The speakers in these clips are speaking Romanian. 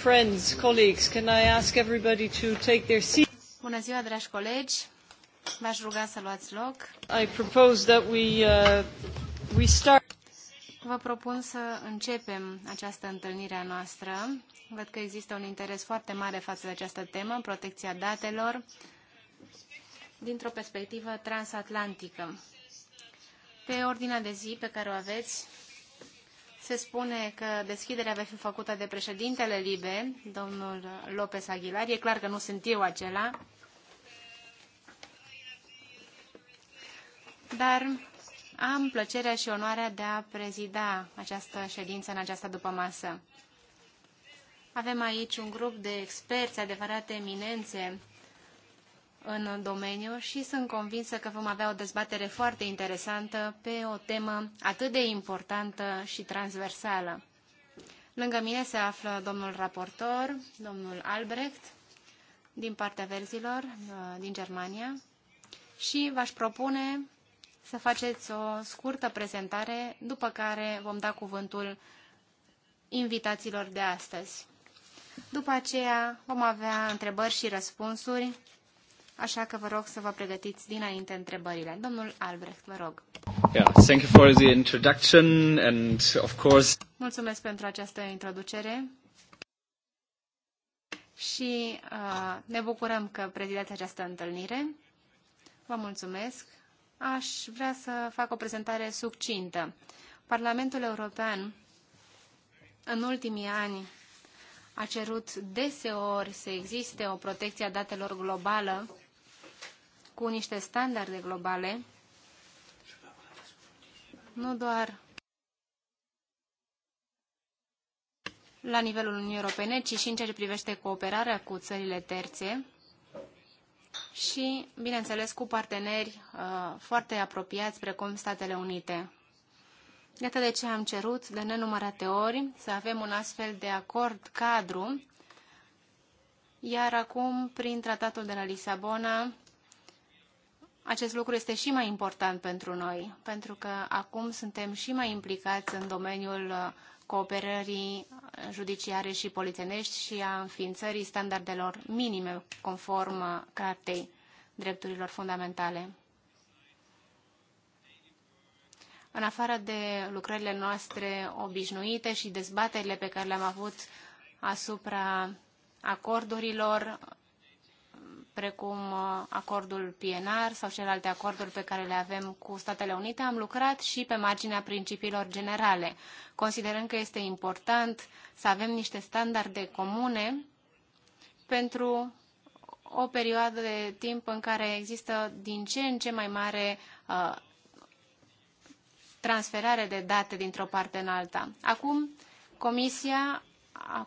friends, colleagues, can I ask everybody to take their seats? Bună ziua, dragi colegi. V-aș ruga să luați loc. I propose that we uh, we start Vă propun să începem această întâlnire a noastră. Văd că există un interes foarte mare față de această temă, protecția datelor, dintr-o perspectivă transatlantică. Pe ordinea de zi pe care o aveți, se spune că deschiderea va fi făcută de președintele Libe, domnul López Aguilar. E clar că nu sunt eu acela. Dar am plăcerea și onoarea de a prezida această ședință în această dupămasă. Avem aici un grup de experți, adevărate eminențe, în domeniu și sunt convinsă că vom avea o dezbatere foarte interesantă pe o temă atât de importantă și transversală. Lângă mine se află domnul raportor, domnul Albrecht, din partea verzilor uh, din Germania și v-aș propune să faceți o scurtă prezentare, după care vom da cuvântul invitaților de astăzi. După aceea vom avea întrebări și răspunsuri așa că vă rog să vă pregătiți dinainte întrebările. Domnul Albrecht, vă rog. Yeah, thank you for the introduction and of course... Mulțumesc pentru această introducere și uh, ne bucurăm că prezidați această întâlnire. Vă mulțumesc. Aș vrea să fac o prezentare succintă. Parlamentul European în ultimii ani a cerut deseori să existe o protecție a datelor globală cu niște standarde globale, nu doar la nivelul Uniunii Europene, ci și în ceea ce privește cooperarea cu țările terțe și, bineînțeles, cu parteneri uh, foarte apropiați, precum Statele Unite. Iată de ce am cerut de nenumărate ori să avem un astfel de acord cadru, iar acum, prin tratatul de la Lisabona, acest lucru este și mai important pentru noi, pentru că acum suntem și mai implicați în domeniul uh, cooperării uh, judiciare și polițienești și a înființării standardelor minime conform uh, Cartei Drepturilor Fundamentale. În afară de lucrările noastre obișnuite și dezbaterile pe care le-am avut asupra acordurilor precum uh, acordul PNR sau celelalte acorduri pe care le avem cu Statele Unite, am lucrat și pe marginea principiilor generale, considerând că este important să avem niște standarde comune pentru o perioadă de timp în care există din ce în ce mai mare uh, transferare de date dintr-o parte în alta. Acum, Comisia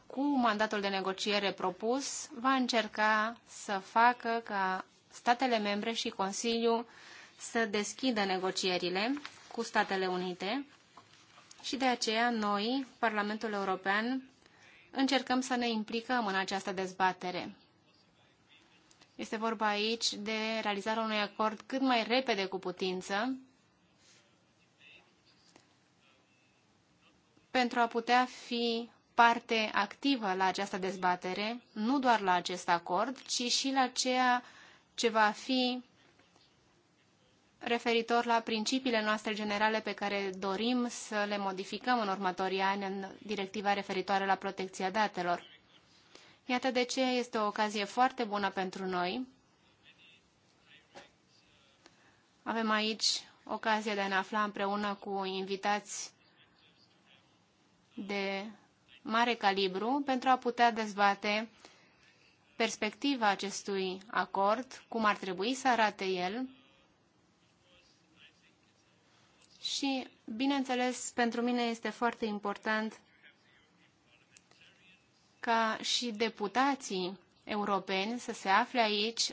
cu mandatul de negociere propus, va încerca să facă ca statele membre și Consiliul să deschidă negocierile cu Statele Unite și de aceea noi, Parlamentul European, încercăm să ne implicăm în această dezbatere. Este vorba aici de realizarea unui acord cât mai repede cu putință, pentru a putea fi parte activă la această dezbatere, nu doar la acest acord, ci și la ceea ce va fi referitor la principiile noastre generale pe care dorim să le modificăm în următorii ani în directiva referitoare la protecția datelor. Iată de ce este o ocazie foarte bună pentru noi. Avem aici ocazia de a ne afla împreună cu invitați de mare calibru pentru a putea dezbate perspectiva acestui acord, cum ar trebui să arate el și, bineînțeles, pentru mine este foarte important ca și deputații europeni să se afle aici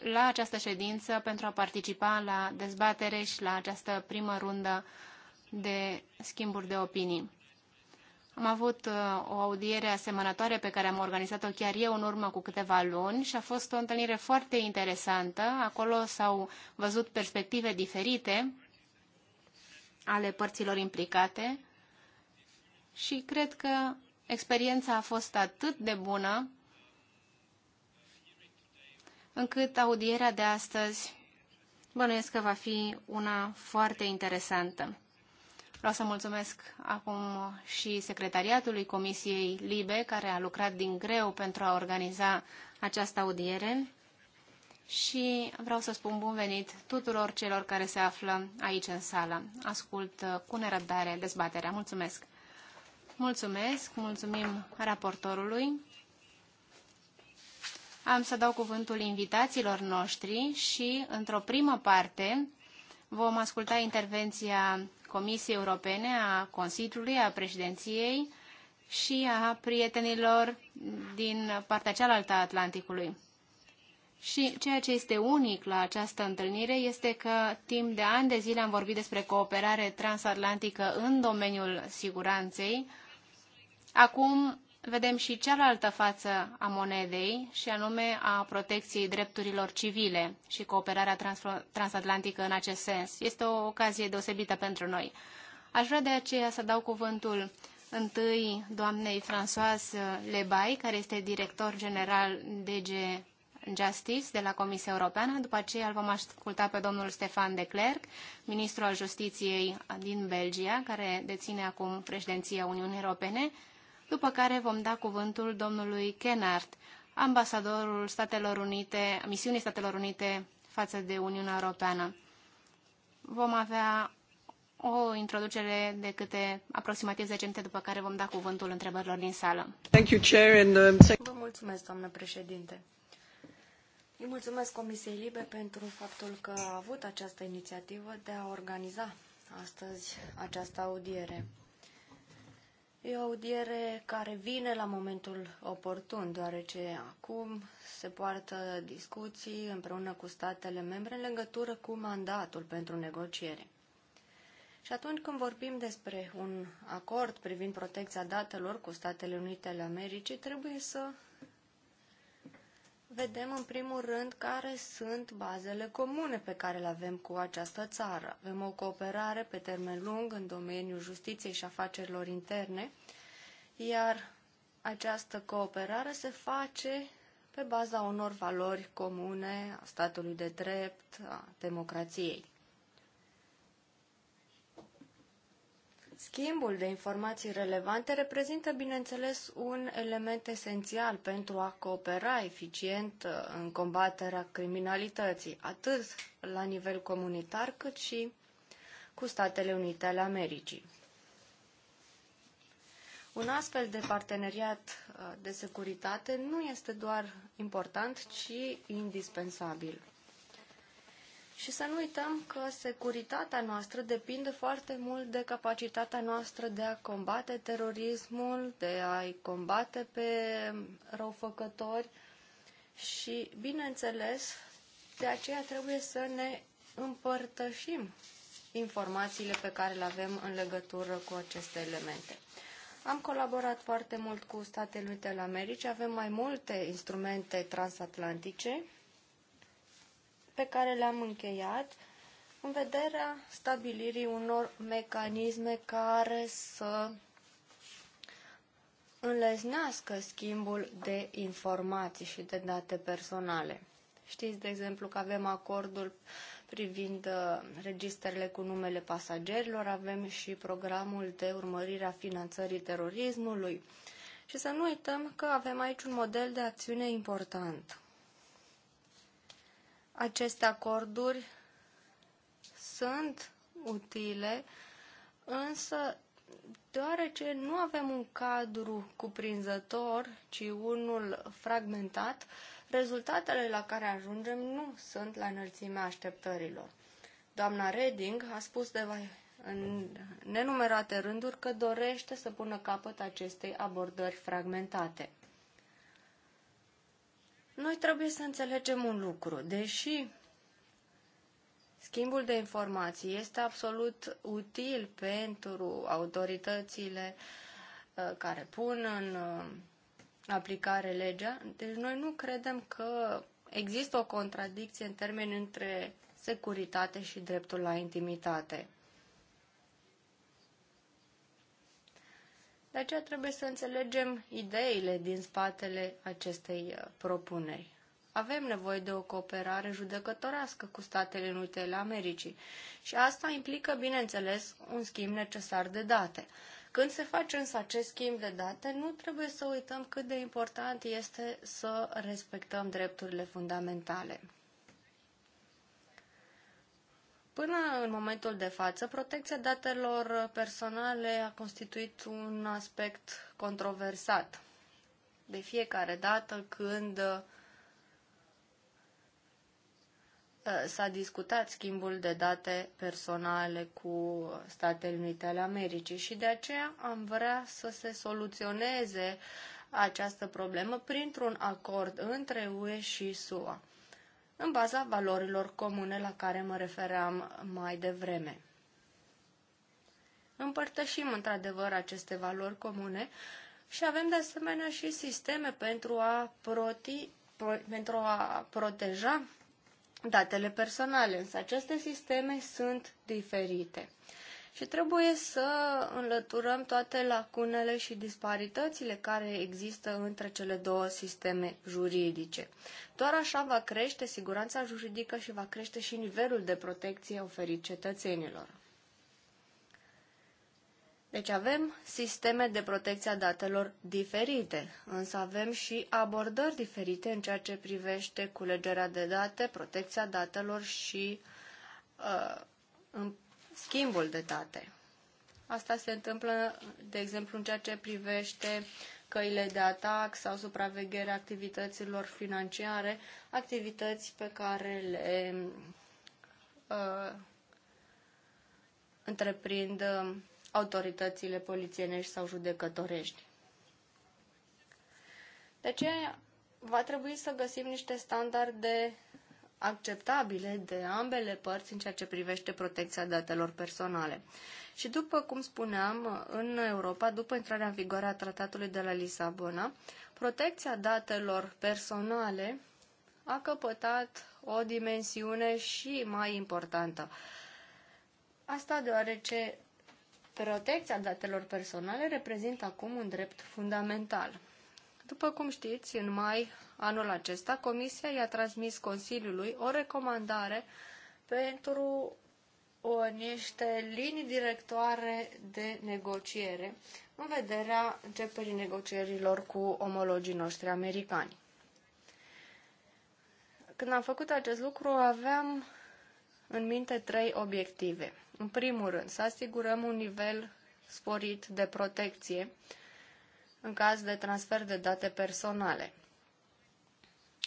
la această ședință pentru a participa la dezbatere și la această primă rundă de schimburi de opinii. Am avut uh, o audiere asemănătoare pe care am organizat-o chiar eu în urmă cu câteva luni și a fost o întâlnire foarte interesantă. Acolo s-au văzut perspective diferite ale părților implicate și cred că experiența a fost atât de bună încât audierea de astăzi bănuiesc că va fi una foarte interesantă. Vreau să mulțumesc acum și secretariatului Comisiei Libe, care a lucrat din greu pentru a organiza această audiere și vreau să spun bun venit tuturor celor care se află aici în sală. Ascult cu nerăbdare dezbaterea. Mulțumesc! Mulțumesc, mulțumim raportorului. Am să dau cuvântul invitațiilor noștri și, într-o primă parte, vom asculta intervenția Comisiei Europene, a Consiliului, a președinției și a prietenilor din partea cealaltă a Atlanticului. Și ceea ce este unic la această întâlnire este că timp de ani de zile am vorbit despre cooperare transatlantică în domeniul siguranței. Acum vedem și cealaltă față a monedei, și anume a protecției drepturilor civile și cooperarea transatlantică în acest sens. Este o ocazie deosebită pentru noi. Aș vrea de aceea să dau cuvântul întâi doamnei Françoise Lebai, care este director general DG Justice de la Comisia Europeană. După aceea îl vom asculta pe domnul Stefan de Clerc, ministrul al justiției din Belgia, care deține acum președinția Uniunii Europene după care vom da cuvântul domnului Kennard, ambasadorul Statelor Unite, misiunii Statelor Unite față de Uniunea Europeană. Vom avea o introducere de câte aproximativ 10 minute, după care vom da cuvântul întrebărilor din sală. Thank you, Chair, and, um, Vă mulțumesc, doamnă președinte. Îi mulțumesc Comisiei Libe pentru faptul că a avut această inițiativă de a organiza astăzi această audiere. E o audiere care vine la momentul oportun, deoarece acum se poartă discuții împreună cu statele membre în legătură cu mandatul pentru negociere. Și atunci când vorbim despre un acord privind protecția datelor cu Statele Unite ale Americii, trebuie să vedem în primul rând care sunt bazele comune pe care le avem cu această țară. Avem o cooperare pe termen lung în domeniul justiției și afacerilor interne, iar această cooperare se face pe baza unor valori comune a statului de drept, a democrației. Schimbul de informații relevante reprezintă, bineînțeles, un element esențial pentru a coopera eficient uh, în combaterea criminalității, atât la nivel comunitar cât și cu Statele Unite ale Americii. Un astfel de parteneriat uh, de securitate nu este doar important, ci indispensabil. Și să nu uităm că securitatea noastră depinde foarte mult de capacitatea noastră de a combate terorismul, de a-i combate pe răufăcători și, bineînțeles, de aceea trebuie să ne împărtășim informațiile pe care le avem în legătură cu aceste elemente. Am colaborat foarte mult cu Statele Unite ale Americii, avem mai multe instrumente transatlantice pe care le-am încheiat în vederea stabilirii unor mecanisme care să înlesnească schimbul de informații și de date personale. Știți, de exemplu, că avem acordul privind uh, registrele cu numele pasagerilor, avem și programul de urmărire a finanțării terorismului. Și să nu uităm că avem aici un model de acțiune important. Aceste acorduri sunt utile, însă deoarece nu avem un cadru cuprinzător, ci unul fragmentat, rezultatele la care ajungem nu sunt la înălțimea așteptărilor. Doamna Reding a spus de în nenumerate rânduri că dorește să pună capăt acestei abordări fragmentate. Noi trebuie să înțelegem un lucru. Deși schimbul de informații este absolut util pentru autoritățile uh, care pun în uh, aplicare legea, deci noi nu credem că există o contradicție în termeni între securitate și dreptul la intimitate. De aceea trebuie să înțelegem ideile din spatele acestei uh, propuneri. Avem nevoie de o cooperare judecătorească cu Statele Unite ale Americii și asta implică, bineînțeles, un schimb necesar de date. Când se face însă acest schimb de date, nu trebuie să uităm cât de important este să respectăm drepturile fundamentale. Până în momentul de față, protecția datelor personale a constituit un aspect controversat. De fiecare dată când uh, s-a discutat schimbul de date personale cu Statele Unite ale Americii și de aceea am vrea să se soluționeze această problemă printr-un acord între UE și SUA în baza valorilor comune la care mă refeream mai devreme. Împărtășim într-adevăr aceste valori comune și avem de asemenea și sisteme pentru a, proti, pro, pentru a proteja datele personale, însă aceste sisteme sunt diferite și trebuie să înlăturăm toate lacunele și disparitățile care există între cele două sisteme juridice. Doar așa va crește siguranța juridică și va crește și nivelul de protecție oferit cetățenilor. Deci avem sisteme de protecție a datelor diferite, însă avem și abordări diferite în ceea ce privește culegerea de date, protecția datelor și uh, schimbul de date. Asta se întâmplă, de exemplu, în ceea ce privește căile de atac sau supravegherea activităților financiare, activități pe care le uh, întreprind uh, autoritățile polițienești sau judecătorești. De ce va trebui să găsim niște standarde acceptabile de ambele părți în ceea ce privește protecția datelor personale. Și după cum spuneam, în Europa, după intrarea în vigoare a tratatului de la Lisabona, protecția datelor personale a căpătat o dimensiune și mai importantă. Asta deoarece protecția datelor personale reprezintă acum un drept fundamental. După cum știți, în mai anul acesta, Comisia i-a transmis Consiliului o recomandare pentru o, niște linii directoare de negociere în vederea începerii negocierilor cu omologii noștri americani. Când am făcut acest lucru, aveam în minte trei obiective. În primul rând, să asigurăm un nivel sporit de protecție în caz de transfer de date personale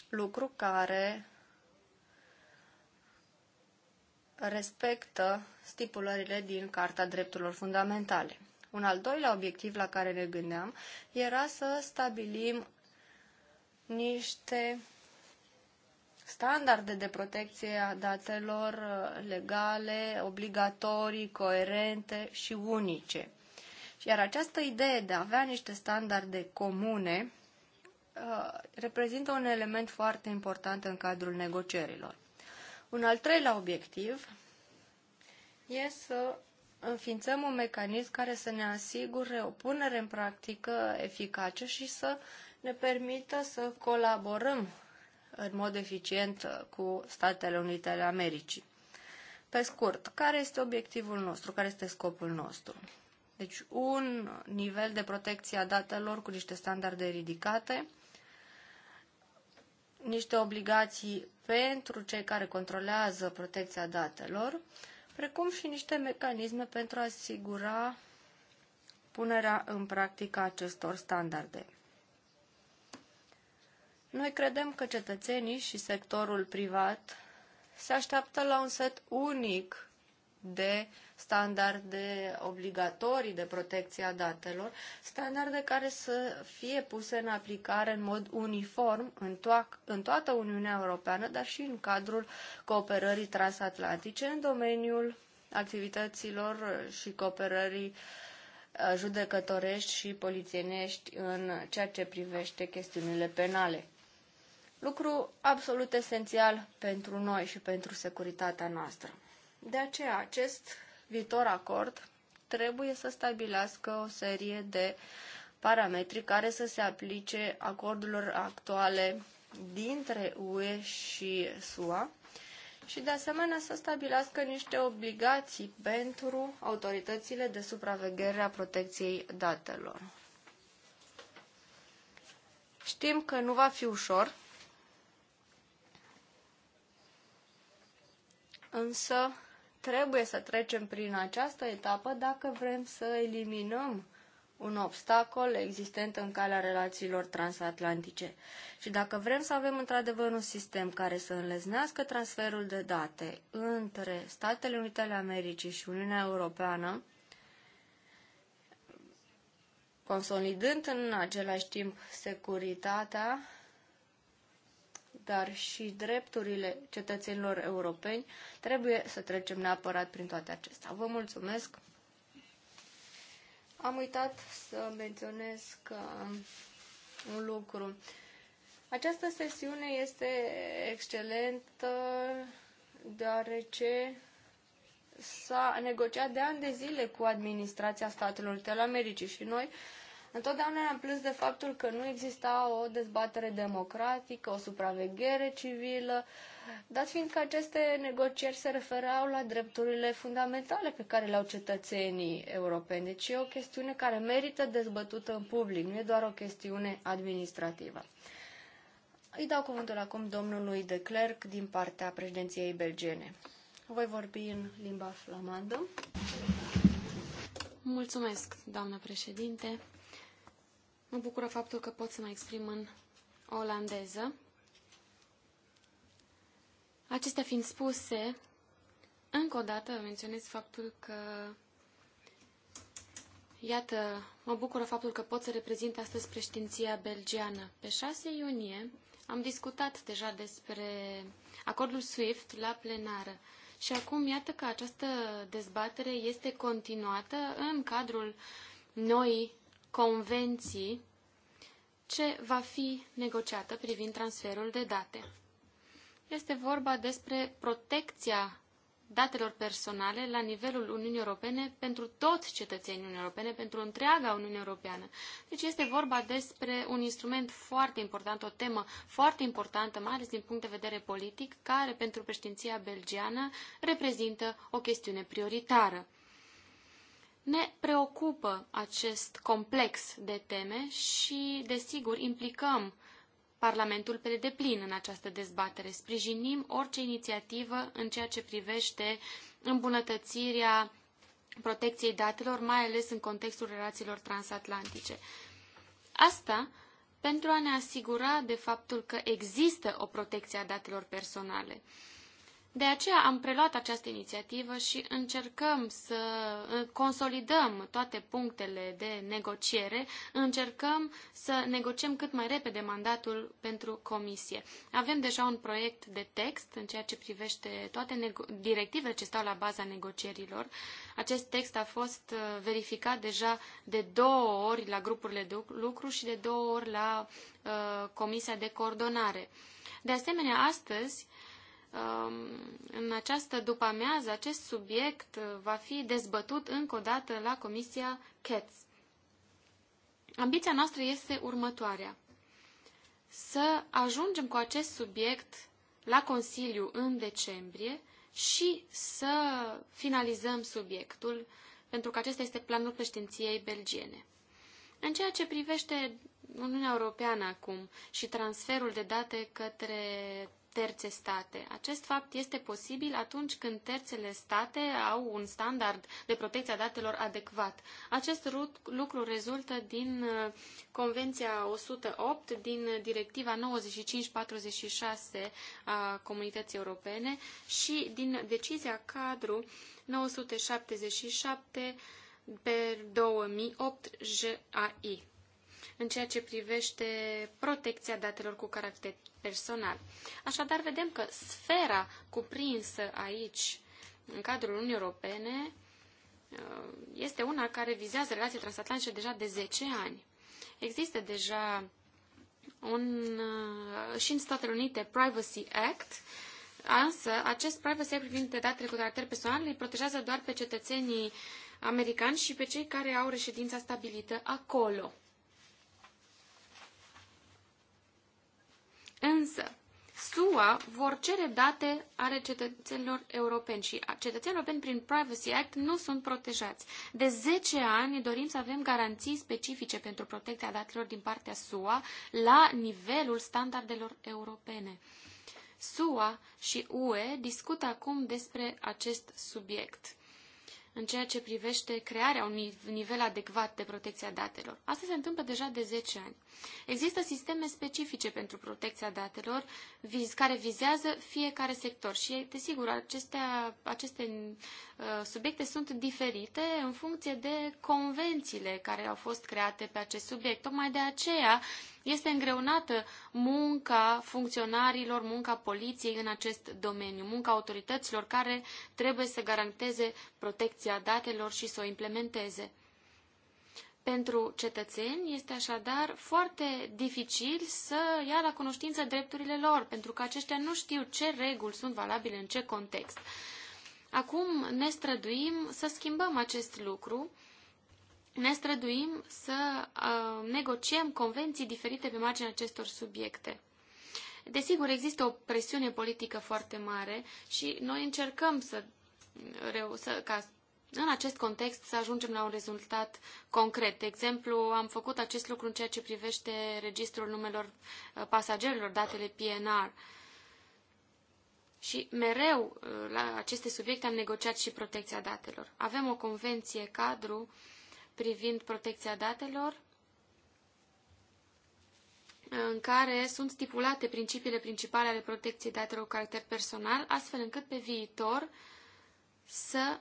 lucru care respectă stipulările din Carta Drepturilor Fundamentale. Un al doilea obiectiv la care ne gândeam era să stabilim niște standarde de protecție a datelor uh, legale, obligatorii, coerente și unice. Iar această idee de a avea niște standarde comune Uh, reprezintă un element foarte important în cadrul negocierilor. Un al treilea obiectiv e să înființăm un mecanism care să ne asigure o punere în practică eficace și să ne permită să colaborăm în mod eficient uh, cu Statele Unite ale Americii. Pe scurt, care este obiectivul nostru, care este scopul nostru? Deci un nivel de protecție a datelor cu niște standarde ridicate, niște obligații pentru cei care controlează protecția datelor, precum și niște mecanisme pentru a asigura punerea în practică acestor standarde. Noi credem că cetățenii și sectorul privat se așteaptă la un set unic de standarde obligatorii de protecție a datelor, standarde care să fie puse în aplicare în mod uniform în, toac, în toată Uniunea Europeană, dar și în cadrul cooperării transatlantice în domeniul activităților și cooperării uh, judecătorești și polițienești în ceea ce privește chestiunile penale. Lucru absolut esențial pentru noi și pentru securitatea noastră. De aceea, acest viitor acord trebuie să stabilească o serie de parametri care să se aplice acordurilor actuale dintre UE și SUA și de asemenea să stabilească niște obligații pentru autoritățile de supraveghere a protecției datelor. Știm că nu va fi ușor, însă trebuie să trecem prin această etapă dacă vrem să eliminăm un obstacol existent în calea relațiilor transatlantice. Și dacă vrem să avem într-adevăr un sistem care să înleznească transferul de date între Statele Unite ale Americii și Uniunea Europeană, consolidând în același timp securitatea dar și drepturile cetățenilor europeni, trebuie să trecem neapărat prin toate acestea. Vă mulțumesc! Am uitat să menționez că un lucru. Această sesiune este excelentă deoarece s-a negociat de ani de zile cu administrația Statelor Unite Americii și noi Întotdeauna ne-am plâns de faptul că nu exista o dezbatere democratică, o supraveghere civilă, dat fiind că aceste negocieri se referau la drepturile fundamentale pe care le au cetățenii europeni. Deci e o chestiune care merită dezbătută în public, nu e doar o chestiune administrativă. Îi dau cuvântul acum domnului de Clerc din partea președinției belgene. Voi vorbi în limba flamandă. Mulțumesc, doamnă președinte. Mă bucură faptul că pot să mă exprim în olandeză. Acestea fiind spuse, încă o dată menționez faptul că, iată, mă bucură faptul că pot să reprezint astăzi președinția belgiană. Pe 6 iunie am discutat deja despre acordul SWIFT la plenară. Și acum, iată că această dezbatere este continuată în cadrul noi convenții ce va fi negociată privind transferul de date. Este vorba despre protecția datelor personale la nivelul Uniunii Europene pentru toți cetățenii Uniunii Europene, pentru întreaga Uniune Europeană. Deci este vorba despre un instrument foarte important, o temă foarte importantă, mai ales din punct de vedere politic, care pentru președinția belgiană reprezintă o chestiune prioritară. Ne preocupă acest complex de teme și, desigur, implicăm Parlamentul pe deplin în această dezbatere. Sprijinim orice inițiativă în ceea ce privește îmbunătățirea protecției datelor, mai ales în contextul relațiilor transatlantice. Asta pentru a ne asigura de faptul că există o protecție a datelor personale. De aceea am preluat această inițiativă și încercăm să consolidăm toate punctele de negociere, încercăm să negociem cât mai repede mandatul pentru comisie. Avem deja un proiect de text în ceea ce privește toate directivele ce stau la baza negocierilor. Acest text a fost uh, verificat deja de două ori la grupurile de lucru și de două ori la uh, Comisia de Coordonare. De asemenea, astăzi, Um, în această după-amiază acest subiect uh, va fi dezbătut încă o dată la Comisia CATS. Ambiția noastră este următoarea. Să ajungem cu acest subiect la Consiliu în decembrie și să finalizăm subiectul, pentru că acesta este planul președinției belgiene. În ceea ce privește Uniunea Europeană acum și transferul de date către terțe state. Acest fapt este posibil atunci când terțele state au un standard de protecție a datelor adecvat. Acest lucru rezultă din uh, Convenția 108, din Directiva 9546 a Comunității Europene și din decizia cadru 977 pe 2008 JAI în ceea ce privește protecția datelor cu caracter personal. Așadar, vedem că sfera cuprinsă aici, în cadrul Uniunii Europene, este una care vizează relații transatlantice deja de 10 ani. Există deja un, și în Statele Unite Privacy Act, însă acest Privacy Act privind datele cu caracter personal îi protejează doar pe cetățenii americani și pe cei care au reședința stabilită acolo. Însă, SUA vor cere date ale cetățenilor europeni și cetățenii europeni prin Privacy Act nu sunt protejați. De 10 ani dorim să avem garanții specifice pentru protecția datelor din partea SUA la nivelul standardelor europene. SUA și UE discută acum despre acest subiect în ceea ce privește crearea unui nivel adecvat de protecția datelor. Asta se întâmplă deja de 10 ani. Există sisteme specifice pentru protecția datelor viz, care vizează fiecare sector și, desigur, acestea, aceste uh, subiecte sunt diferite în funcție de convențiile care au fost create pe acest subiect. Tocmai de aceea, uh, este îngreunată munca funcționarilor, munca poliției în acest domeniu, munca autorităților care trebuie să garanteze protecția datelor și să o implementeze. Pentru cetățeni este așadar foarte dificil să ia la cunoștință drepturile lor, pentru că aceștia nu știu ce reguli sunt valabile în ce context. Acum ne străduim să schimbăm acest lucru ne străduim să negociem convenții diferite pe marginea acestor subiecte. Desigur, există o presiune politică foarte mare și noi încercăm să, reu- să ca în acest context să ajungem la un rezultat concret. De exemplu, am făcut acest lucru în ceea ce privește registrul numelor pasagerilor, datele PNR. Și mereu la aceste subiecte am negociat și protecția datelor. Avem o convenție cadru uh, privind protecția datelor, în care sunt stipulate principiile principale ale protecției datelor cu caracter personal, astfel încât pe viitor să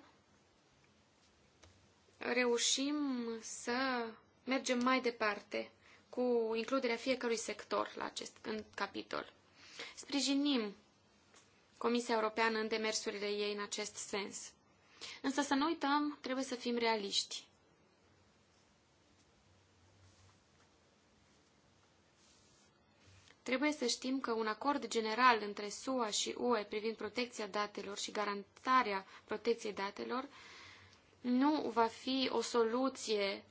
reușim să mergem mai departe cu includerea fiecărui sector la acest, în capitol. Sprijinim Comisia Europeană în demersurile ei în acest sens. Însă să nu uităm, trebuie să fim realiști. Trebuie să știm că un acord general între SUA și UE privind protecția datelor și garantarea protecției datelor nu va fi o soluție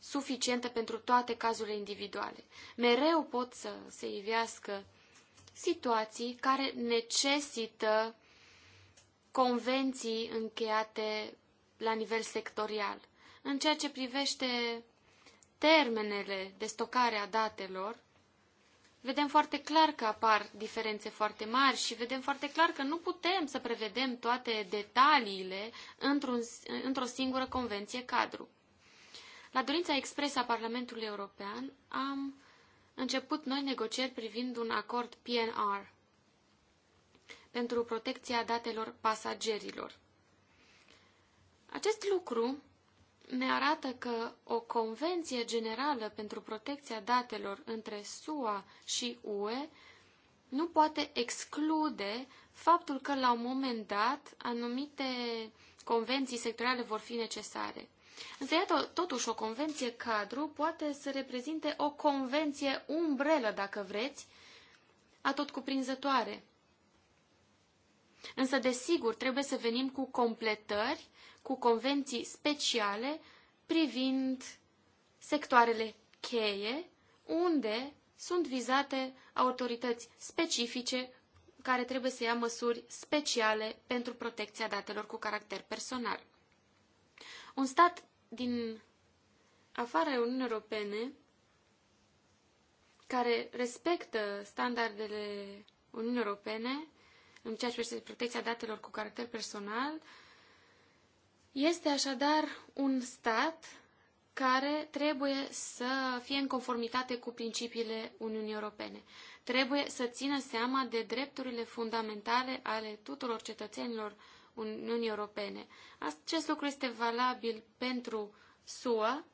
suficientă pentru toate cazurile individuale. Mereu pot să se ivească situații care necesită convenții încheiate la nivel sectorial. În ceea ce privește termenele de stocare a datelor, vedem foarte clar că apar diferențe foarte mari și vedem foarte clar că nu putem să prevedem toate detaliile într-o într singură convenție cadru. La dorința expresă a Parlamentului European am început noi negocieri privind un acord PNR pentru protecția datelor pasagerilor. Acest lucru ne arată că o convenție generală pentru protecția datelor între SUA și UE nu poate exclude faptul că la un moment dat anumite convenții sectoriale vor fi necesare. Însă, iată, totuși, o convenție cadru poate să reprezinte o convenție umbrelă, dacă vreți, tot cuprinzătoare. Însă, desigur, trebuie să venim cu completări cu convenții speciale privind sectoarele cheie, unde sunt vizate autorități specifice care trebuie să ia măsuri speciale pentru protecția datelor cu caracter personal. Un stat din afara Uniunii Europene care respectă standardele Uniunii Europene în ceea ce privește protecția datelor cu caracter personal este așadar un stat care trebuie să fie în conformitate cu principiile Uniunii Europene. Trebuie să țină seama de drepturile fundamentale ale tuturor cetățenilor Uniunii Europene. Acest lucru este valabil pentru SUA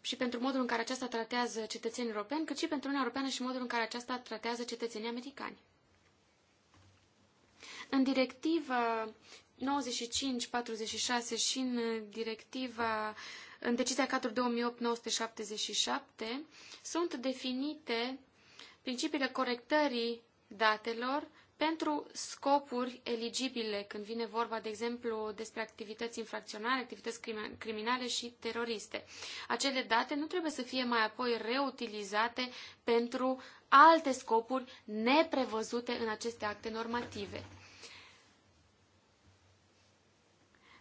și pentru modul în care aceasta tratează cetățenii europeni, cât și pentru Uniunea Europeană și modul în care aceasta tratează cetățenii americani. În directiva 95, 46 și în directiva, în decizia 4 2008-977, sunt definite principiile corectării datelor pentru scopuri eligibile, când vine vorba, de exemplu, despre activități infracționale, activități criminale și teroriste. Acele date nu trebuie să fie mai apoi reutilizate pentru alte scopuri neprevăzute în aceste acte normative.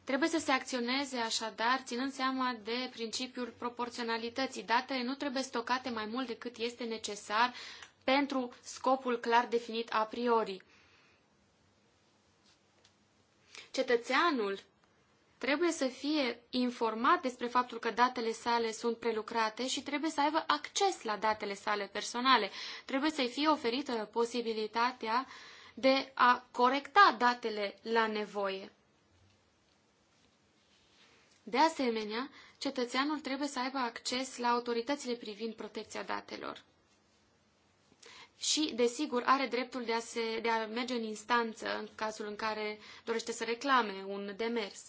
Trebuie să se acționeze așadar, ținând seama de principiul proporționalității. Datele nu trebuie stocate mai mult decât este necesar pentru scopul clar definit a priori. Cetățeanul trebuie să fie informat despre faptul că datele sale sunt prelucrate și trebuie să aibă acces la datele sale personale. Trebuie să-i fie oferită posibilitatea de a corecta datele la nevoie. De asemenea, cetățeanul trebuie să aibă acces la autoritățile privind protecția datelor. Și, desigur, are dreptul de a, se, de a merge în instanță în cazul în care dorește să reclame un demers.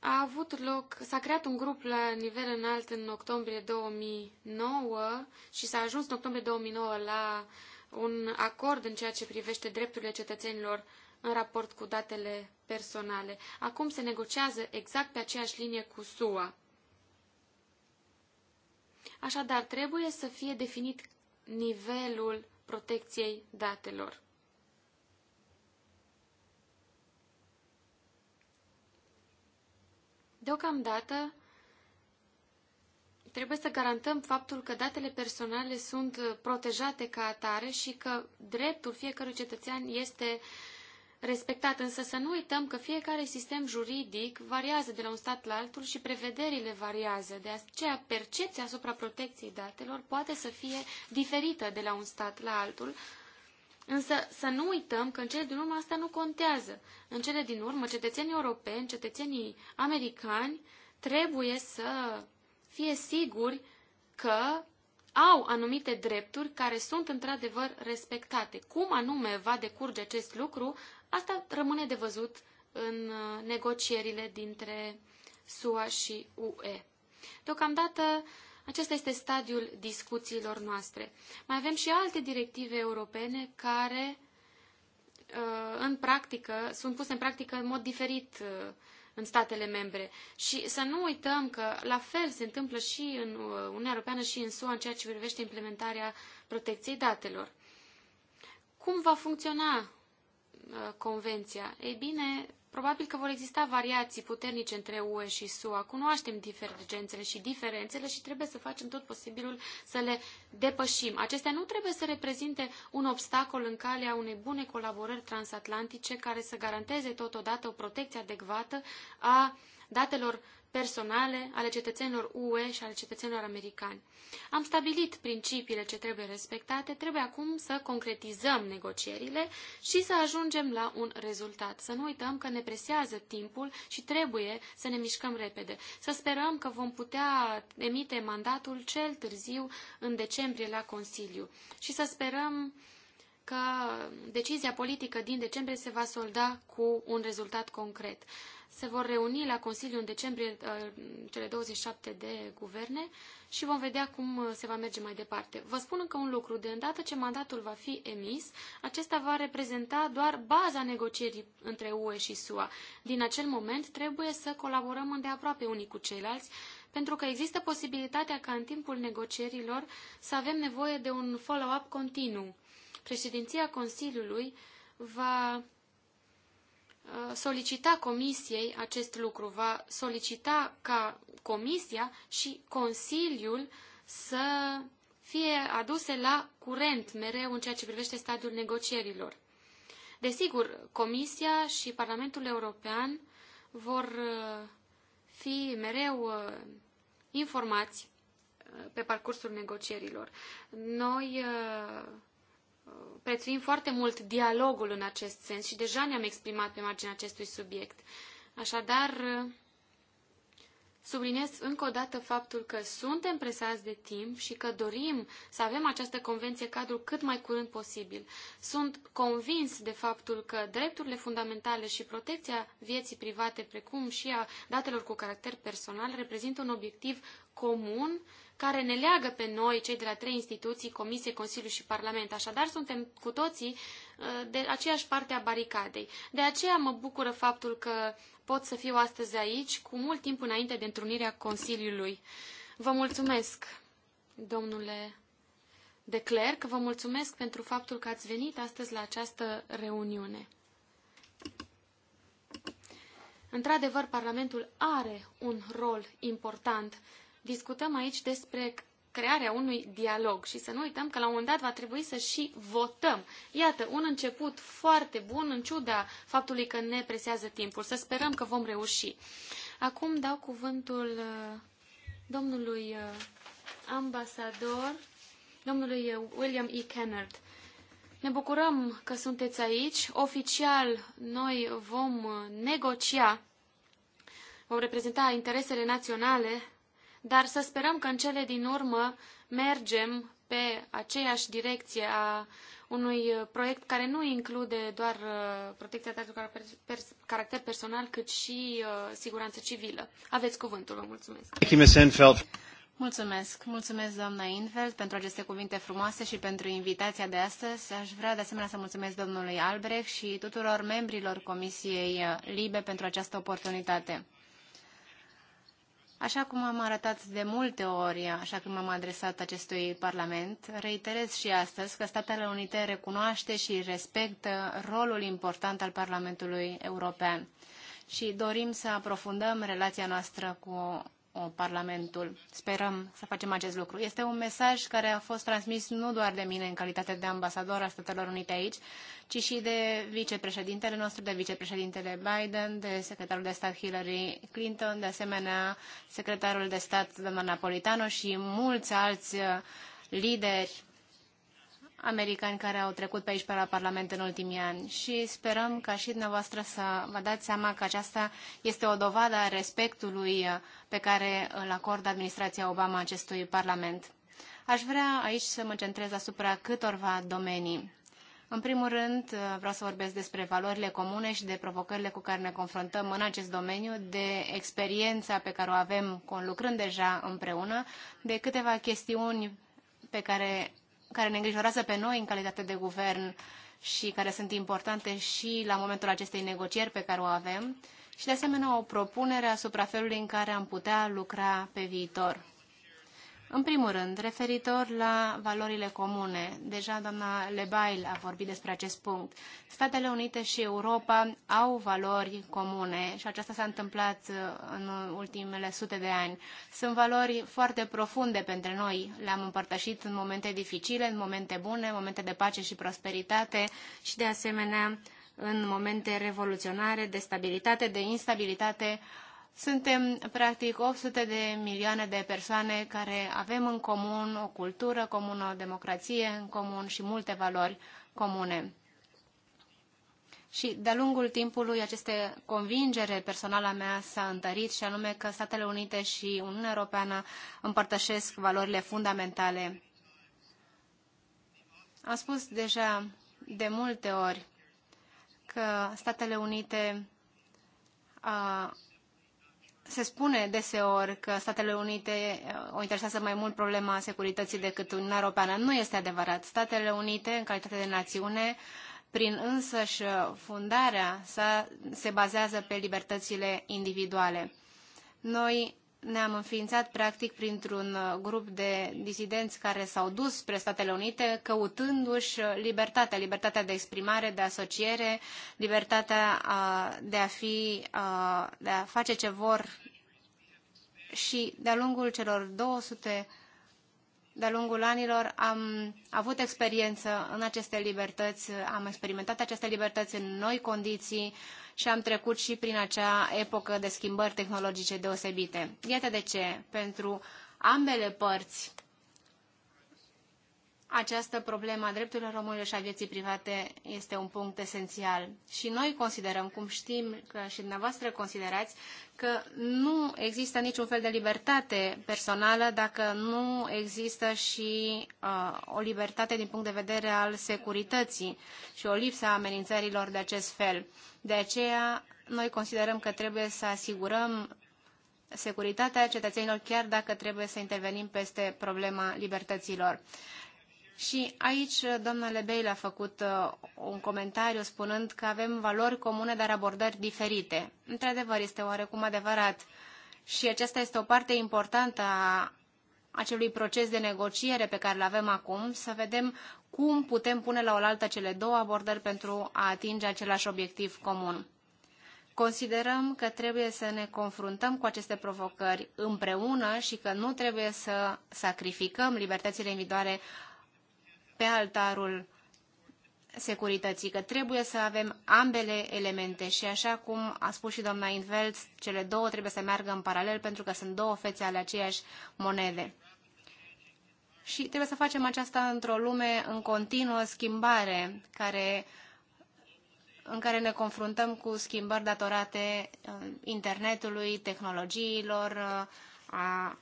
A avut loc, s-a creat un grup la nivel înalt în octombrie 2009 și s-a ajuns în octombrie 2009 la un acord în ceea ce privește drepturile cetățenilor în raport cu datele personale. Acum se negociază exact pe aceeași linie cu SUA. Așadar, trebuie să fie definit nivelul protecției datelor. Deocamdată, trebuie să garantăm faptul că datele personale sunt protejate ca atare și că dreptul fiecărui cetățean este uh, respectat, însă să nu uităm că fiecare sistem juridic variază de la un stat la altul și prevederile variază. De aceea, percepția asupra protecției datelor poate să fie diferită de la un stat la altul, Însă să nu uităm că în cele din urmă asta nu contează. În cele din urmă, cetățenii europeni, cetățenii americani trebuie să fie siguri că au anumite drepturi care sunt într-adevăr respectate. Cum anume va decurge acest lucru, Asta rămâne de văzut în uh, negocierile dintre SUA și UE. Deocamdată, acesta este stadiul discuțiilor noastre. Mai avem și alte directive europene care, uh, în practică, sunt puse în practică în mod diferit uh, în statele membre. Și să nu uităm că la fel se întâmplă și în Uniunea Europeană și în SUA în ceea ce privește implementarea protecției datelor. Cum va funcționa Uh, convenția? Ei bine, probabil că vor exista variații puternice între UE și SUA. Cunoaștem divergențele și diferențele și trebuie să facem tot posibilul să le depășim. Acestea nu trebuie să reprezinte un obstacol în calea unei bune colaborări transatlantice care să garanteze totodată o protecție adecvată a datelor personale ale cetățenilor UE și ale cetățenilor americani. Am stabilit principiile ce trebuie respectate, trebuie acum să concretizăm negocierile și să ajungem la un rezultat. Să nu uităm că ne presează timpul și trebuie să ne mișcăm repede. Să sperăm că vom putea emite mandatul cel târziu în decembrie la Consiliu și să sperăm că decizia politică din decembrie se va solda cu un rezultat concret se vor reuni la Consiliu în decembrie uh, cele 27 de guverne și vom vedea cum uh, se va merge mai departe. Vă spun încă un lucru. De îndată ce mandatul va fi emis, acesta va reprezenta doar baza negocierii între UE și SUA. Din acel moment trebuie să colaborăm îndeaproape unii cu ceilalți, pentru că există posibilitatea ca în timpul negocierilor să avem nevoie de un follow-up continuu. Președinția Consiliului va Uh, solicita comisiei acest lucru, va solicita ca comisia și Consiliul să fie aduse la curent mereu în ceea ce privește stadiul negocierilor. Desigur, Comisia și Parlamentul European vor uh, fi mereu uh, informați pe parcursul negocierilor. Noi prețuim foarte mult dialogul în acest sens și deja ne-am exprimat pe marginea acestui subiect. Așadar, subliniez încă o dată faptul că suntem presați de timp și că dorim să avem această convenție cadru cât mai curând posibil. Sunt convins de faptul că drepturile fundamentale și protecția vieții private, precum și a datelor cu caracter personal, reprezintă un obiectiv comun uh, care ne leagă pe noi, cei de la trei instituții, Comisie, Consiliu și Parlament. Așadar, suntem cu toții uh, de aceeași parte a baricadei. De aceea mă bucură faptul că pot să fiu astăzi aici, cu mult timp înainte de întrunirea Consiliului. Vă mulțumesc, domnule de Clerc, vă mulțumesc pentru faptul că ați venit astăzi la această reuniune. Într-adevăr, Parlamentul are un rol important discutăm aici despre crearea unui dialog și să nu uităm că la un moment dat va trebui să și votăm. Iată, un început foarte bun în ciuda faptului că ne presează timpul. Să sperăm că vom reuși. Acum dau cuvântul uh, domnului uh, ambasador, domnului uh, William E. Kennard. Ne bucurăm că sunteți aici. Oficial, noi vom negocia, vom reprezenta interesele naționale dar să sperăm că în cele din urmă mergem pe aceeași direcție a unui proiect care nu include doar uh, protecția datelor cu caracter personal, cât și uh, siguranță civilă. Aveți cuvântul, vă mulțumesc. Mulțumesc. Mulțumesc, doamna Infeld, pentru aceste cuvinte frumoase și pentru invitația de astăzi. Aș vrea de asemenea să mulțumesc domnului Albrecht și tuturor membrilor Comisiei uh, Libe pentru această oportunitate. Așa cum am arătat de multe ori, așa cum am adresat acestui Parlament, reiterez și astăzi că Statele Unite recunoaște și respectă rolul important al Parlamentului European și dorim să aprofundăm relația noastră cu Uh, Parlamentul. Sperăm să facem acest lucru. Este un mesaj care a fost transmis nu doar de mine în calitate de ambasador al Statelor Unite aici, ci și de vicepreședintele nostru, de vicepreședintele Biden, de secretarul de stat Hillary Clinton, de asemenea secretarul de stat domnul Napolitano și mulți alți uh, lideri americani care au trecut pe aici pe la Parlament în ultimii ani și sperăm ca și dumneavoastră să vă dați seama că aceasta este o dovadă a respectului pe care îl acordă administrația Obama acestui Parlament. Aș vrea aici să mă centrez asupra câtorva domenii. În primul rând, vreau să vorbesc despre valorile comune și de provocările cu care ne confruntăm în acest domeniu, de experiența pe care o avem conlucrând deja împreună, de câteva chestiuni pe care care ne îngrijorează pe noi în calitate de guvern și care sunt importante și la momentul acestei negocieri pe care o avem și, de asemenea, o propunere asupra felului în care am putea lucra pe viitor. În primul rând, referitor la valorile comune, deja doamna Lebail a vorbit despre acest punct. Statele Unite și Europa au valori comune și aceasta s-a întâmplat uh, în ultimele sute de ani. Sunt valori foarte profunde pentru noi. Le-am împărtășit în momente dificile, în momente bune, în momente de pace și prosperitate și, de asemenea, în momente revoluționare, de stabilitate, de instabilitate, suntem practic 800 de milioane de persoane care avem în comun o cultură comună, o democrație în comun și multe valori comune. Și de-a lungul timpului aceste convingere personală a mea s-a întărit și anume că Statele Unite și Uniunea Europeană împărtășesc valorile fundamentale. Am spus deja de multe ori că Statele Unite a, se spune deseori că Statele Unite uh, o interesează mai mult problema securității decât Uniunea Europeană. Nu este adevărat. Statele Unite, în calitate de națiune, prin însăși fundarea sa, se bazează pe libertățile individuale. Noi ne-am înființat practic printr-un uh, grup de disidenți care s-au dus spre Statele Unite căutându-și libertatea, libertatea de exprimare, de asociere, libertatea uh, de a, fi, de a face ce vor și de-a lungul celor 200 de-a lungul anilor am avut experiență în aceste libertăți, am experimentat aceste libertăți în noi condiții și am trecut și prin acea epocă de schimbări tehnologice deosebite. Iată de ce, pentru ambele părți această problemă a drepturilor omului și a vieții private este un punct esențial. Și noi considerăm, cum știm că și dumneavoastră considerați, că nu există niciun fel de libertate personală dacă nu există și uh, o libertate din punct de vedere al securității și o lipsă a amenințărilor de acest fel. De aceea, noi considerăm că trebuie să asigurăm securitatea cetățenilor, chiar dacă trebuie să intervenim peste problema libertăților. Și aici doamna Lebel a făcut uh, un comentariu spunând că avem valori comune, dar abordări diferite. Într-adevăr, este oarecum adevărat. Și aceasta este o parte importantă a acelui proces de negociere pe care îl avem acum, să vedem cum putem pune la oaltă cele două abordări pentru a atinge același obiectiv comun. Considerăm că trebuie să ne confruntăm cu aceste provocări împreună și că nu trebuie să sacrificăm libertățile individuale pe altarul securității, că trebuie să avem ambele elemente și așa cum a spus și doamna Invelt, cele două trebuie să meargă în paralel pentru că sunt două fețe ale aceeași monede. Și trebuie să facem aceasta într-o lume în continuă schimbare, care, în care ne confruntăm cu schimbări datorate uh, internetului, tehnologiilor, uh, a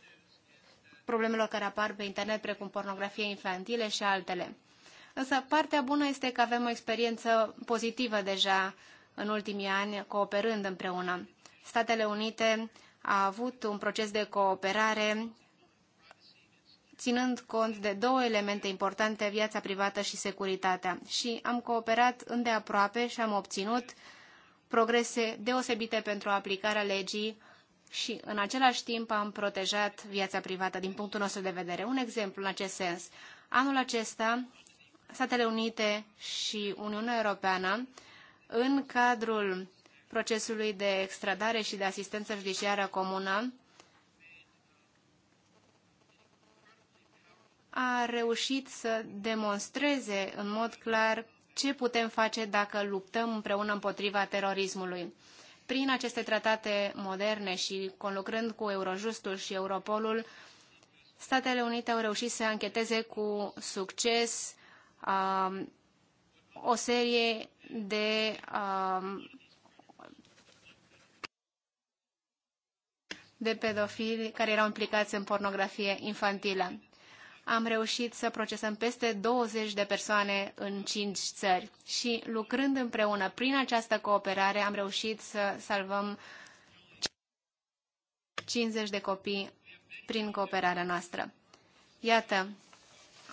problemelor care apar pe internet, precum pornografie infantile și altele. Însă partea bună este că avem o experiență pozitivă deja în ultimii ani, cooperând împreună. Statele Unite a avut un proces de cooperare ținând cont de două elemente importante, viața privată și securitatea. Și am cooperat îndeaproape și am obținut progrese deosebite pentru aplicarea legii și în același timp am protejat viața privată din punctul nostru de vedere. Un exemplu în acest sens. Anul acesta, Statele Unite și Uniunea Europeană, în cadrul procesului de extradare și de asistență judiciară comună, a reușit să demonstreze în mod clar ce putem face dacă luptăm împreună împotriva terorismului prin aceste tratate moderne și conlucrând cu Eurojustul și Europolul, Statele Unite au reușit să ancheteze cu succes um, o serie de um, de pedofili care erau implicați în pornografie infantilă am reușit să procesăm peste 20 de persoane în 5 țări și lucrând împreună prin această cooperare am reușit să salvăm 50 de copii prin cooperarea noastră. Iată,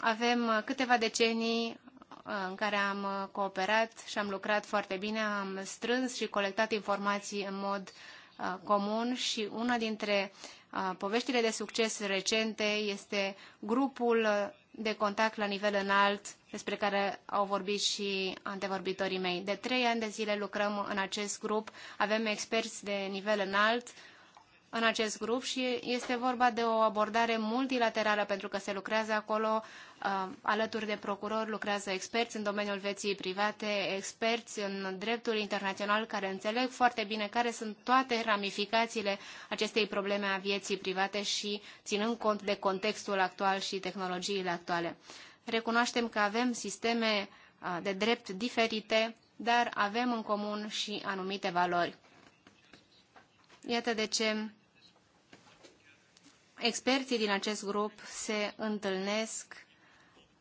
avem câteva decenii uh, în care am uh, cooperat și am lucrat foarte bine, am strâns și colectat informații în mod Uh, comun și una dintre uh, poveștile de succes recente este grupul uh, de contact la nivel înalt despre care au vorbit și antevorbitorii mei. De trei ani de zile lucrăm în acest grup, avem experți de nivel înalt, în acest grup și este vorba de o abordare multilaterală pentru că se lucrează acolo uh, alături de procurori, lucrează experți în domeniul vieții private, experți în dreptul internațional care înțeleg foarte bine care sunt toate ramificațiile acestei probleme a vieții private și ținând cont de contextul actual și tehnologiile actuale. Recunoaștem că avem sisteme uh, de drept diferite, dar avem în comun și anumite valori. Iată de ce Experții din acest grup se întâlnesc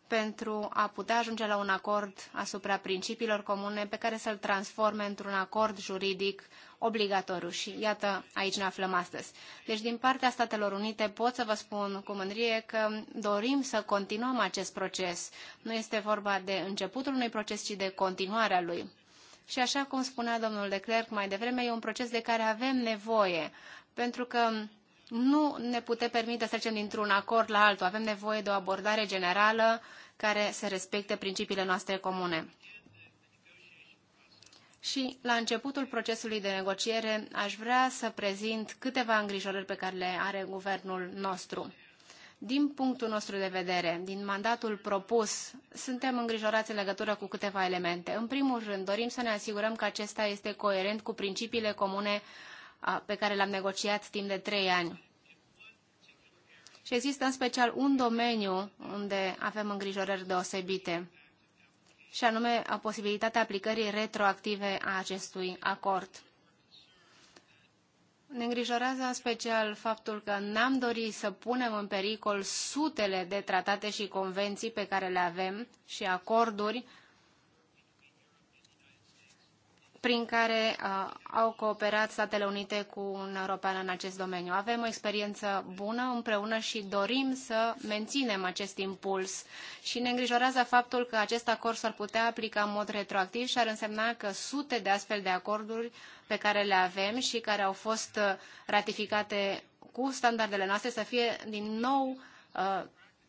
pentru a putea ajunge la un acord asupra principiilor comune pe care să-l transforme într-un acord juridic obligatoriu. Și iată, aici ne aflăm astăzi. Deci, din partea Statelor Unite, pot să vă spun cu mândrie că dorim să continuăm acest proces. Nu este vorba de începutul unui proces, ci de continuarea lui. Și așa cum spunea domnul de Clerc mai devreme, e un proces de care avem nevoie, pentru că nu ne putem permite să trecem dintr-un acord la altul. Avem nevoie de o abordare generală care să respecte principiile noastre comune. Și la începutul procesului de negociere aș vrea să prezint câteva îngrijorări pe care le are guvernul nostru. Din punctul nostru de vedere, din mandatul propus, suntem îngrijorați în legătură cu câteva elemente. În primul rând, dorim să ne asigurăm că acesta este coerent cu principiile comune pe care l-am negociat timp de trei ani. Și există în special un domeniu unde avem îngrijorări deosebite, și anume posibilitatea aplicării retroactive a acestui acord. Ne îngrijorează în special faptul că n-am dorit să punem în pericol sutele de tratate și convenții pe care le avem și acorduri prin care uh, au cooperat Statele Unite cu Uniunea Europeană în acest domeniu. Avem o experiență bună împreună și dorim să menținem acest impuls și ne îngrijorează faptul că acest acord s-ar putea aplica în mod retroactiv și ar însemna că sute de astfel de acorduri pe care le avem și care au fost uh, ratificate cu standardele noastre să fie din nou uh,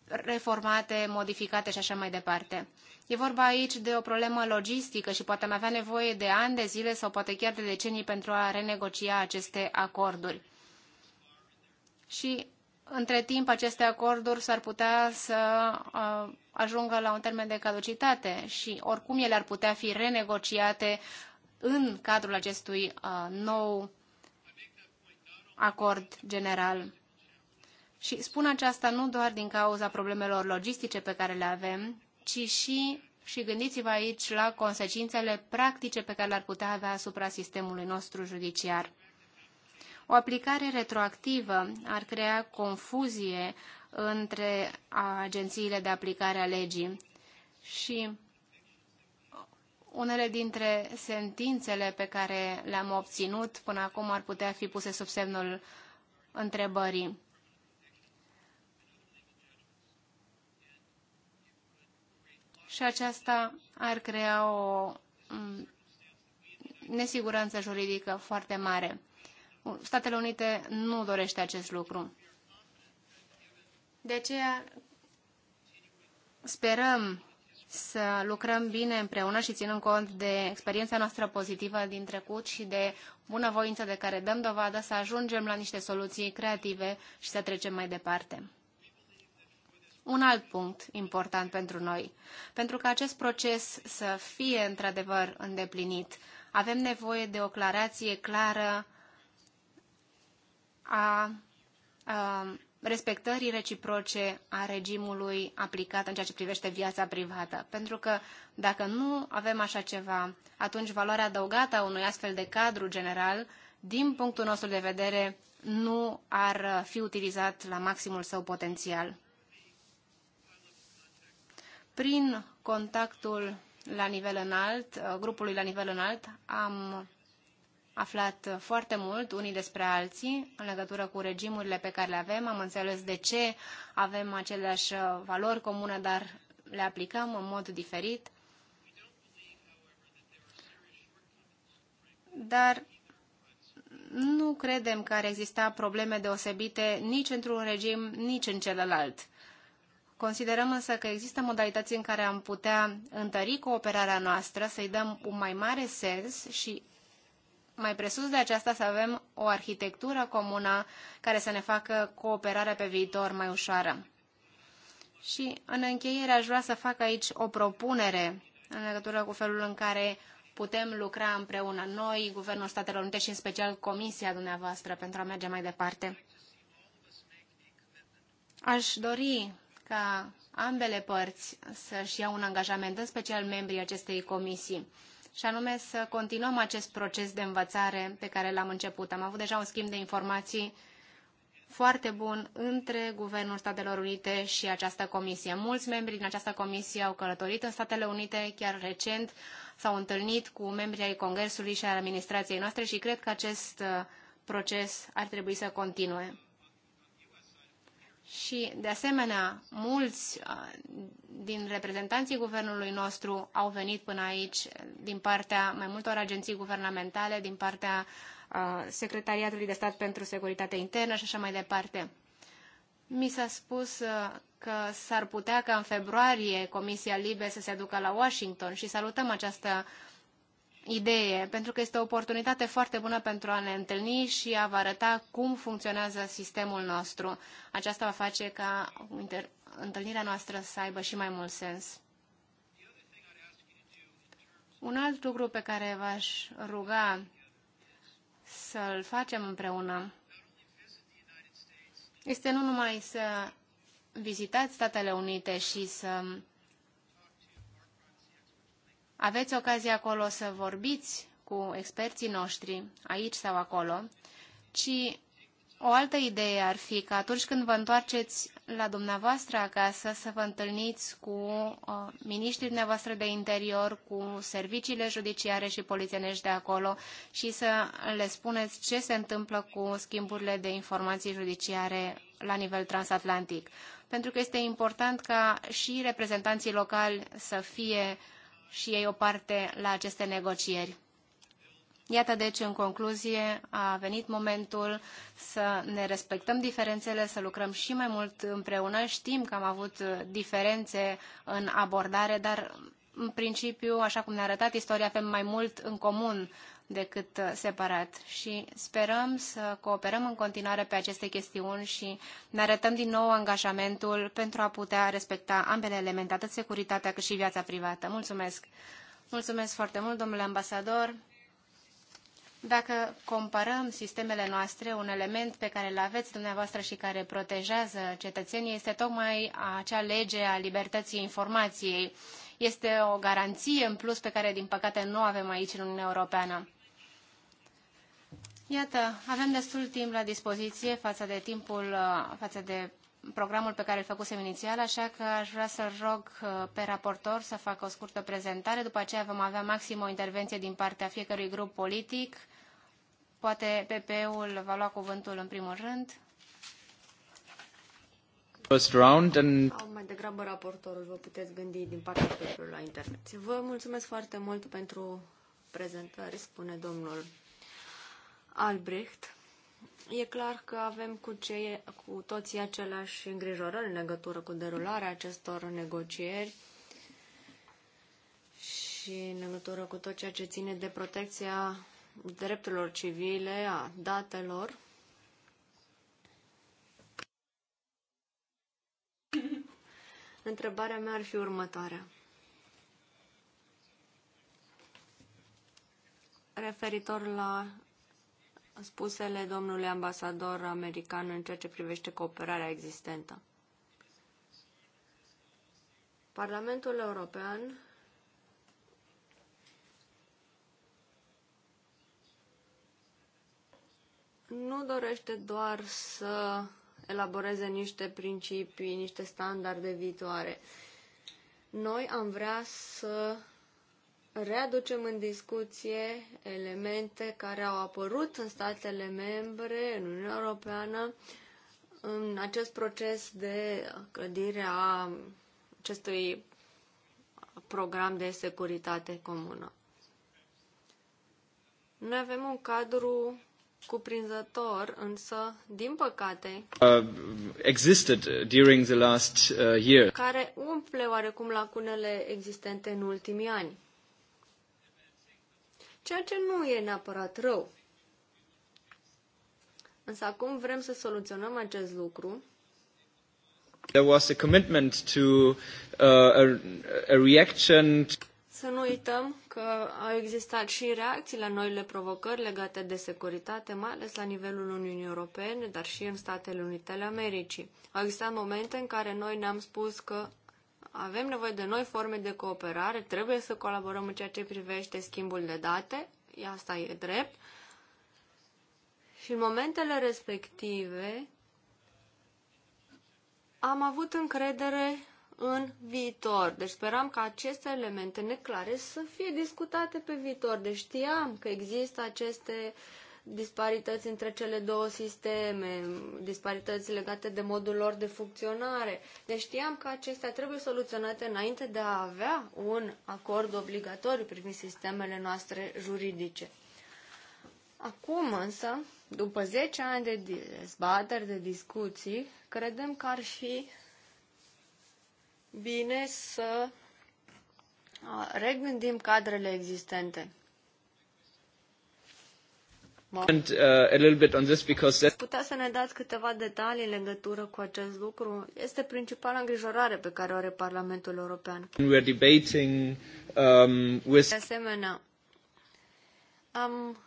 reformate, modificate și așa mai departe. E vorba aici de o problemă logistică și poate am avea nevoie de ani de zile sau poate chiar de decenii pentru a renegocia aceste acorduri. Și între timp aceste acorduri s-ar putea să ajungă la un termen de caducitate și oricum ele ar putea fi renegociate în cadrul acestui nou acord general. Și spun aceasta nu doar din cauza problemelor logistice pe care le avem, ci și, și gândiți-vă aici la consecințele practice pe care le-ar putea avea asupra sistemului nostru judiciar. O aplicare retroactivă ar crea confuzie între agențiile de aplicare a legii și unele dintre sentințele pe care le-am obținut până acum ar putea fi puse sub semnul întrebării. și aceasta ar crea o mm, nesiguranță juridică foarte mare. Statele Unite nu dorește acest lucru. De aceea sperăm să lucrăm bine împreună și ținând cont de experiența noastră pozitivă din trecut și de bunăvoință de care dăm dovadă să ajungem la niște soluții creative și să trecem mai departe un alt punct important pentru noi. Pentru că acest proces să fie într-adevăr îndeplinit, avem nevoie de o clarație clară a, a respectării reciproce a regimului aplicat în ceea ce privește viața privată. Pentru că dacă nu avem așa ceva, atunci valoarea adăugată a unui astfel de cadru general, din punctul nostru de vedere, nu ar fi utilizat la maximul său potențial prin contactul la nivel înalt, uh, grupului la nivel înalt, am aflat foarte mult unii despre alții în legătură cu regimurile pe care le avem. Am înțeles de ce avem aceleași uh, valori comune, dar le aplicăm în mod diferit. Dar nu credem că ar exista probleme deosebite nici într-un regim, nici în celălalt. Considerăm însă că există modalități în care am putea întări cooperarea noastră, să-i dăm un mai mare sens și mai presus de aceasta să avem o arhitectură comună care să ne facă cooperarea pe viitor mai ușoară. Și în încheiere aș vrea să fac aici o propunere în legătură cu felul în care putem lucra împreună noi, Guvernul Statelor Unite și în special Comisia dumneavoastră pentru a merge mai departe. Aș dori ca ambele părți să-și ia un angajament, în special membrii acestei comisii, și anume să continuăm acest proces de învățare pe care l-am început. Am avut deja un schimb de informații foarte bun între Guvernul Statelor Unite și această comisie. Mulți membri din această comisie au călătorit în Statele Unite, chiar recent s-au întâlnit cu membrii ai Congresului și ai administrației noastre și cred că acest uh, proces ar trebui să continue. Și, de asemenea, mulți uh, din reprezentanții guvernului nostru au venit până aici din partea mai multor agenții guvernamentale, din partea uh, Secretariatului de Stat pentru Securitate Internă și așa mai departe. Mi s-a spus uh, că s-ar putea ca în februarie Comisia Libe să se ducă la Washington și salutăm această uh, idee, pentru că este o oportunitate foarte bună pentru a ne întâlni și a vă arăta cum funcționează sistemul nostru. Aceasta va face ca întâlnirea noastră să aibă și mai mult sens. Un alt lucru pe care v-aș ruga să-l facem împreună este nu numai să vizitați Statele Unite și să aveți ocazia acolo să vorbiți cu experții noștri, aici sau acolo, ci o altă idee ar fi că atunci când vă întoarceți la dumneavoastră acasă, să vă întâlniți cu uh, miniștrii dumneavoastră de interior, cu serviciile judiciare și polițienești de acolo și să le spuneți ce se întâmplă cu schimburile de informații judiciare la nivel transatlantic. Pentru că este important ca și reprezentanții locali să fie uh, și ei o parte la aceste negocieri. Iată deci, în concluzie, a venit momentul să ne respectăm diferențele, să lucrăm și mai mult împreună. Știm că am avut diferențe în abordare, dar în principiu, așa cum ne-a arătat istoria, avem mai mult în comun decât uh, separat și sperăm să cooperăm în continuare pe aceste chestiuni și ne arătăm din nou angajamentul pentru a putea respecta ambele elemente, atât securitatea cât și viața privată. Mulțumesc! Mulțumesc foarte mult, domnule ambasador! Dacă comparăm sistemele noastre, un element pe care îl aveți dumneavoastră și care protejează cetățenii este tocmai acea lege a libertății informației. Este o garanție în plus pe care, din păcate, nu avem aici în Uniunea Europeană. Iată, avem destul timp la dispoziție față de timpul, uh, față de programul pe care îl făcusem inițial, așa că aș vrea să rog uh, pe raportor să facă o scurtă prezentare. După aceea vom avea maxim o intervenție din partea fiecărui grup politic. Poate PP-ul va lua cuvântul în primul rând. First round and... Au mai degrabă raportorul, vă puteți gândi din partea PP-ului la internet. Vă mulțumesc foarte mult pentru prezentare, spune domnul Albrecht, e clar că avem cu, ce, cu toții aceleași îngrijorări în legătură cu derularea acestor negocieri și în legătură cu tot ceea ce ține de protecția drepturilor civile, a datelor. Întrebarea mea ar fi următoarea. Referitor la spusele domnului ambasador american în ceea ce privește cooperarea existentă. Parlamentul European nu dorește doar să elaboreze niște principii, niște standarde viitoare. Noi am vrea să readucem în discuție elemente care au apărut în statele membre, în Uniunea Europeană, în acest proces de clădire a acestui program de securitate comună. Noi avem un cadru cuprinzător, însă, din păcate, uh, existed during the last uh, year. care umple oarecum lacunele existente în ultimii ani ceea ce nu e neapărat rău. Însă acum vrem să soluționăm acest lucru. There was a commitment to uh, a, a reaction. Să nu uităm că au existat și reacții la noile provocări legate de securitate, mai ales la nivelul Uniunii Europene, dar și în Statele Unite ale Americii. Au existat momente în care noi ne-am spus că avem nevoie de noi forme de cooperare, trebuie să colaborăm în ceea ce privește schimbul de date, asta e drept. Și în momentele respective am avut încredere în viitor. Deci speram că aceste elemente neclare să fie discutate pe viitor. Deci știam că există aceste uh, disparități între cele două sisteme, disparități legate de modul lor de funcționare. Deci știam că acestea trebuie soluționate înainte de a avea un acord obligatoriu privind sistemele noastre juridice. Acum însă, după 10 ani de dezbateri, de discuții, credem că ar fi bine să regândim cadrele existente Uh, Putea să ne dați câteva detalii în legătură cu acest lucru? Este principala îngrijorare pe care o are Parlamentul European. Um, De asemenea, am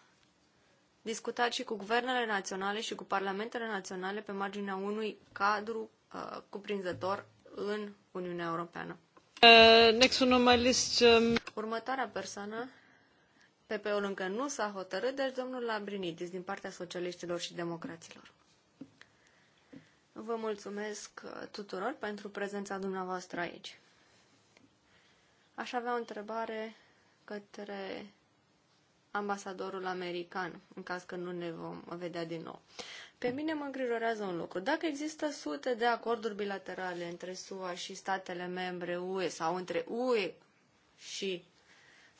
discutat și cu guvernele naționale și cu parlamentele naționale pe marginea unui cadru uh, cuprinzător în Uniunea Europeană. Uh, next on my list, um... Următoarea persoană PP-ul încă nu s-a hotărât, deci domnul Lambrinidis din partea socialiștilor și democraților. Vă mulțumesc uh, tuturor pentru prezența dumneavoastră aici. Aș avea o întrebare către ambasadorul american, în caz că nu ne vom vedea din nou. Pe mine mă îngrijorează un lucru. Dacă există sute de acorduri bilaterale între SUA și statele membre UE sau între UE și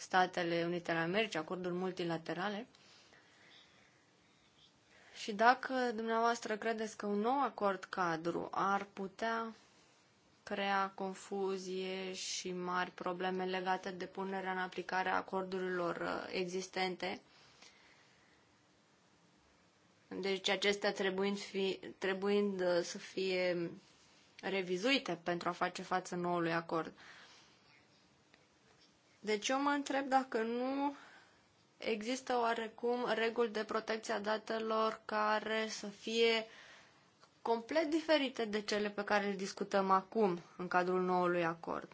Statele Unite ale Americii, acorduri multilaterale. Și dacă dumneavoastră credeți că un nou acord cadru ar putea crea confuzie și mari probleme legate de punerea în aplicare a acordurilor uh, existente, deci acestea trebuind, fi, trebuind uh, să fie revizuite pentru a face față noului acord. Deci eu mă întreb dacă nu există oarecum reguli de protecție a datelor care să fie complet diferite de cele pe care le discutăm acum în cadrul noului acord.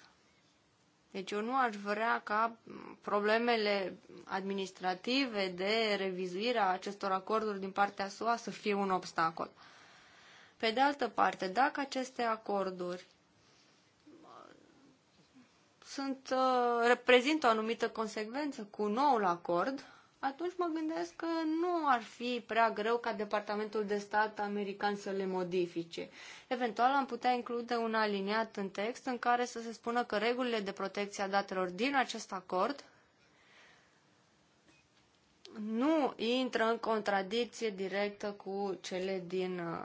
Deci eu nu aș vrea ca problemele administrative de revizuire a acestor acorduri din partea SUA să fie un obstacol. Pe de altă parte, dacă aceste acorduri sunt, uh, reprezintă o anumită consecvență cu noul acord, atunci mă gândesc că nu ar fi prea greu ca Departamentul de Stat american să le modifice. Eventual am putea include un aliniat în text în care să se spună că regulile de protecție a datelor din acest acord nu intră în contradicție directă cu cele din uh,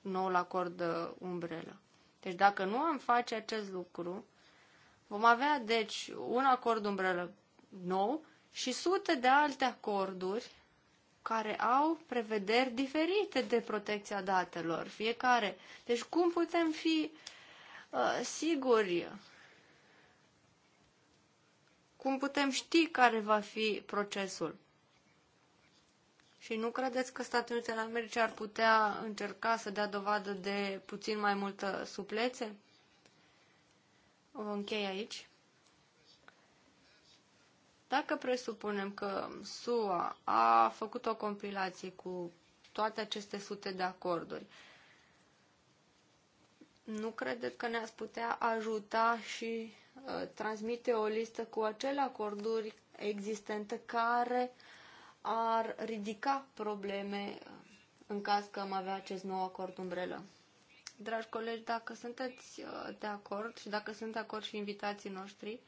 noul acord umbrelă. Deci dacă nu am face acest lucru, Vom avea, deci, un acord umbrelă nou și sute de alte acorduri care au prevederi diferite de protecția datelor, fiecare. Deci cum putem fi uh, siguri? Cum putem ști care va fi procesul? Și nu credeți că Statele Unite ale Americii ar putea încerca să dea dovadă de puțin mai multă suplețe? o închei aici. Dacă presupunem că SUA a făcut o compilație cu toate aceste sute de acorduri, nu credeți că ne-ați putea ajuta și uh, transmite o listă cu acele acorduri existente care ar ridica probleme ă, în caz că am avea acest nou acord umbrelă? Dragi colegi, dacă sunteți uh, de acord și dacă sunt de acord și invitații noștri,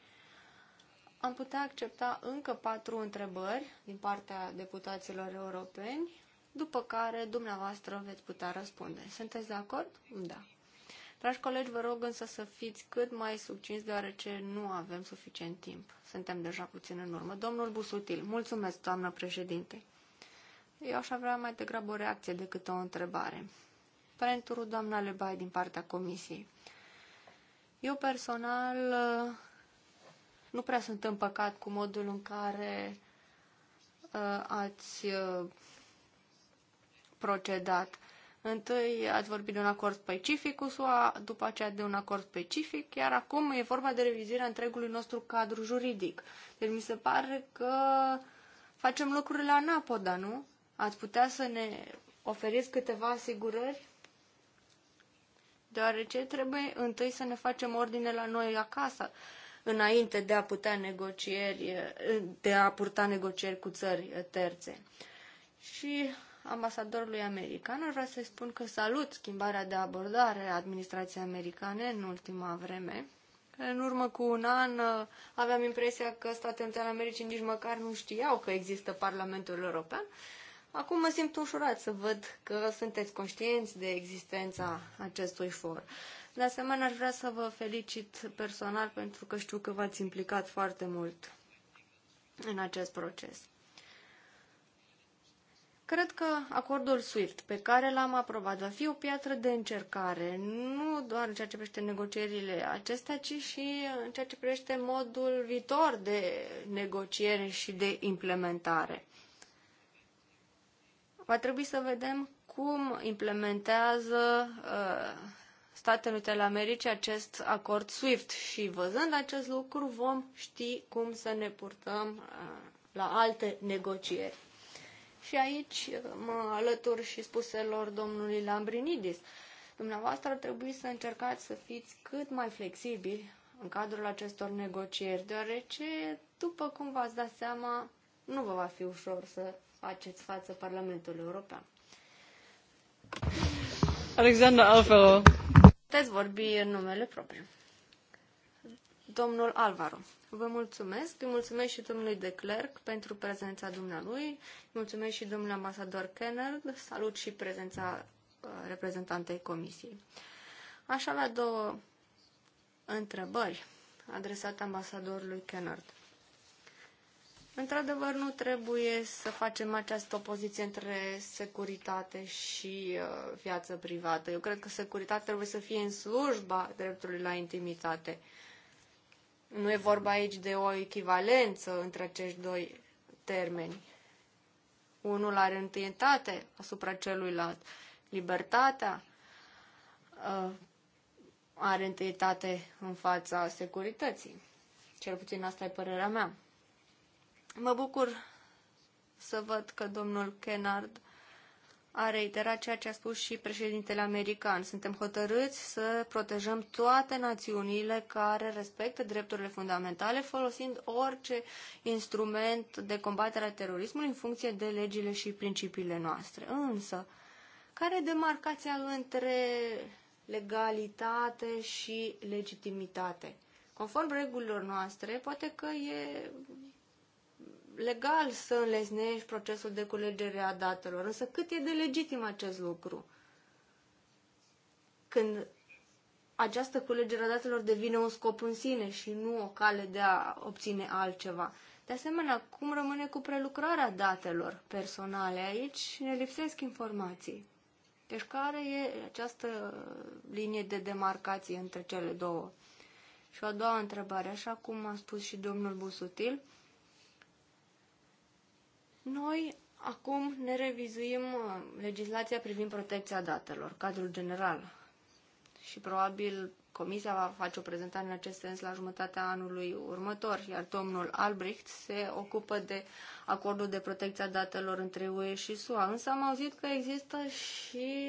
am putea accepta încă patru întrebări din partea deputaților europeni, după care dumneavoastră veți putea răspunde. Sunteți de acord? Da. Dragi colegi, vă rog însă să fiți cât mai succinți, deoarece nu avem suficient timp. Suntem deja puțin în urmă. Domnul Busutil, mulțumesc, doamnă președinte. Eu aș avea mai degrabă o reacție decât o întrebare pentru doamna Lebai din partea comisiei. Eu personal uh, nu prea sunt împăcat cu modul în care uh, ați uh, procedat. Întâi ați vorbit de un acord specific cu SUA, după aceea de un acord specific, iar acum e vorba de revizirea întregului nostru cadru juridic. Deci mi se pare că facem lucrurile la napoda, nu? Ați putea să ne oferiți câteva asigurări? deoarece trebuie întâi să ne facem ordine la noi acasă, înainte de a putea negocieri, de a purta negocieri cu țări terțe. Și ambasadorului american ar vrea să spun că salut schimbarea de abordare a administrației americane în ultima vreme. În urmă cu un an aveam impresia că Statele Unite ale Americii nici măcar nu știau că există Parlamentul European Acum mă simt ușurat să văd că sunteți conștienți de existența acestui for. De asemenea, aș vrea să vă felicit personal pentru că știu că v-ați implicat foarte mult în acest proces. Cred că acordul SWIFT pe care l-am aprobat va fi o piatră de încercare, nu doar în ceea ce privește negocierile acestea, ci și în ceea ce privește modul viitor de negociere și de implementare. Va trebui să vedem cum implementează uh, Statele Unite ale Americii acest acord SWIFT și văzând acest lucru vom ști cum să ne purtăm uh, la alte negocieri. Și aici uh, mă alătur și spuselor domnului Lambrinidis. Dumneavoastră ar trebui să încercați să fiți cât mai flexibili în cadrul acestor negocieri, deoarece, după cum v-ați dat seama, nu vă va fi ușor să faceți față Parlamentului European. Alexandra Alvaro. Puteți vorbi în numele propriu. Domnul Alvaro, vă mulțumesc. Îi mulțumesc și domnului de Clerc pentru prezența dumnealui. Mulțumesc și domnului ambasador Kennard. Salut și prezența uh, reprezentantei comisiei. Aș avea două întrebări adresate ambasadorului Kennard. Într-adevăr, nu trebuie să facem această opoziție între securitate și uh, viață privată. Eu cred că securitatea trebuie să fie în slujba dreptului la intimitate. Nu e vorba aici de o echivalență între acești doi termeni. Unul are întâietate asupra celuilalt. Libertatea uh, are întâietate în fața securității. Cel puțin asta e părerea mea. Mă bucur să văd că domnul Kennard a reiterat ceea ce a spus și președintele american. Suntem hotărâți să protejăm toate națiunile care respectă drepturile fundamentale, folosind orice instrument de combatere a terorismului în funcție de legile și principiile noastre. Însă, care e demarcația între legalitate și legitimitate? Conform regulilor noastre, poate că e legal să înlesnești procesul de culegere a datelor, însă cât e de legitim acest lucru? Când această culegere a datelor devine un scop în sine și nu o cale de a obține altceva. De asemenea, cum rămâne cu prelucrarea datelor personale? Aici ne lipsesc informații. Deci care e această linie de demarcație între cele două? Și o a doua întrebare, așa cum a spus și domnul Busutil, noi acum ne revizuim uh, legislația privind protecția datelor, cadrul general. Și probabil Comisia va face o prezentare în acest sens la jumătatea anului următor, iar domnul Albrecht se ocupă de acordul de protecția datelor între UE și SUA. Însă am auzit că există și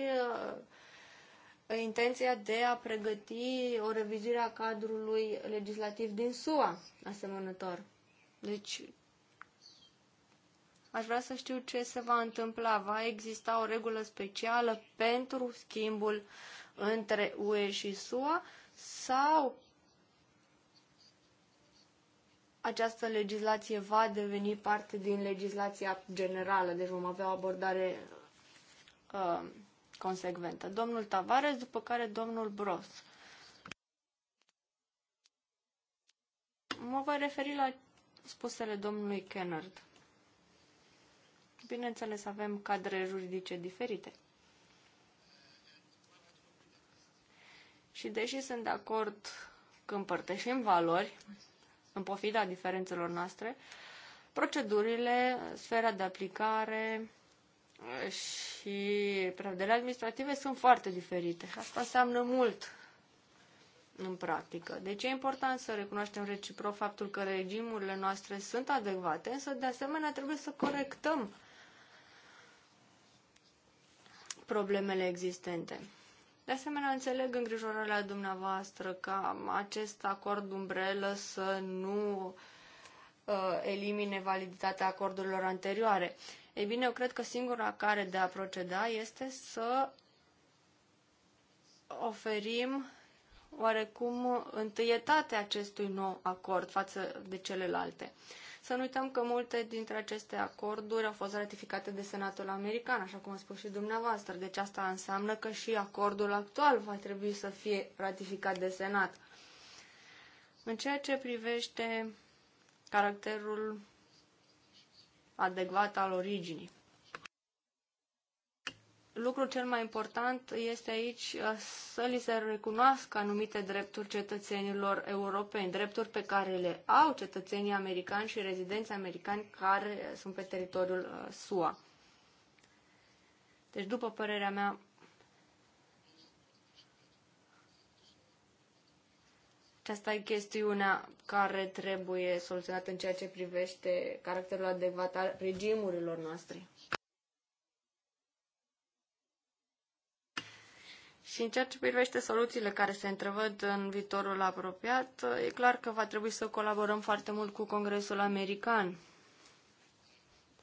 uh, intenția de a pregăti o revizuire a cadrului legislativ din SUA asemănător. Deci Aș vrea să știu ce se va întâmpla. Va exista o regulă specială pentru schimbul între UE și SUA sau această legislație va deveni parte din legislația generală, deci vom avea o abordare uh, consecventă. Domnul Tavares, după care domnul Bros. Mă voi referi la spusele domnului Kennard bineînțeles, avem cadre juridice diferite. Și deși sunt de acord că împărtășim valori, în pofida diferențelor noastre, procedurile, sfera de aplicare și prevederile administrative sunt foarte diferite. Asta înseamnă mult în practică. Deci e important să recunoaștem reciproc faptul că regimurile noastre sunt adecvate, însă de asemenea trebuie să corectăm problemele existente. De asemenea, înțeleg îngrijorarea dumneavoastră ca acest acord umbrelă să nu uh, elimine validitatea acordurilor anterioare. Ei bine, eu cred că singura care de a proceda este să oferim oarecum întâietate acestui nou acord față de celelalte. Uh, să nu uităm că multe dintre aceste acorduri au fost ratificate de Senatul American, așa cum a spus și dumneavoastră. Deci asta înseamnă că și acordul actual va trebui să fie ratificat de Senat. În ceea ce privește caracterul adecvat al originii lucrul cel mai important este aici uh, să li se recunoască anumite drepturi cetățenilor europeni, drepturi pe care le au cetățenii americani și rezidenții americani care sunt pe teritoriul uh, SUA. Deci, după părerea mea, Aceasta e chestiunea care trebuie soluționată în ceea ce privește caracterul adecvat al regimurilor noastre. Și în ceea ce privește soluțiile care se întrevăd în viitorul apropiat, e clar că va trebui să colaborăm foarte mult cu Congresul American.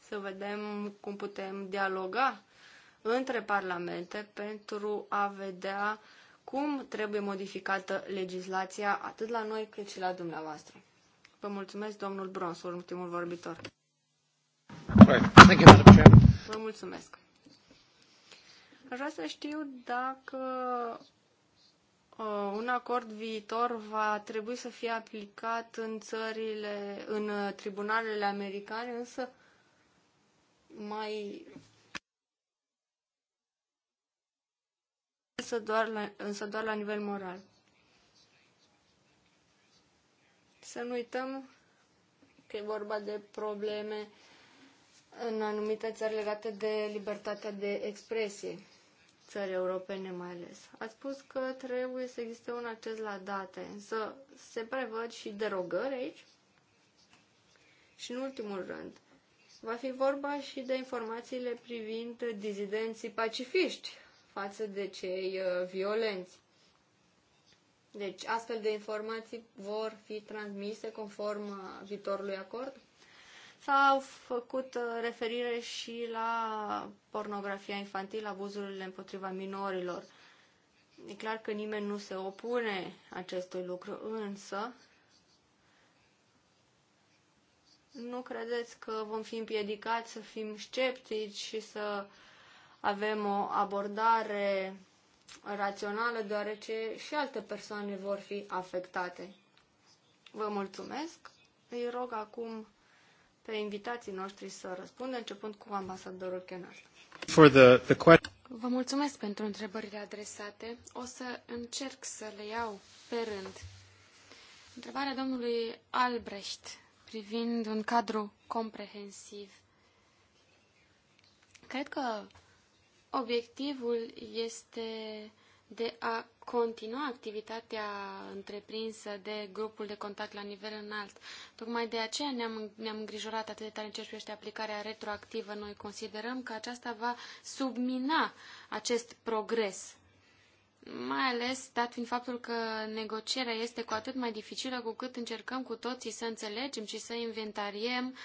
Să vedem cum putem dialoga între parlamente pentru a vedea cum trebuie modificată legislația atât la noi cât și la dumneavoastră. Vă mulțumesc, domnul Brons, ultimul vorbitor. Vă mulțumesc. Aș vrea să știu dacă uh, un acord viitor va trebui să fie aplicat în țările, în uh, tribunalele americane, însă mai însă doar la, însă doar la nivel moral. Să nu uităm că e vorba de probleme în anumite țări legate de libertatea de expresie țări europene mai ales. Ați spus că trebuie să existe un acces la date, însă se prevăd și derogări aici? Și în ultimul rând, va fi vorba și de informațiile privind dizidenții pacifiști față de cei uh, violenți. Deci, astfel de informații vor fi transmise conform uh, viitorului acord? S-au făcut uh, referire și la pornografia infantilă, abuzurile împotriva minorilor. E clar că nimeni nu se opune acestui lucru, însă nu credeți că vom fi împiedicați să fim sceptici și să avem o abordare rațională, deoarece și alte persoane vor fi afectate. Vă mulțumesc. Îi rog acum pe invitații noștri să răspundă, începând cu ambasadorul Kenar. For the, the question... Vă mulțumesc pentru întrebările adresate. O să încerc să le iau pe rând. Întrebarea domnului Albrecht privind un cadru comprehensiv. Cred că obiectivul este de a continua activitatea întreprinsă de grupul de contact la nivel înalt. Tocmai de aceea ne-am, ne-am îngrijorat atât de tare în ce privește aplicarea retroactivă. Noi considerăm că aceasta va submina acest progres mai ales dat fiind faptul că negocierea este cu atât mai dificilă cu cât încercăm cu toții să înțelegem și să inventariem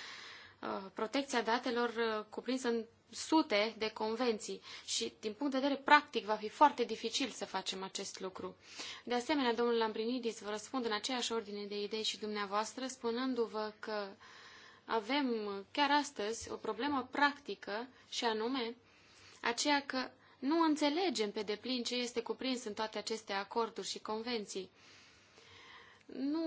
uh, protecția datelor uh, cuprinsă în sute de convenții și, din punct de vedere practic, va fi foarte dificil să facem acest lucru. De asemenea, domnul Lambrinidis, vă răspund în aceeași ordine de idei și dumneavoastră, spunându-vă că avem chiar astăzi o problemă practică și anume aceea că nu înțelegem pe deplin ce este cuprins în toate aceste acorduri și convenții. Nu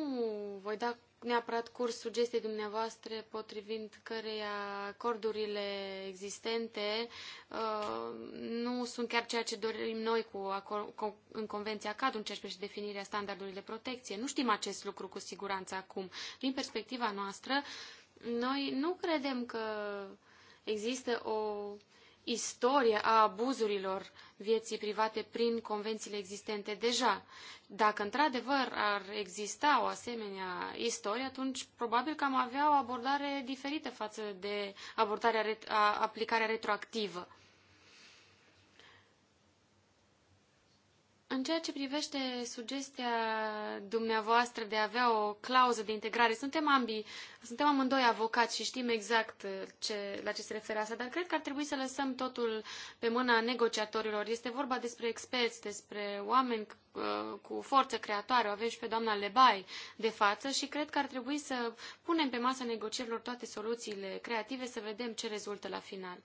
voi da neapărat curs sugestii dumneavoastră potrivind căreia acordurile existente uh, nu sunt chiar ceea ce dorim noi cu, acord, cu în Convenția Cadru în ceea ce privește definirea standardului de protecție. Nu știm acest lucru cu siguranță acum. Din perspectiva noastră, noi nu credem că există o istorie a abuzurilor vieții private prin convențiile existente deja. Dacă într-adevăr ar exista o asemenea istorie, atunci probabil că am avea o abordare diferită față de abordarea, aplicarea retroactivă. În ceea ce privește sugestia dumneavoastră de a avea o clauză de integrare, suntem ambii, suntem amândoi avocați și știm exact uh, ce, la ce se referă asta, dar cred că ar trebui să lăsăm totul pe mâna negociatorilor. Este vorba despre experți, despre oameni uh, cu forță creatoare, o avem și pe doamna Lebai de față și cred că ar trebui să punem pe masa negocierilor toate soluțiile creative să vedem ce rezultă la final.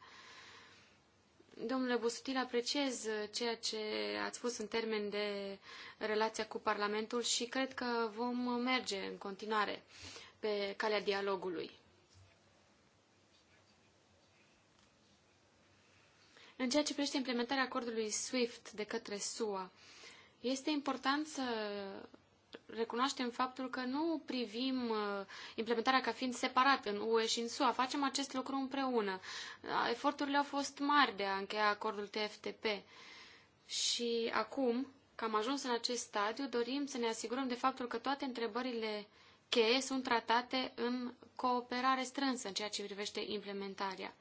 Domnule Busutil, apreciez uh, ceea ce ați spus în termen de relația cu Parlamentul și cred că vom merge în continuare pe calea dialogului. În ceea ce privește implementarea acordului SWIFT de către SUA, este important să recunoaștem faptul că nu privim uh, implementarea ca fiind separat în UE și în SUA. Facem acest lucru împreună. Uh, eforturile au fost mari de a încheia acordul TFTP. Și acum, că am ajuns în acest stadiu, dorim să ne asigurăm de faptul că toate întrebările cheie sunt tratate în cooperare strânsă în ceea ce privește implementarea.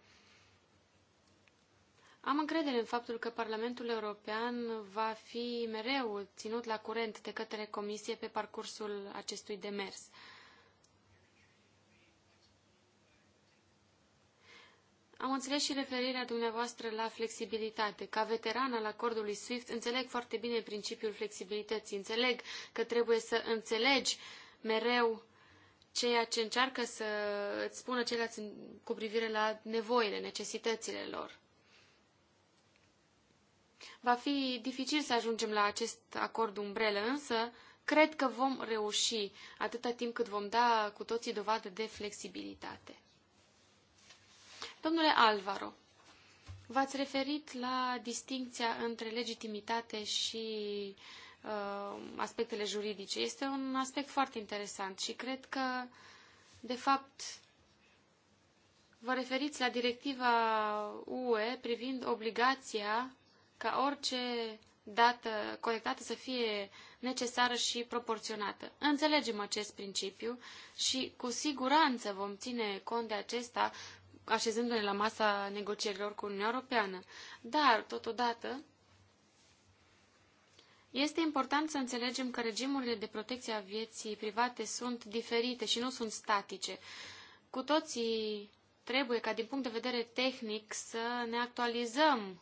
Am încredere în faptul că Parlamentul European va fi mereu ținut la curent de către Comisie pe parcursul acestui demers. Am înțeles și referirea dumneavoastră la flexibilitate. Ca veteran al acordului SWIFT, înțeleg foarte bine principiul flexibilității. Înțeleg că trebuie să înțelegi mereu ceea ce încearcă să îți spună ceilalți cu privire la nevoile, necesitățile lor. Va fi dificil să ajungem la acest acord umbrelă, însă cred că vom reuși atâta timp cât vom da cu toții dovadă de flexibilitate. Domnule Alvaro, v-ați referit la distinția între legitimitate și uh, aspectele juridice. Este un aspect foarte interesant și cred că, de fapt, vă referiți la directiva UE privind obligația ca orice dată colectată să fie necesară și proporționată. Înțelegem acest principiu și cu siguranță vom ține cont de acesta așezându-ne la masa negocierilor cu Uniunea Europeană. Dar, totodată, este important să înțelegem că regimurile de protecție a vieții private sunt diferite și nu sunt statice. Cu toții trebuie ca, din punct de vedere tehnic, să ne actualizăm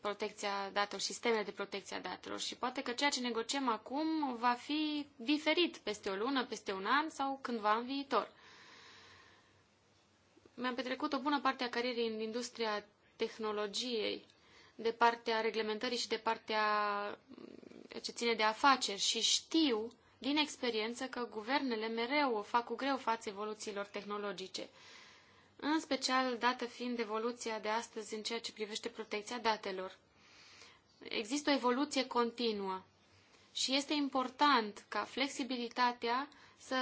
protecția datelor, sistemele de protecție a datelor și poate că ceea ce negociem acum va fi diferit peste o lună, peste un an sau cândva în viitor. Mi-am petrecut o bună parte a carierei în industria tehnologiei, de partea reglementării și de partea ce ține de afaceri și știu din experiență că guvernele mereu o fac cu greu față evoluțiilor tehnologice în special dată fiind evoluția de astăzi în ceea ce privește protecția datelor. Există o evoluție continuă și este important ca flexibilitatea să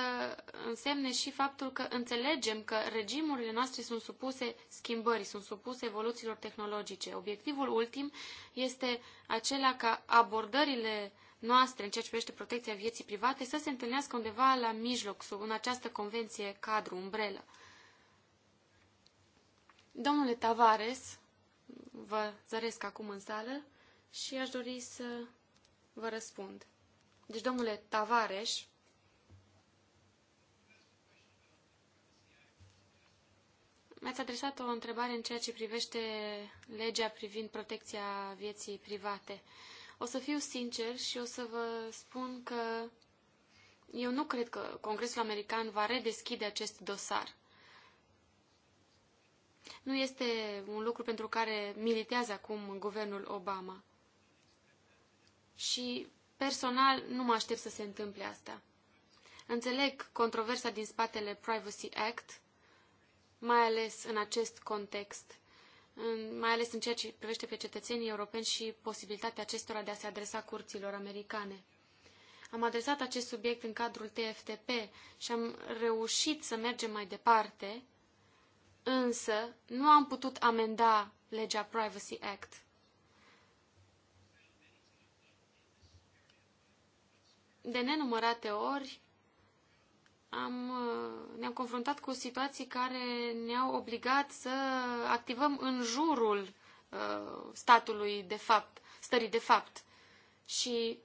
însemne și faptul că înțelegem că regimurile noastre sunt supuse schimbării, sunt supuse evoluțiilor tehnologice. Obiectivul ultim este acela ca abordările noastre în ceea ce privește protecția vieții private să se întâlnească undeva la mijloc, sub în această convenție cadru, umbrelă. Domnule Tavares, vă zăresc acum în sală și aș dori să vă răspund. Deci, domnule Tavares, mi-ați adresat o întrebare în ceea ce privește legea privind protecția vieții private. O să fiu sincer și o să vă spun că eu nu cred că Congresul American va redeschide acest dosar. Nu este un lucru pentru care militează acum guvernul Obama. Și, personal, nu mă aștept să se întâmple asta. Înțeleg controversa din spatele Privacy Act, mai ales în acest context, în, mai ales în ceea ce privește pe cetățenii europeni și posibilitatea acestora de a se adresa curților americane. Am adresat acest subiect în cadrul TFTP și am reușit să mergem mai departe însă nu am putut amenda legea Privacy Act. De nenumărate ori am, uh, ne-am confruntat cu situații care ne-au obligat să activăm în jurul uh, statului de fapt, stării de fapt. Și,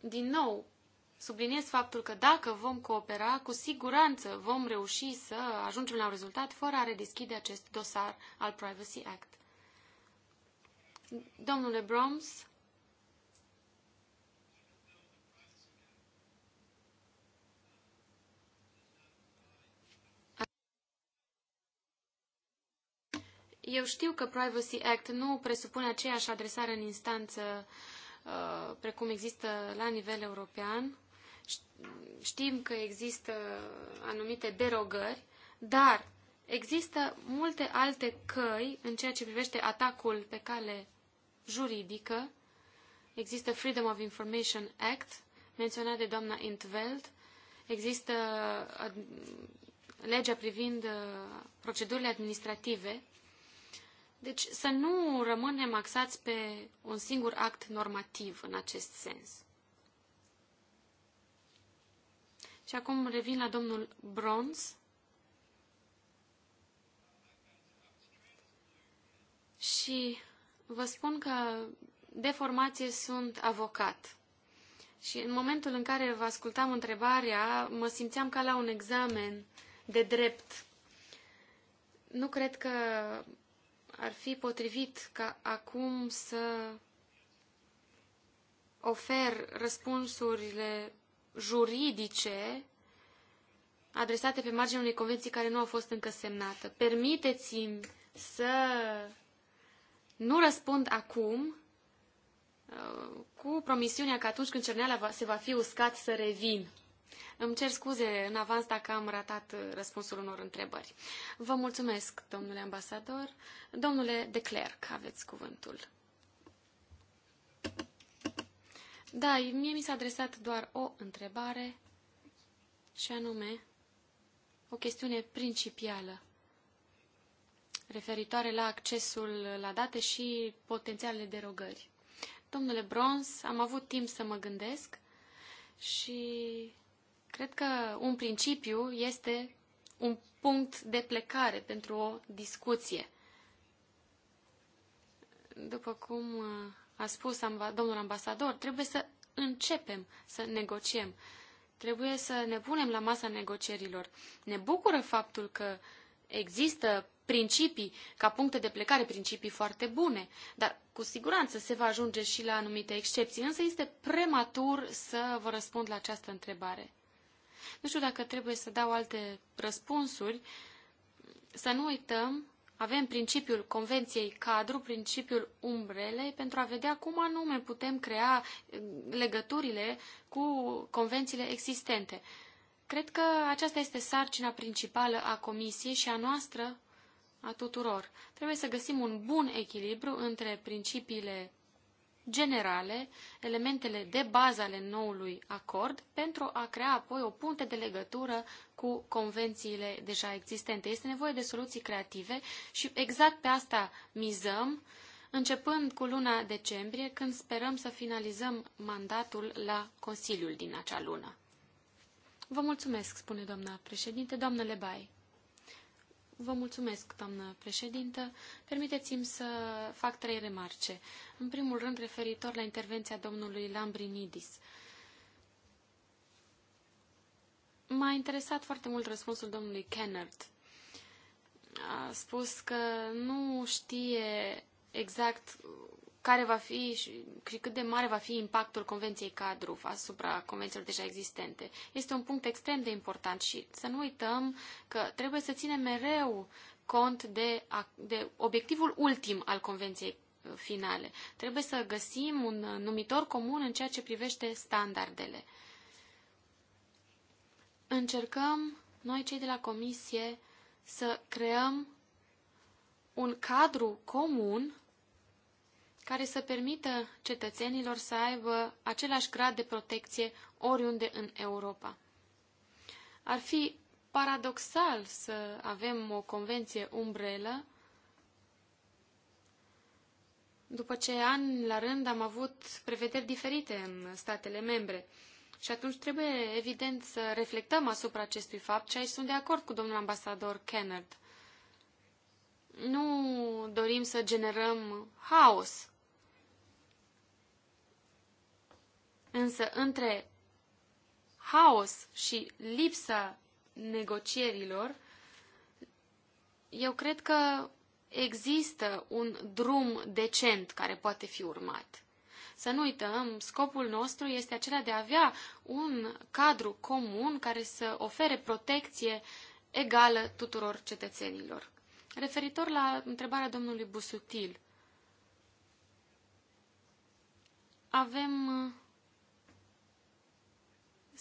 din nou, subliniez faptul că dacă vom coopera, cu siguranță vom reuși să ajungem la un rezultat fără a redeschide acest dosar al Privacy Act. Domnule Broms, Eu știu că Privacy Act nu presupune aceeași adresare în instanță uh, precum există la nivel european, Știm că există anumite derogări, dar există multe alte căi în ceea ce privește atacul pe cale juridică. Există Freedom of Information Act, menționat de doamna Intveld. Există legea privind uh, procedurile administrative. Deci să nu rămânem axați pe un singur act normativ în acest sens. Și acum revin la domnul Bronz. Și vă spun că de formație sunt avocat. Și în momentul în care vă ascultam întrebarea, mă simțeam ca la un examen de drept. Nu cred că ar fi potrivit ca acum să ofer răspunsurile juridice adresate pe marginea unei convenții care nu a fost încă semnată. Permiteți-mi să nu răspund acum uh, cu promisiunea că atunci când cerneala se va fi uscat să revin. Îmi cer scuze în avans dacă am ratat uh, răspunsul unor întrebări. Vă mulțumesc, domnule ambasador. Domnule de Clerc, aveți cuvântul. Da, mie mi s-a adresat doar o întrebare și anume o chestiune principială referitoare la accesul la date și potențialele derogări. Domnule Brons, am avut timp să mă gândesc și cred că un principiu este un punct de plecare pentru o discuție. După cum a spus domnul ambasador, trebuie să începem să negociem. Trebuie să ne punem la masa negocierilor. Ne bucură faptul că există principii, ca puncte de plecare, principii foarte bune, dar cu siguranță se va ajunge și la anumite excepții, însă este prematur să vă răspund la această întrebare. Nu știu dacă trebuie să dau alte răspunsuri, să nu uităm avem principiul Convenției Cadru, principiul umbrelei, pentru a vedea cum anume putem crea eh, legăturile cu convențiile existente. Cred că aceasta este sarcina principală a Comisiei și a noastră a tuturor. Trebuie să găsim un bun echilibru între principiile generale, elementele de bază ale noului acord, pentru a crea apoi o punte de legătură cu convențiile deja existente. Este nevoie de soluții creative și exact pe asta mizăm, începând cu luna decembrie, când sperăm să finalizăm mandatul la Consiliul din acea lună. Vă mulțumesc, spune doamna președinte, doamnă Lebai. Vă mulțumesc, doamnă președintă. Permiteți-mi să fac trei remarce. În primul rând, referitor la intervenția domnului Lambrinidis. M-a interesat foarte mult răspunsul domnului Kennard. A spus că nu știe exact care va fi și cât de mare va fi impactul Convenției Cadru asupra convențiilor deja existente. Este un punct extrem de important și să nu uităm că trebuie să ținem mereu cont de, de obiectivul ultim al Convenției uh, finale. Trebuie să găsim un uh, numitor comun în ceea ce privește standardele. Încercăm noi cei de la Comisie să creăm un cadru comun care să permită cetățenilor să aibă același grad de protecție oriunde în Europa. Ar fi paradoxal să avem o convenție umbrelă, după ce ani la rând am avut prevederi diferite în statele membre. Și atunci trebuie, evident, să reflectăm asupra acestui fapt și aici sunt de acord cu domnul ambasador Kennard. Nu dorim să generăm haos Însă între haos și lipsa negocierilor, eu cred că există un drum decent care poate fi urmat. Să nu uităm, scopul nostru este acela de a avea un cadru comun care să ofere protecție egală tuturor cetățenilor. Referitor la întrebarea domnului Busutil, avem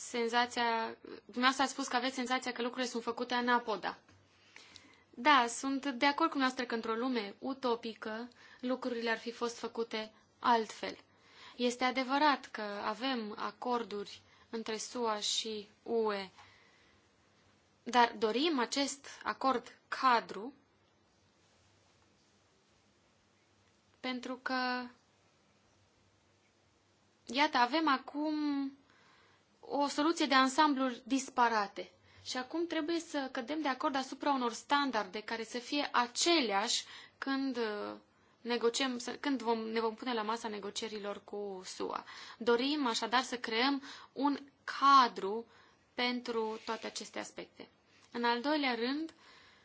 senzația, dumneavoastră ați spus că aveți senzația că lucrurile sunt făcute anapoda. Da, sunt de acord cu noastră că într-o lume utopică lucrurile ar fi fost făcute altfel. Este adevărat că avem acorduri între SUA și UE, dar dorim acest acord cadru pentru că, iată, avem acum o soluție de ansambluri disparate. Și acum trebuie să cădem de acord asupra unor standarde care să fie aceleași când, uh, negociem, când vom, ne vom pune la masa negocierilor cu SUA. Dorim așadar să creăm un cadru pentru toate aceste aspecte. În al doilea rând,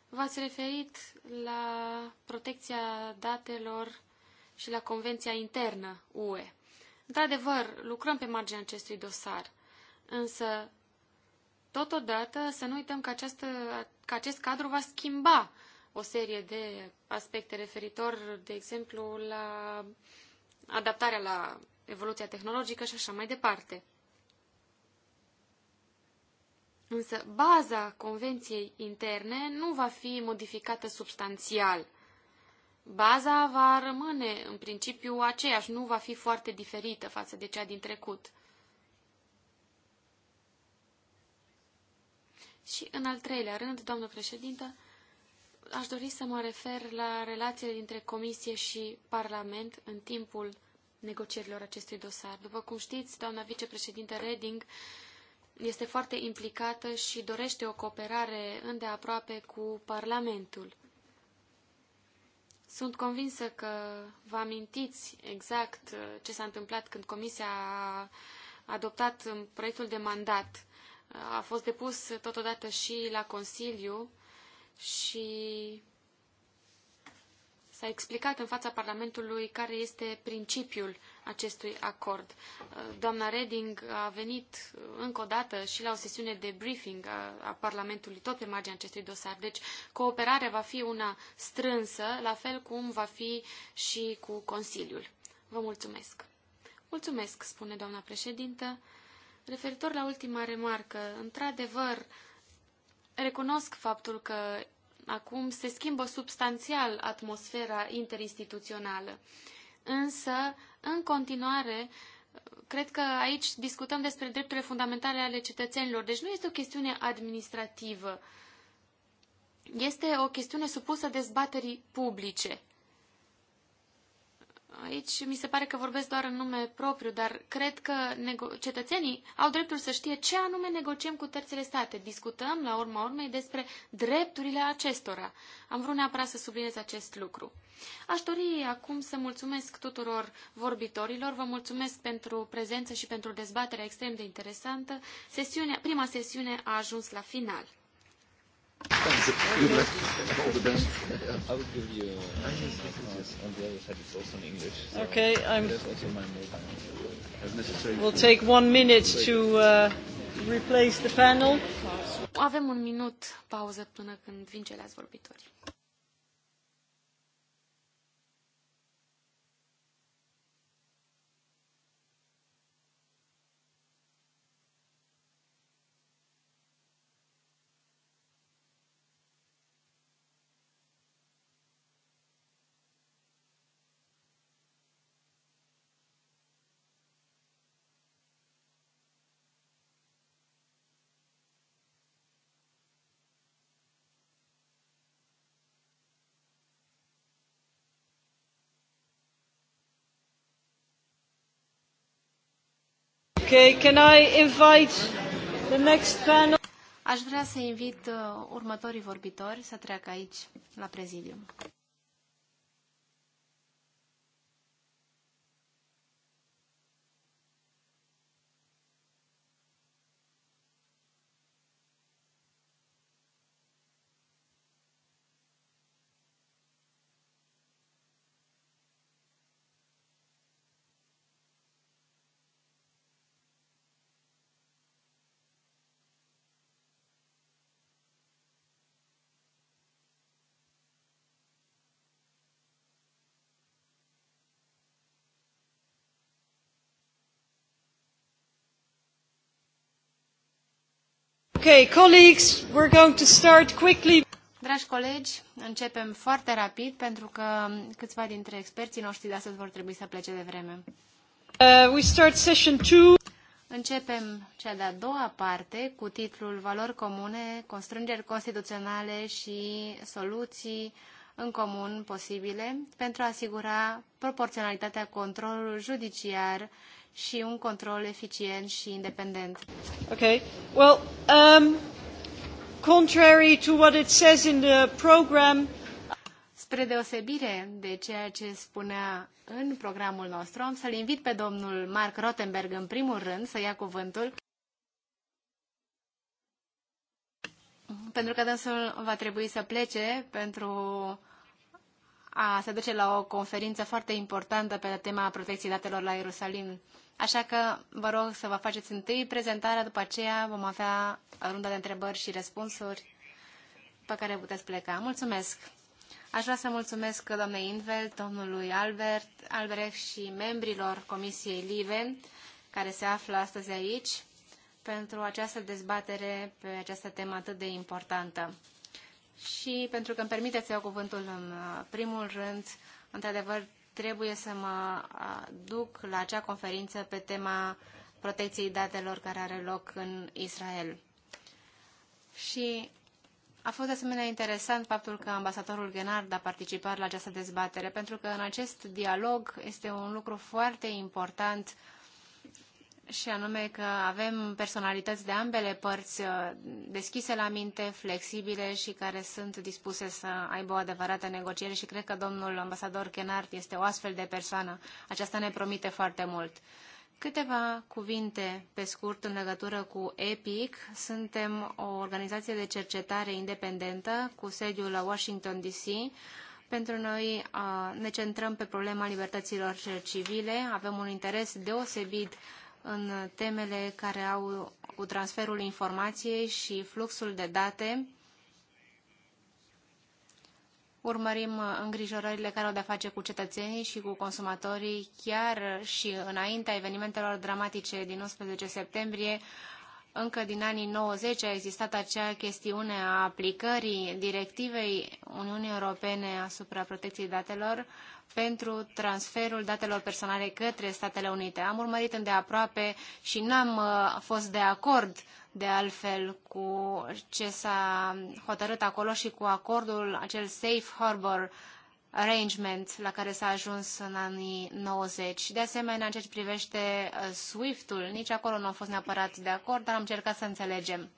v-ați referit la protecția datelor și la Convenția Internă UE. Într-adevăr, lucrăm pe marginea acestui dosar. Însă, totodată, să nu uităm că, această, că acest cadru va schimba o serie de aspecte referitor, de exemplu, la adaptarea la evoluția tehnologică și așa mai departe. Însă, baza Convenției interne nu va fi modificată substanțial. Baza va rămâne, în principiu, aceeași, nu va fi foarte diferită față de cea din trecut. Și, în al treilea rând, doamnă președintă, aș dori să mă refer la relațiile dintre Comisie și Parlament în timpul negocierilor acestui dosar. După cum știți, doamna vicepreședintă Reding este foarte implicată și dorește o cooperare îndeaproape cu Parlamentul. Sunt convinsă că vă amintiți exact ce s-a întâmplat când Comisia a adoptat proiectul de mandat a fost depus totodată și la Consiliu și s-a explicat în fața Parlamentului care este principiul acestui acord. Doamna Reding a venit încă o dată și la o sesiune de briefing a, a Parlamentului, tot pe marginea acestui dosar. Deci cooperarea va fi una strânsă, la fel cum va fi și cu Consiliul. Vă mulțumesc. Mulțumesc, spune doamna președintă. Referitor la ultima remarcă, într-adevăr, recunosc faptul că acum se schimbă substanțial atmosfera interinstituțională. Însă, în continuare, cred că aici discutăm despre drepturile fundamentale ale cetățenilor, deci nu este o chestiune administrativă. Este o chestiune supusă dezbaterii publice. Aici mi se pare că vorbesc doar în nume propriu, dar cred că cetățenii au dreptul să știe ce anume negociem cu terțele state. Discutăm, la urma urmei, despre drepturile acestora. Am vrut neapărat să subliniez acest lucru. Aș dori acum să mulțumesc tuturor vorbitorilor, vă mulțumesc pentru prezență și pentru dezbaterea extrem de interesantă. Sesiunea, prima sesiune a ajuns la final. Okay, I'm. We'll take one minute to uh, replace the panel. Avem un minut pauză până când vin ceilalți vorbitori. Okay, can I invite the next panel? Aș vrea să invit uh, următorii vorbitori să treacă aici, la prezidium. Okay, colleagues, we're going to start quickly. Dragi colegi, începem foarte rapid pentru că câțiva dintre experții noștri de astăzi vor trebui să plece de vreme. Uh, we start session two. Începem cea de-a doua parte cu titlul Valori comune, constrângeri constituționale și soluții în comun posibile pentru a asigura proporționalitatea controlului judiciar și un control eficient și independent. Okay. Well, um, contrary to what it says in the program, Spre deosebire de ceea ce spunea în programul nostru, am să-l invit pe domnul Mark Rottenberg în primul rând să ia cuvântul. pentru că dânsul va trebui să plece pentru a, se duce la o conferință foarte importantă pe tema protecției datelor la Ierusalim. Așa că vă rog să vă faceți întâi prezentarea, după aceea vom avea runda de întrebări și răspunsuri pe care puteți pleca. Mulțumesc! Aș vrea să mulțumesc doamnei Invelt, domnului Albert, Albrecht și membrilor Comisiei Liven, care se află astăzi aici, pentru această dezbatere pe această temă atât de importantă și pentru că îmi permiteți să iau cuvântul în uh, primul rând, într-adevăr, trebuie să mă uh, duc la acea conferință pe tema protecției datelor care are loc în Israel. Și a fost de asemenea interesant faptul că ambasadorul Genard a participat la această dezbatere, pentru că în acest dialog este un lucru foarte important uh, și anume că avem personalități de ambele părți uh, deschise la minte, flexibile și care sunt dispuse să aibă o adevărată negociere și cred că domnul ambasador Kenard este o astfel de persoană. Aceasta ne promite foarte mult. Câteva cuvinte pe scurt în legătură cu EPIC. Suntem o organizație de cercetare independentă cu sediul la Washington DC. Pentru noi uh, ne centrăm pe problema libertăților civile, avem un interes deosebit în temele care au cu transferul informației și fluxul de date. Urmărim îngrijorările care au de-a face cu cetățenii și cu consumatorii, chiar și înaintea evenimentelor dramatice din 11 septembrie, încă din anii 90 a existat acea chestiune a aplicării directivei Uniunii Europene asupra protecției datelor pentru transferul datelor personale către Statele Unite. Am urmărit îndeaproape și n-am uh, fost de acord de altfel cu ce s-a hotărât acolo și cu acordul acel safe harbor arrangement la care s-a ajuns în anii 90. De asemenea, în ceea ce privește uh, SWIFT-ul, nici acolo nu am fost neapărat de acord, dar am încercat să înțelegem.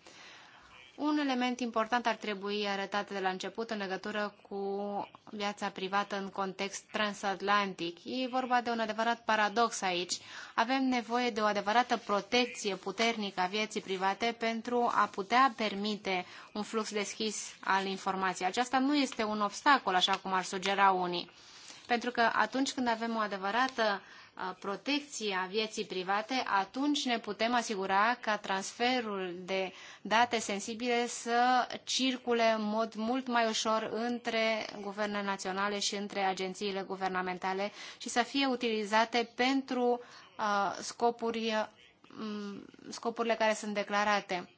Un element important ar trebui arătat de la început în legătură cu viața privată în context transatlantic. E vorba de un adevărat paradox aici. Avem nevoie de o adevărată protecție puternică a vieții private pentru a putea permite un flux deschis al informației. Aceasta nu este un obstacol, așa cum ar sugera unii. Pentru că atunci când avem o adevărată uh, protecție a vieții private, atunci ne putem asigura ca transferul de date sensibile să circule în mod mult mai ușor între guverne naționale și între agențiile guvernamentale și să fie utilizate pentru uh, scopuri, mm, scopurile care sunt declarate.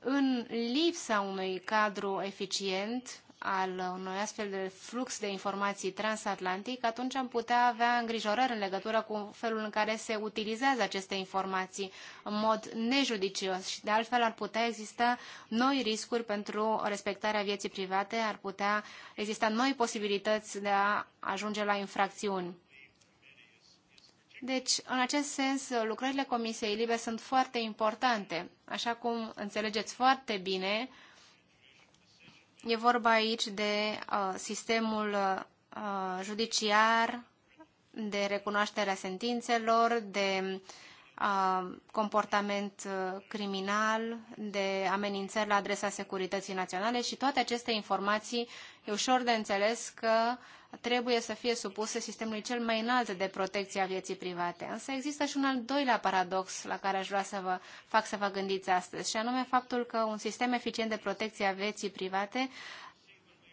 În lipsa unui cadru eficient, al unui astfel de flux de informații transatlantic, atunci am putea avea îngrijorări în legătură cu felul în care se utilizează aceste informații în mod nejudicios și de altfel ar putea exista noi riscuri pentru respectarea vieții private, ar putea exista noi posibilități de a ajunge la infracțiuni. Deci, în acest sens, lucrările Comisiei Libe sunt foarte importante. Așa cum înțelegeți foarte bine, E vorba aici de uh, sistemul uh, judiciar, de recunoașterea sentințelor, de uh, comportament uh, criminal, de amenințări la adresa securității naționale și toate aceste informații E ușor de înțeles că trebuie să fie supuse sistemului cel mai înalt de protecție a vieții private. Însă există și un al doilea paradox la care aș vrea să vă fac să vă gândiți astăzi, și anume faptul că un sistem eficient de protecție a vieții private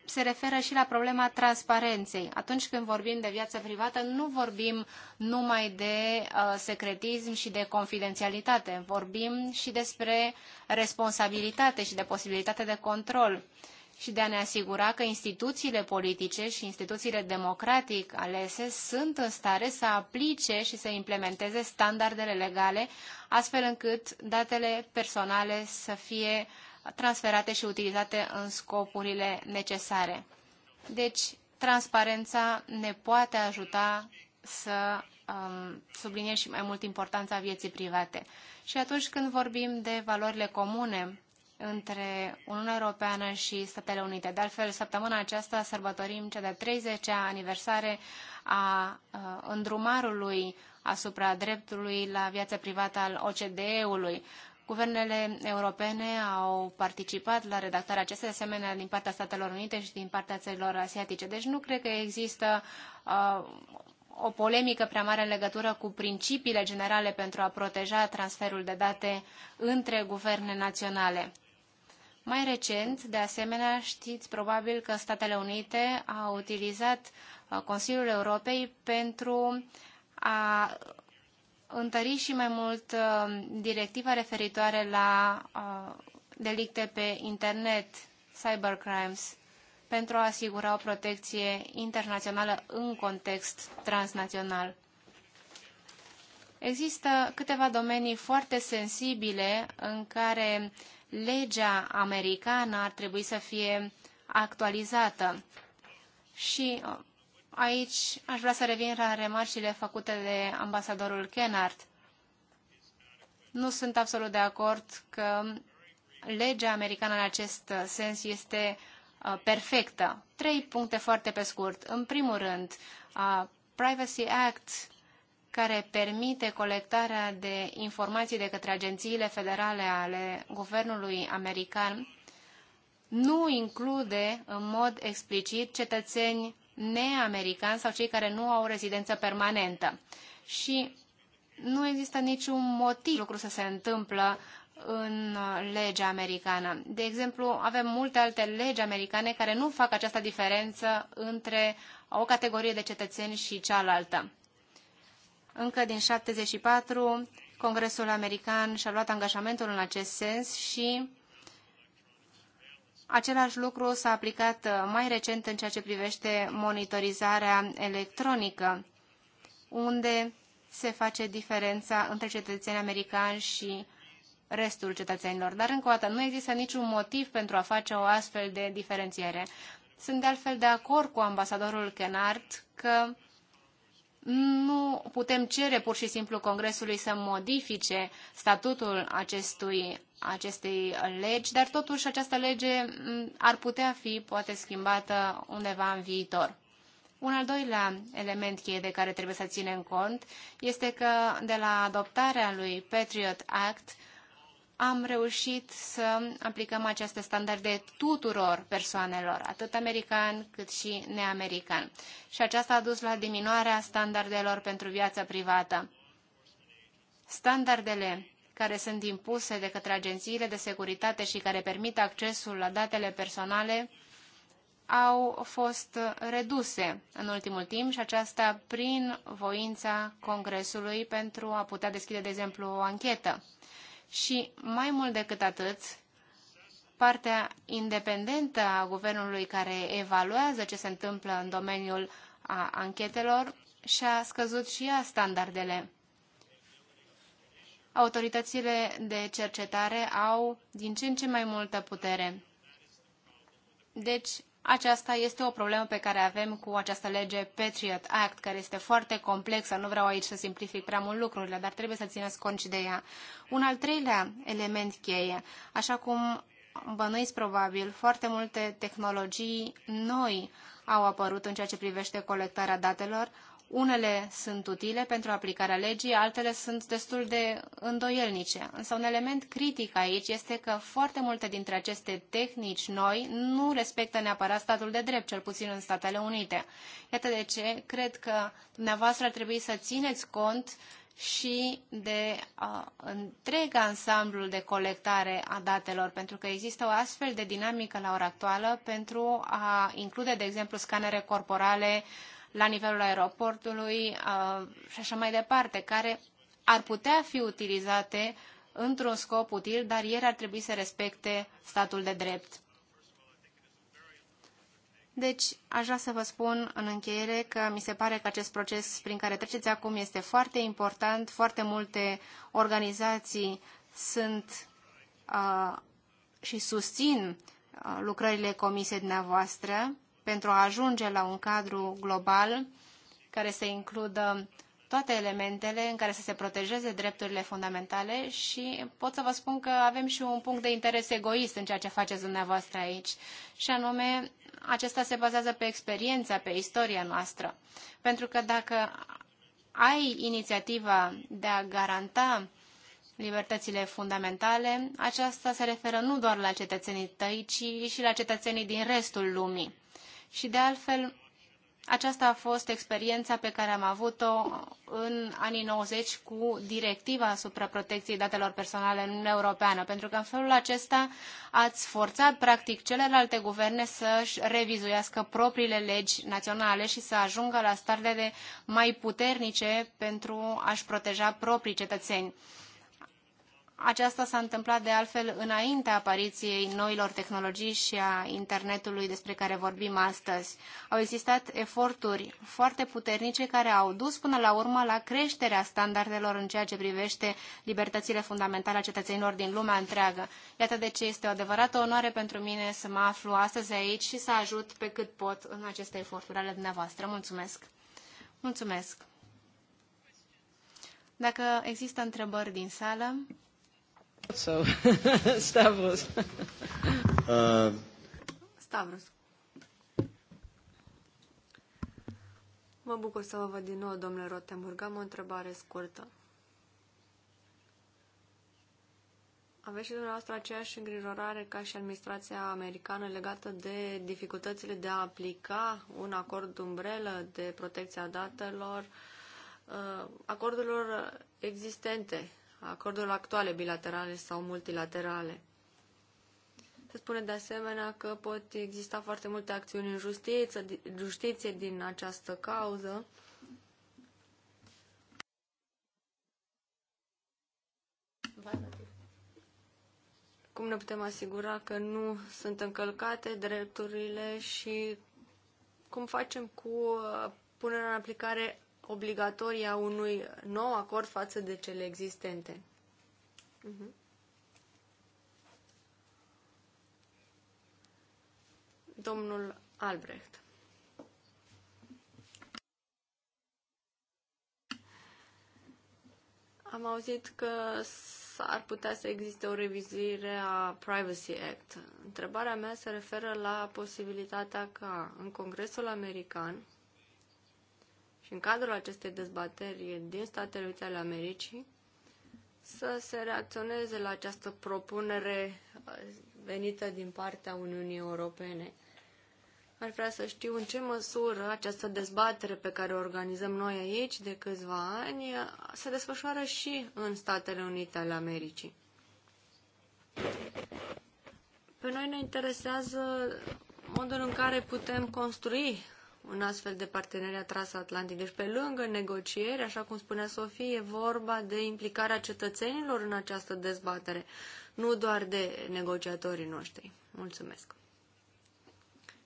se referă și la problema transparenței. Atunci când vorbim de viață privată, nu vorbim numai de uh, secretism și de confidențialitate, vorbim și despre responsabilitate și de posibilitate de control. Uh, și de a ne asigura că instituțiile politice și instituțiile democratic alese sunt în stare să aplice și să implementeze standardele legale, astfel încât datele personale să fie transferate și utilizate în scopurile necesare. Deci, transparența ne poate ajuta să um, subliniem și mai mult importanța vieții private. Și atunci când vorbim de valorile comune între Uniunea Europeană și Statele Unite. De altfel, săptămâna aceasta sărbătorim cea de 30-a aniversare a uh, îndrumarului asupra dreptului la viața privată al OCDE-ului. Guvernele europene au participat la redactarea acestei asemenea din partea Statelor Unite și din partea țărilor asiatice. Deci nu cred că există uh, o polemică prea mare în legătură cu principiile generale pentru a proteja transferul de date între guverne naționale. Mai recent, de asemenea, știți probabil că Statele Unite a utilizat uh, Consiliul Europei pentru a întări și mai mult uh, directiva referitoare la uh, delicte pe internet, cybercrimes, pentru a asigura o protecție internațională în context transnațional. Există câteva domenii foarte sensibile în care uh, legea americană ar trebui să fie actualizată. Și uh, aici aș vrea să revin la remarcile făcute de ambasadorul Kennard. Nu sunt absolut de acord că legea americană în acest sens este uh, perfectă. Trei puncte foarte pe scurt. În primul rând, uh, Privacy Act care permite colectarea de informații de către agențiile federale ale guvernului american nu include în mod explicit cetățeni neamericani sau cei care nu au rezidență permanentă. Și nu există niciun motiv lucru să se întâmplă în legea americană. De exemplu, avem multe alte legi americane care nu fac această diferență între o categorie de cetățeni și cealaltă. Încă din 1974, Congresul American și-a luat angajamentul în acest sens și Același lucru s-a aplicat mai recent în ceea ce privește monitorizarea electronică, unde se face diferența între cetățenii americani și restul cetățenilor. Dar, încă o dată, nu există niciun motiv pentru a face o astfel de diferențiere. Sunt de altfel de acord cu ambasadorul Kenard că nu putem cere pur și simplu Congresului să modifice statutul acestui, acestei legi, dar totuși această lege ar putea fi poate schimbată undeva în viitor. Un al doilea element cheie de care trebuie să ținem cont este că de la adoptarea lui Patriot Act, am reușit să aplicăm aceste standarde tuturor persoanelor, atât american cât și neamerican. Și aceasta a dus la diminuarea standardelor pentru viața privată. Standardele care sunt impuse de către agențiile de securitate și care permit accesul la datele personale au fost reduse în ultimul timp și aceasta prin voința Congresului pentru a putea deschide, de exemplu, o anchetă și, mai mult decât atât, partea independentă a guvernului care evaluează ce se întâmplă în domeniul a anchetelor și-a scăzut și ea standardele. Autoritățile de cercetare au din ce în ce mai multă putere. Deci, aceasta este o problemă pe care avem cu această lege Patriot Act, care este foarte complexă. Nu vreau aici să simplific prea mult lucrurile, dar trebuie să țineți cont și de ea. Un al treilea element cheie, așa cum bănuiți probabil, foarte multe tehnologii noi au apărut în ceea ce privește colectarea datelor, unele sunt utile pentru aplicarea legii, altele sunt destul de îndoielnice. Însă un element critic aici este că foarte multe dintre aceste tehnici noi nu respectă neapărat statul de drept, cel puțin în Statele Unite. Iată de ce cred că dumneavoastră ar trebui să țineți cont și de uh, întreg ansamblul de colectare a datelor, pentru că există o astfel de dinamică la ora actuală pentru a include, de exemplu, scanere corporale uh, la nivelul aeroportului uh, și așa mai departe, care ar putea fi utilizate într-un scop util, dar ele ar trebui să respecte statul de drept. Deci, aș vrea să vă spun în încheiere că mi se pare că acest proces prin care treceți acum este foarte important. Foarte multe organizații sunt uh, și susțin uh, lucrările comisiei dumneavoastră pentru a ajunge la un cadru global care să includă toate elementele în care să se protejeze drepturile fundamentale și pot să vă spun că avem și un punct de interes egoist în ceea ce faceți dumneavoastră aici, și anume acesta se bazează pe experiența, pe istoria noastră. Pentru că dacă ai inițiativa de a garanta libertățile fundamentale, aceasta se referă nu doar la cetățenii tăi, ci și la cetățenii din restul lumii. Și de altfel, aceasta a fost experiența pe care am avut-o în anii 90 cu directiva asupra protecției datelor personale în Uniunea Europeană, pentru că în felul acesta ați forțat practic celelalte guverne să-și revizuiască propriile legi naționale și să ajungă la standarde mai puternice pentru a-și proteja proprii cetățeni. Aceasta s-a întâmplat de altfel înaintea apariției noilor tehnologii și a internetului despre care vorbim astăzi. Au existat eforturi foarte puternice care au dus până la urmă la creșterea standardelor în ceea ce privește libertățile fundamentale a cetățenilor din lumea întreagă. Iată de ce este o adevărată onoare pentru mine să mă aflu astăzi aici și să ajut pe cât pot în aceste eforturi ale dumneavoastră. Mulțumesc! Mulțumesc! Dacă există întrebări din sală... So, Stavros. Uh. Stavros. Mă bucur să vă văd din nou, domnule Rotenburg. Am o întrebare scurtă. Aveți și dumneavoastră aceeași îngrijorare ca și administrația americană legată de dificultățile de a aplica un acord umbrelă de protecția datelor, uh, acordurilor existente acordurilor actuale, bilaterale sau multilaterale. Se spune de asemenea că pot exista foarte multe acțiuni în justiție, justiție din această cauză. Cum ne putem asigura că nu sunt încălcate drepturile și cum facem cu uh, punerea în aplicare obligatorie a unui nou acord față de cele existente. Uh-huh. Domnul Albrecht. Am auzit că s-ar putea să existe o revizuire a Privacy Act. Întrebarea mea se referă la posibilitatea ca în Congresul American și în cadrul acestei dezbateri din Statele Unite ale Americii să se reacționeze la această propunere uh, venită din partea Uniunii Europene. Ar vrea să știu în ce măsură această dezbatere pe care o organizăm noi aici de câțiva ani uh, se desfășoară și în Statele Unite ale Americii. Pe noi ne interesează modul în care putem construi un astfel de parteneriat transatlantic. Deci, pe lângă negocieri, așa cum spunea Sofie, e vorba de implicarea cetățenilor în această dezbatere, nu doar de negociatorii noștri. Mulțumesc.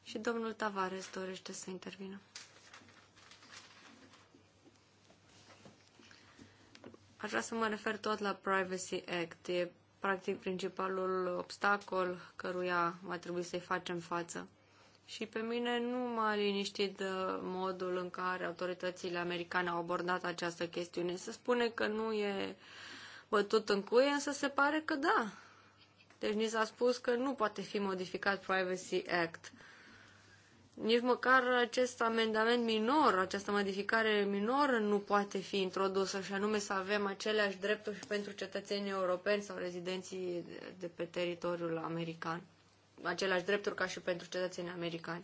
Și domnul Tavares dorește să intervină. Aș vrea să mă refer tot la Privacy Act. E practic principalul obstacol căruia va trebui să-i facem față. Și pe mine nu m-a liniștit uh, modul în care autoritățile americane au abordat această chestiune. Se spune că nu e bătut în cuie, însă se pare că da. Deci ni s-a spus că nu poate fi modificat Privacy Act. Nici măcar acest amendament minor, această modificare minoră nu poate fi introdusă și anume să avem aceleași drepturi și pentru cetățenii europeni sau rezidenții de pe teritoriul american aceleași drepturi ca și pentru cetățenii americani.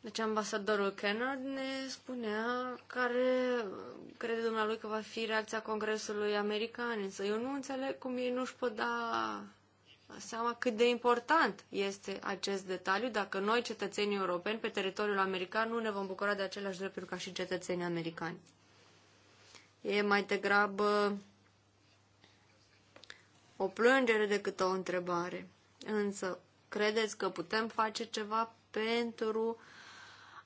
Deci ambasadorul Kennard ne spunea care crede dumnealui că va fi reacția Congresului American, însă eu nu înțeleg cum ei nu-și pot da seama cât de important este acest detaliu dacă noi, cetățenii europeni, pe teritoriul american, nu ne vom bucura de aceleași drepturi ca și cetățenii americani. E mai degrabă o plângere decât o întrebare. Însă, credeți că putem face ceva pentru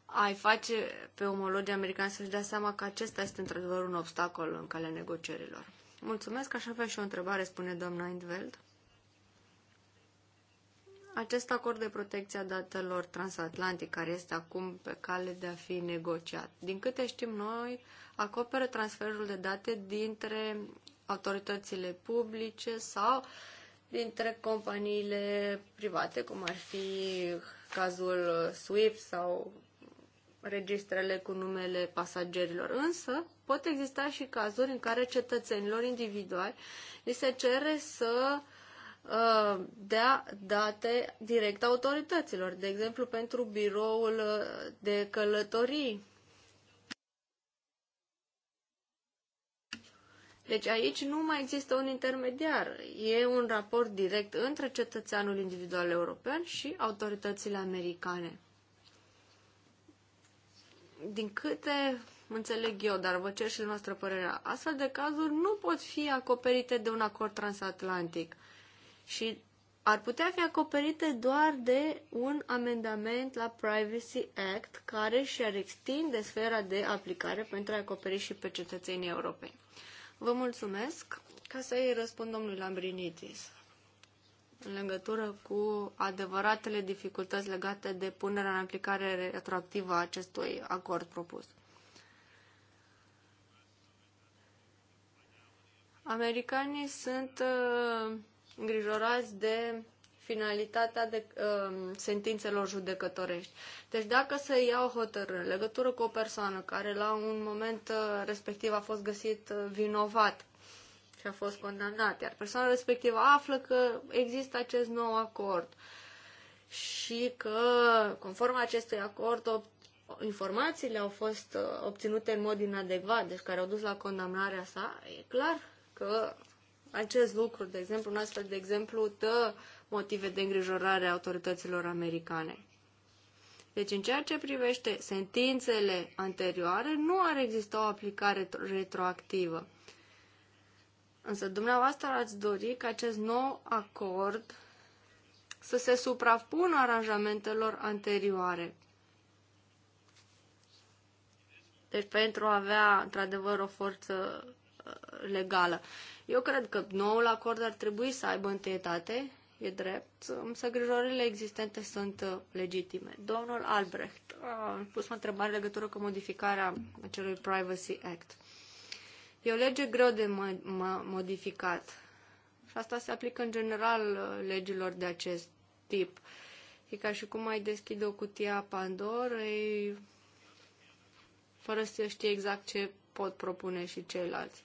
a-i face pe omologii americani să-și dea seama că acesta este într-adevăr un obstacol în calea negocierilor? Mulțumesc, aș avea și o întrebare, spune doamna Indveld. Acest acord de protecție a datelor transatlantic, care este acum pe cale de a fi negociat, din câte știm noi, acoperă transferul de date dintre autoritățile publice sau dintre companiile private, cum ar fi cazul SWIFT sau registrele cu numele pasagerilor. Însă, pot exista și cazuri în care cetățenilor individuali li se cere să uh, dea date direct autorităților, de exemplu pentru biroul de călătorii Deci aici nu mai există un intermediar. E un raport direct între cetățeanul individual european și autoritățile americane. Din câte înțeleg eu, dar vă cer și noastră părerea, astfel de cazuri nu pot fi acoperite de un acord transatlantic și ar putea fi acoperite doar de un amendament la Privacy Act care și-ar extinde sfera de aplicare pentru a acoperi și pe cetățenii europeni. Vă mulțumesc. Ca să îi răspund domnului Lambrinitis, în legătură cu adevăratele dificultăți legate de punerea în aplicare retroactivă a acestui acord propus. Americanii sunt uh, îngrijorați de finalitatea de, uh, sentințelor judecătorești. Deci dacă se ia o hotărâre în legătură cu o persoană care la un moment uh, respectiv a fost găsit uh, vinovat și a fost condamnat, iar persoana respectivă află că există acest nou acord și că, conform acestui acord, informațiile au fost uh, obținute în mod inadecvat, deci care au dus la condamnarea sa, e clar că acest lucru, de exemplu, un astfel de exemplu, dă motive de îngrijorare a autorităților americane. Deci, în ceea ce privește sentințele anterioare, nu ar exista o aplicare retroactivă. Însă, dumneavoastră ați dori ca acest nou acord să se suprapună aranjamentelor anterioare. Deci, pentru a avea, într-adevăr, o forță uh, legală. Eu cred că noul acord ar trebui să aibă întâietate e drept, însă grijorile existente sunt uh, legitime. Domnul Albrecht a pus o întrebare legătură cu modificarea acelui Privacy Act. E o lege greu de modificat și asta se aplică în general uh, legilor de acest tip. E ca și cum ai deschide o cutie a Pandorei fără să știi exact ce pot propune și ceilalți.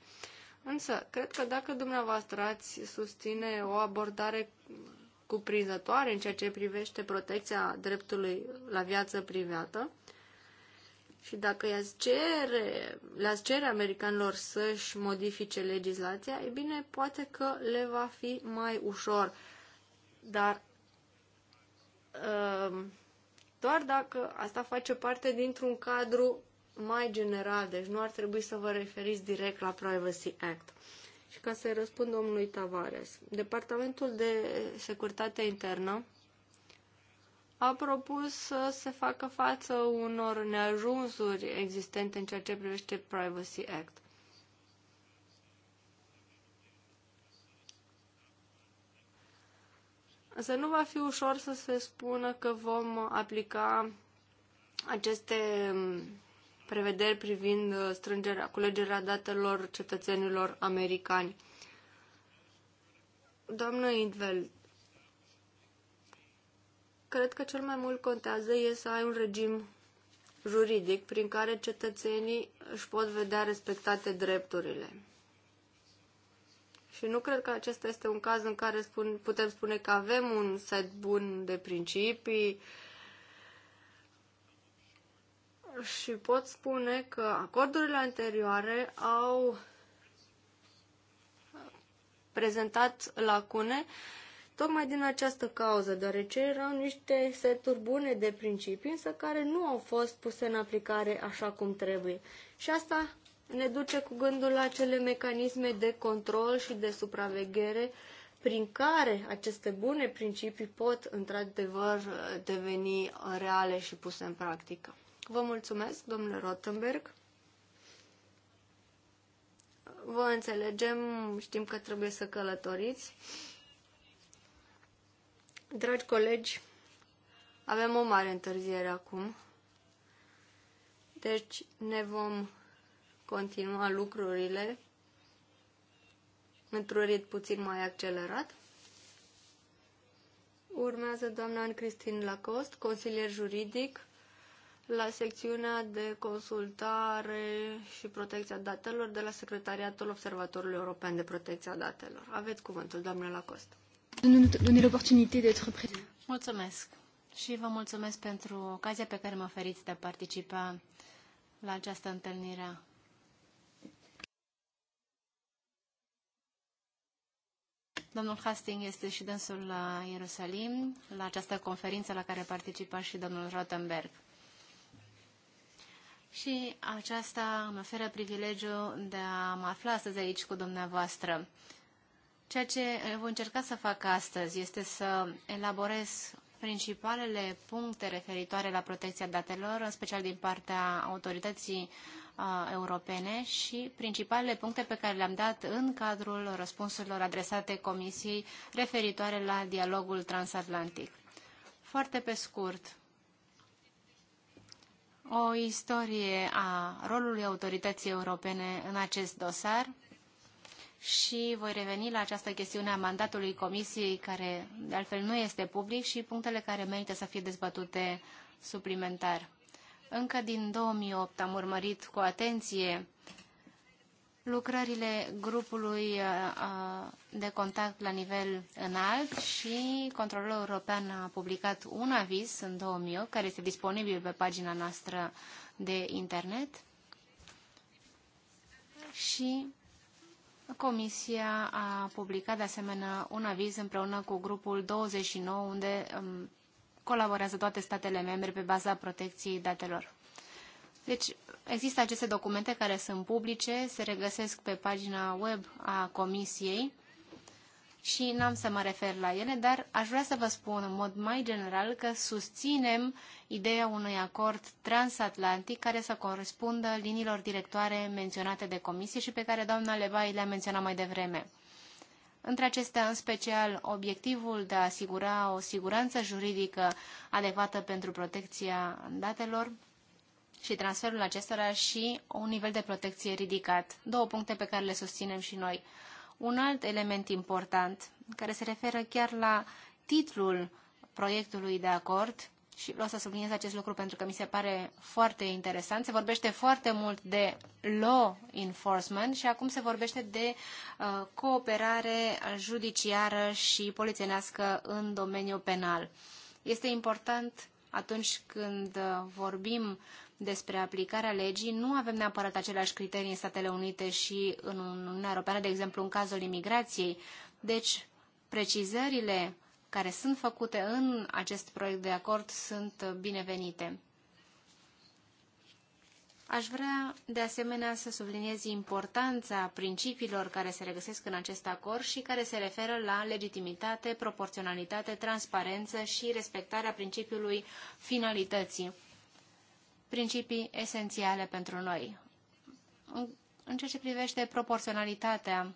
Însă, cred că dacă dumneavoastră ați susține o abordare cuprinzătoare în ceea ce privește protecția dreptului la viață privată, și dacă le-ați cere, le cere americanilor să-și modifice legislația, e bine, poate că le va fi mai ușor. Dar uh, doar dacă asta face parte dintr-un cadru mai general, deci nu ar trebui să vă referiți direct la Privacy Act. Și ca să-i răspund domnului Tavares, Departamentul de Securitate Internă a propus să se facă față unor neajunsuri existente în ceea ce privește Privacy Act. Însă nu va fi ușor să se spună că vom aplica aceste prevederi privind uh, strângerea, culegerea datelor cetățenilor americani. Doamnă Indvel, cred că cel mai mult contează e să ai un regim juridic prin care cetățenii își pot vedea respectate drepturile. Și nu cred că acesta este un caz în care spun, putem spune că avem un set bun de principii, uh, și pot spune că acordurile anterioare au prezentat lacune tocmai din această cauză, deoarece erau niște seturi bune de principii, însă care nu au fost puse în aplicare așa cum trebuie. Și asta ne duce cu gândul la acele mecanisme de control și de supraveghere prin care aceste bune principii pot într-adevăr deveni reale și puse în practică. Vă mulțumesc, domnule Rottenberg. Vă înțelegem, știm că trebuie să călătoriți. Dragi colegi, avem o mare întârziere acum. Deci ne vom continua lucrurile într-un rit puțin mai accelerat. Urmează doamna Anne Christine Lacoste, consilier juridic la secțiunea de consultare și protecția datelor de la Secretariatul Observatorului European de Protecția Datelor. Aveți cuvântul, doamnă Lacoste. Mulțumesc și vă mulțumesc pentru ocazia pe care mă oferiți de a participa la această întâlnire. Domnul Hasting este și dânsul la Ierusalim, la această conferință la care participa și domnul Rottenberg și aceasta îmi oferă privilegiu de a mă afla astăzi aici cu dumneavoastră. Ceea ce voi încerca să fac astăzi este să elaborez principalele puncte referitoare la protecția datelor, în special din partea autorității europene și principalele puncte pe care le-am dat în cadrul răspunsurilor adresate Comisiei referitoare la dialogul transatlantic. Foarte pe scurt, o istorie a rolului autorității europene în acest dosar și voi reveni la această chestiune a mandatului comisiei, care de altfel nu este public, și punctele care merită să fie dezbătute suplimentar. Încă din 2008 am urmărit cu atenție lucrările grupului uh, uh, de contact la nivel înalt și Controlul European a publicat un aviz în 2008, care este disponibil pe pagina noastră de internet și Comisia a publicat de asemenea un aviz împreună cu grupul 29, unde um, colaborează toate statele membre pe baza protecției datelor. Deci, Există aceste documente care sunt publice, se regăsesc pe pagina web a Comisiei și n-am să mă refer la ele, dar aș vrea să vă spun în mod mai general că susținem ideea unui acord transatlantic care să corespundă liniilor directoare menționate de comisie și pe care doamna Lebai le-a menționat mai devreme. Între acestea, în special, obiectivul de a asigura o siguranță juridică adecvată pentru protecția datelor, și transferul acestora și un nivel de protecție ridicat. Două puncte pe care le susținem și noi. Un alt element important care se referă chiar la titlul proiectului de acord și vreau să subliniez acest lucru pentru că mi se pare foarte interesant. Se vorbește foarte mult de law enforcement și acum se vorbește de uh, cooperare judiciară și polițienească în domeniul penal. Este important atunci când uh, vorbim despre aplicarea legii, nu avem neapărat aceleași criterii în Statele Unite și în Uniunea Europeană, de exemplu în cazul imigrației. Deci, precizările care sunt făcute în acest proiect de acord sunt binevenite. Aș vrea, de asemenea, să subliniez importanța principiilor care se regăsesc în acest acord și care se referă la legitimitate, proporționalitate, transparență și respectarea principiului finalității principii esențiale pentru noi. În ceea ce privește proporționalitatea,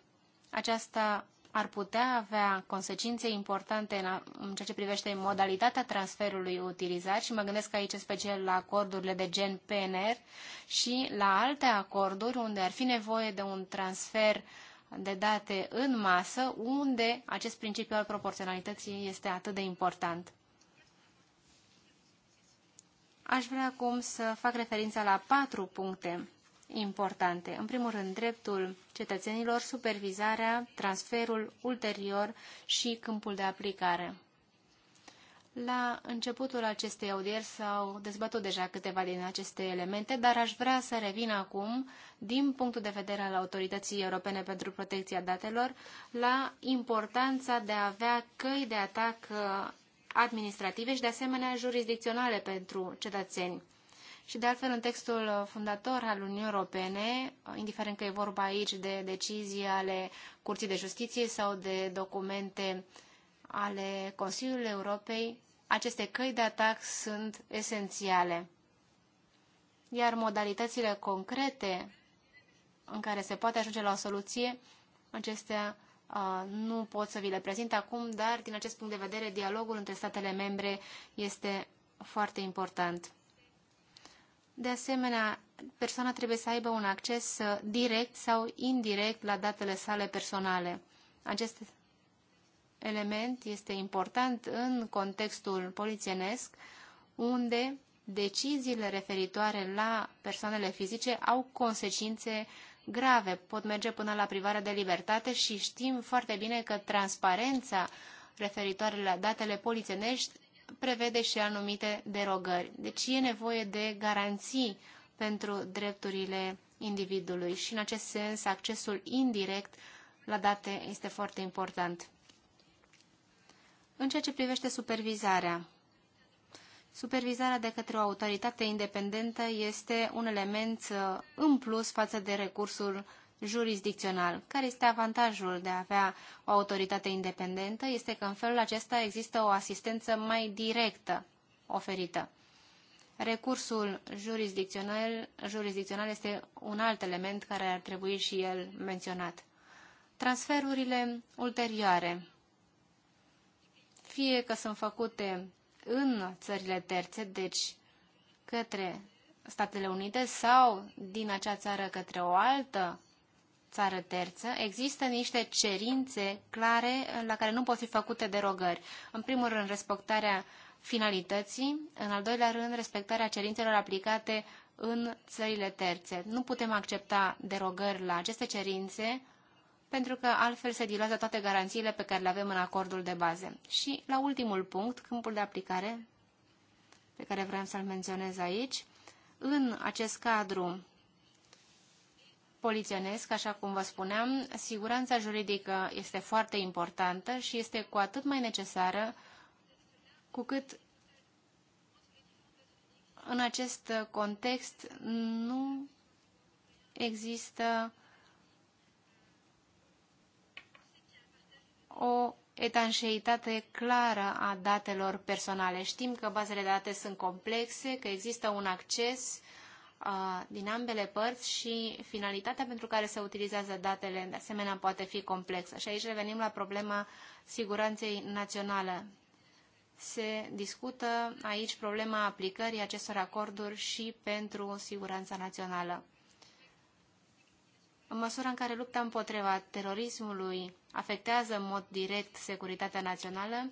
aceasta ar putea avea consecințe importante în ceea ce privește modalitatea transferului utilizat și mă gândesc aici special la acordurile de gen PNR și la alte acorduri unde ar fi nevoie de un transfer de date în masă, unde acest principiu al proporționalității este atât de important. Aș vrea acum să fac referința la patru puncte importante. În primul rând, dreptul cetățenilor, supervizarea, transferul ulterior și câmpul de aplicare. La începutul acestei audieri s-au dezbătut deja câteva din aceste elemente, dar aș vrea să revin acum, din punctul de vedere al Autorității Europene pentru Protecția Datelor, la importanța de a avea căi de atac administrative și, de asemenea, jurisdicționale pentru cetățeni. Și, de altfel, în textul fundator al Uniunii Europene, indiferent că e vorba aici de decizii ale Curții de Justiție sau de documente ale Consiliului Europei, aceste căi de atac sunt esențiale. Iar modalitățile concrete în care se poate ajunge la o soluție, acestea nu pot să vi le prezint acum, dar din acest punct de vedere dialogul între statele membre este foarte important. De asemenea, persoana trebuie să aibă un acces uh, direct sau indirect la datele sale personale. Acest element este important în contextul polițienesc, unde deciziile referitoare la persoanele fizice au consecințe grave, pot merge până la privarea de libertate și știm foarte bine că transparența referitoare la datele polițienești prevede și anumite derogări. Deci e nevoie de garanții pentru drepturile individului și în acest sens accesul indirect la date este foarte important. În ceea ce privește supervizarea, Supervizarea de către o autoritate independentă este un element uh, în plus față de recursul jurisdicțional. Care este avantajul de a avea o autoritate independentă? Este că în felul acesta există o asistență mai directă oferită. Recursul jurisdicțional, jurisdicțional este un alt element care ar trebui și el menționat. Transferurile ulterioare, fie că sunt făcute în țările terțe, deci către Statele Unite sau din acea țară către o altă țară terță, există niște cerințe clare la care nu pot fi făcute derogări. În primul rând, respectarea finalității, în al doilea rând, respectarea cerințelor aplicate în țările terțe. Nu putem accepta derogări la aceste cerințe pentru că altfel se diluează toate garanțiile pe care le avem în acordul de bază. Și la ultimul punct, câmpul de aplicare, pe care vreau să-l menționez aici, în acest cadru poliționesc, așa cum vă spuneam, siguranța juridică este foarte importantă și este cu atât mai necesară cu cât în acest context nu există o etanșeitate clară a datelor personale. Știm că bazele de date sunt complexe, că există un acces uh, din ambele părți și finalitatea pentru care se utilizează datele, de asemenea, poate fi complexă. Și aici revenim la problema siguranței naționale. Se discută aici problema aplicării acestor acorduri și pentru siguranța națională. În măsura în care lupta împotriva terorismului afectează în mod direct securitatea națională,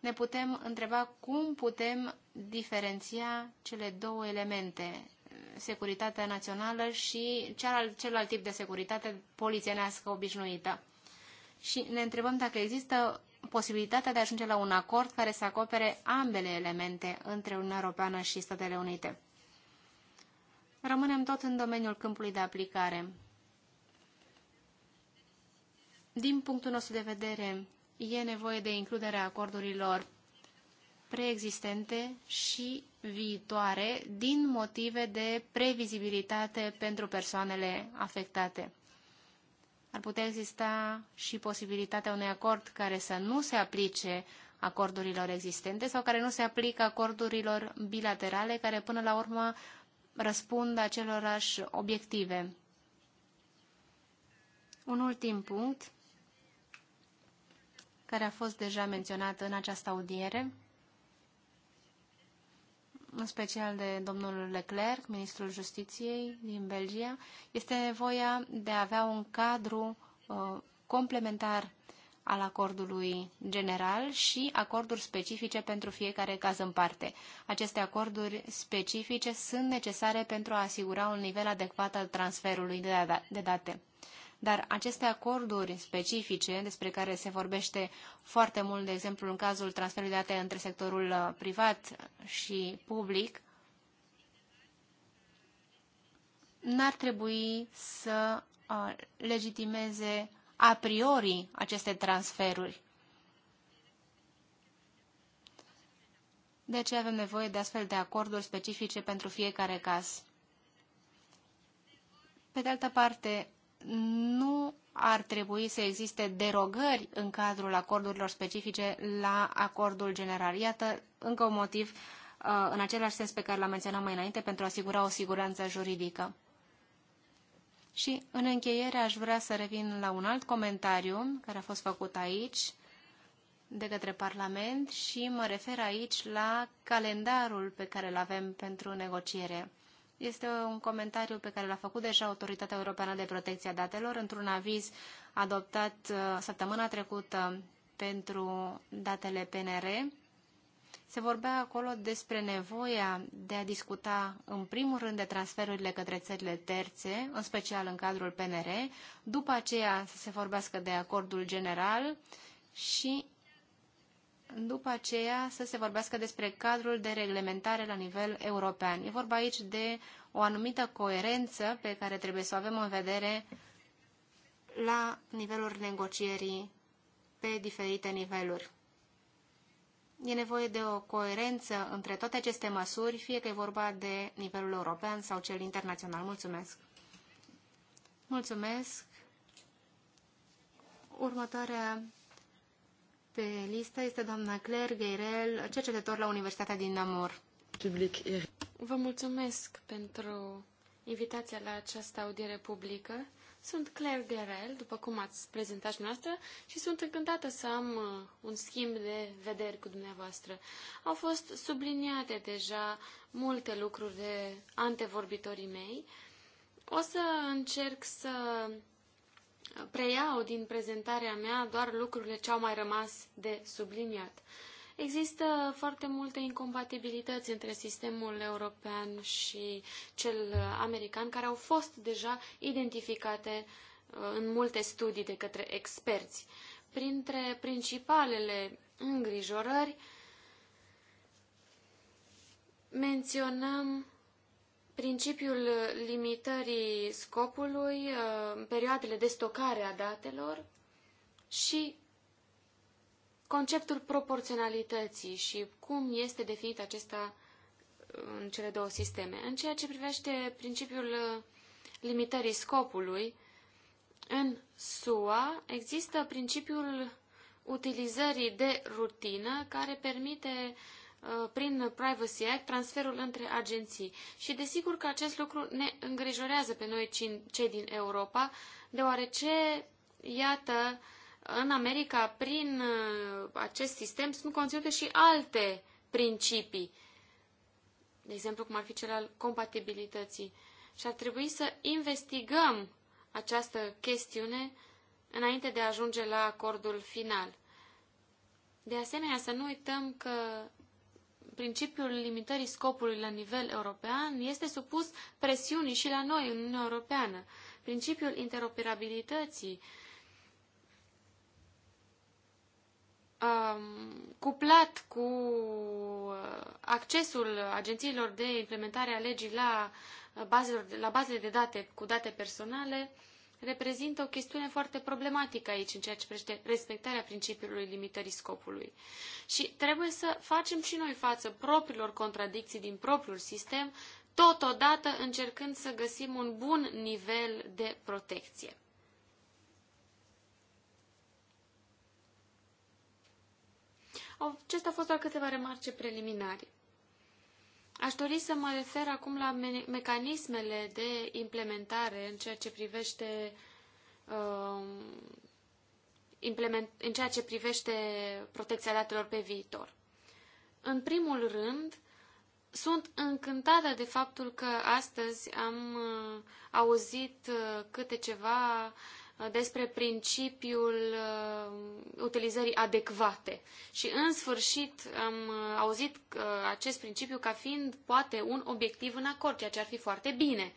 ne putem întreba cum putem diferenția cele două elemente, securitatea națională și celălalt, celălalt tip de securitate polițienească obișnuită. Și ne întrebăm dacă există posibilitatea de a ajunge la un acord care să acopere ambele elemente între Uniunea Europeană și Statele Unite. Rămânem tot în domeniul câmpului de aplicare. Din punctul nostru de vedere, e nevoie de includerea acordurilor preexistente și viitoare din motive de previzibilitate pentru persoanele afectate. Ar putea exista și posibilitatea unui acord care să nu se aplice acordurilor existente sau care nu se aplică acordurilor bilaterale care până la urmă răspund acelorași obiective. Un ultim punct care a fost deja menționat în această audiere, în special de domnul Leclerc, ministrul justiției din Belgia, este nevoia de a avea un cadru uh, complementar al acordului general și acorduri specifice pentru fiecare caz în parte. Aceste acorduri specifice sunt necesare pentru a asigura un nivel adecvat al transferului de date. Dar aceste acorduri specifice, despre care se vorbește foarte mult, de exemplu, în cazul transferului de date între sectorul uh, privat și public, n-ar trebui să uh, legitimeze a priori aceste transferuri. De aceea avem nevoie de astfel de acorduri specifice pentru fiecare caz. Pe de altă parte, nu ar trebui să existe derogări în cadrul acordurilor specifice la acordul general. Iată încă un motiv uh, în același sens pe care l-am menționat mai înainte pentru a asigura o siguranță juridică. Și în încheiere aș vrea să revin la un alt comentariu care a fost făcut aici de către Parlament și mă refer aici la calendarul pe care îl avem pentru negociere. Este un comentariu pe care l-a făcut deja Autoritatea Europeană de Protecție a Datelor într-un aviz adoptat uh, săptămâna trecută pentru datele PNR. Se vorbea acolo despre nevoia de a discuta în primul rând de transferurile către țările terțe, în special în cadrul PNR, după aceea să se vorbească de acordul general și după aceea să se vorbească despre cadrul de reglementare la nivel european. E vorba aici de o anumită coerență pe care trebuie să o avem în vedere la nivelul negocierii pe diferite niveluri. E nevoie de o coerență între toate aceste măsuri, fie că e vorba de nivelul european sau cel internațional. Mulțumesc! Mulțumesc! Următoarea pe listă este doamna Claire Gheirel, cercetător la Universitatea din Namur. Public. Vă mulțumesc pentru invitația la această audiere publică. Sunt Claire Gerel, după cum ați prezentat și noastră, și sunt încântată să am uh, un schimb de vederi cu dumneavoastră. Au fost subliniate deja multe lucruri de antevorbitorii mei. O să încerc să preiau din prezentarea mea doar lucrurile ce au mai rămas de subliniat. Există foarte multe incompatibilități între sistemul european și cel american, care au fost deja identificate uh, în multe studii de către experți. Printre principalele îngrijorări menționăm principiul limitării scopului, uh, perioadele de stocare a datelor și conceptul proporționalității și cum este definit acesta uh, în cele două sisteme. În ceea ce privește principiul uh, limitării scopului, în SUA există principiul utilizării de rutină care permite uh, Uh, prin Privacy Act transferul între agenții. Și desigur că acest lucru ne îngrijorează pe noi cei din Europa, deoarece, iată, în America, prin uh, acest sistem, sunt conținute și alte principii, de exemplu, cum ar fi cel al compatibilității. Și ar trebui să investigăm această chestiune înainte de a ajunge la acordul final. De asemenea, să nu uităm că principiul limitării scopului la nivel european este supus presiunii și la noi în Uniunea Europeană. Principiul interoperabilității um, cuplat cu uh, accesul agențiilor de implementare a legii la, uh, bazelor, la bazele de date cu date personale, reprezintă o chestiune foarte problematică aici în ceea ce privește respectarea principiului limitării scopului. Și trebuie să facem și noi față propriilor contradicții din propriul sistem, totodată încercând să găsim un bun nivel de protecție. Acestea au fost doar câteva remarce preliminare. Aș dori să mă refer acum la me mecanismele de implementare în ceea ce privește uh, implement, în ceea ce privește protecția datelor pe viitor. În primul rând, sunt încântată de faptul că astăzi am uh, auzit uh, câte ceva despre principiul uh, utilizării adecvate. Și în sfârșit am uh, auzit uh, acest principiu ca fiind poate un obiectiv în acord, ceea ce ar fi foarte bine.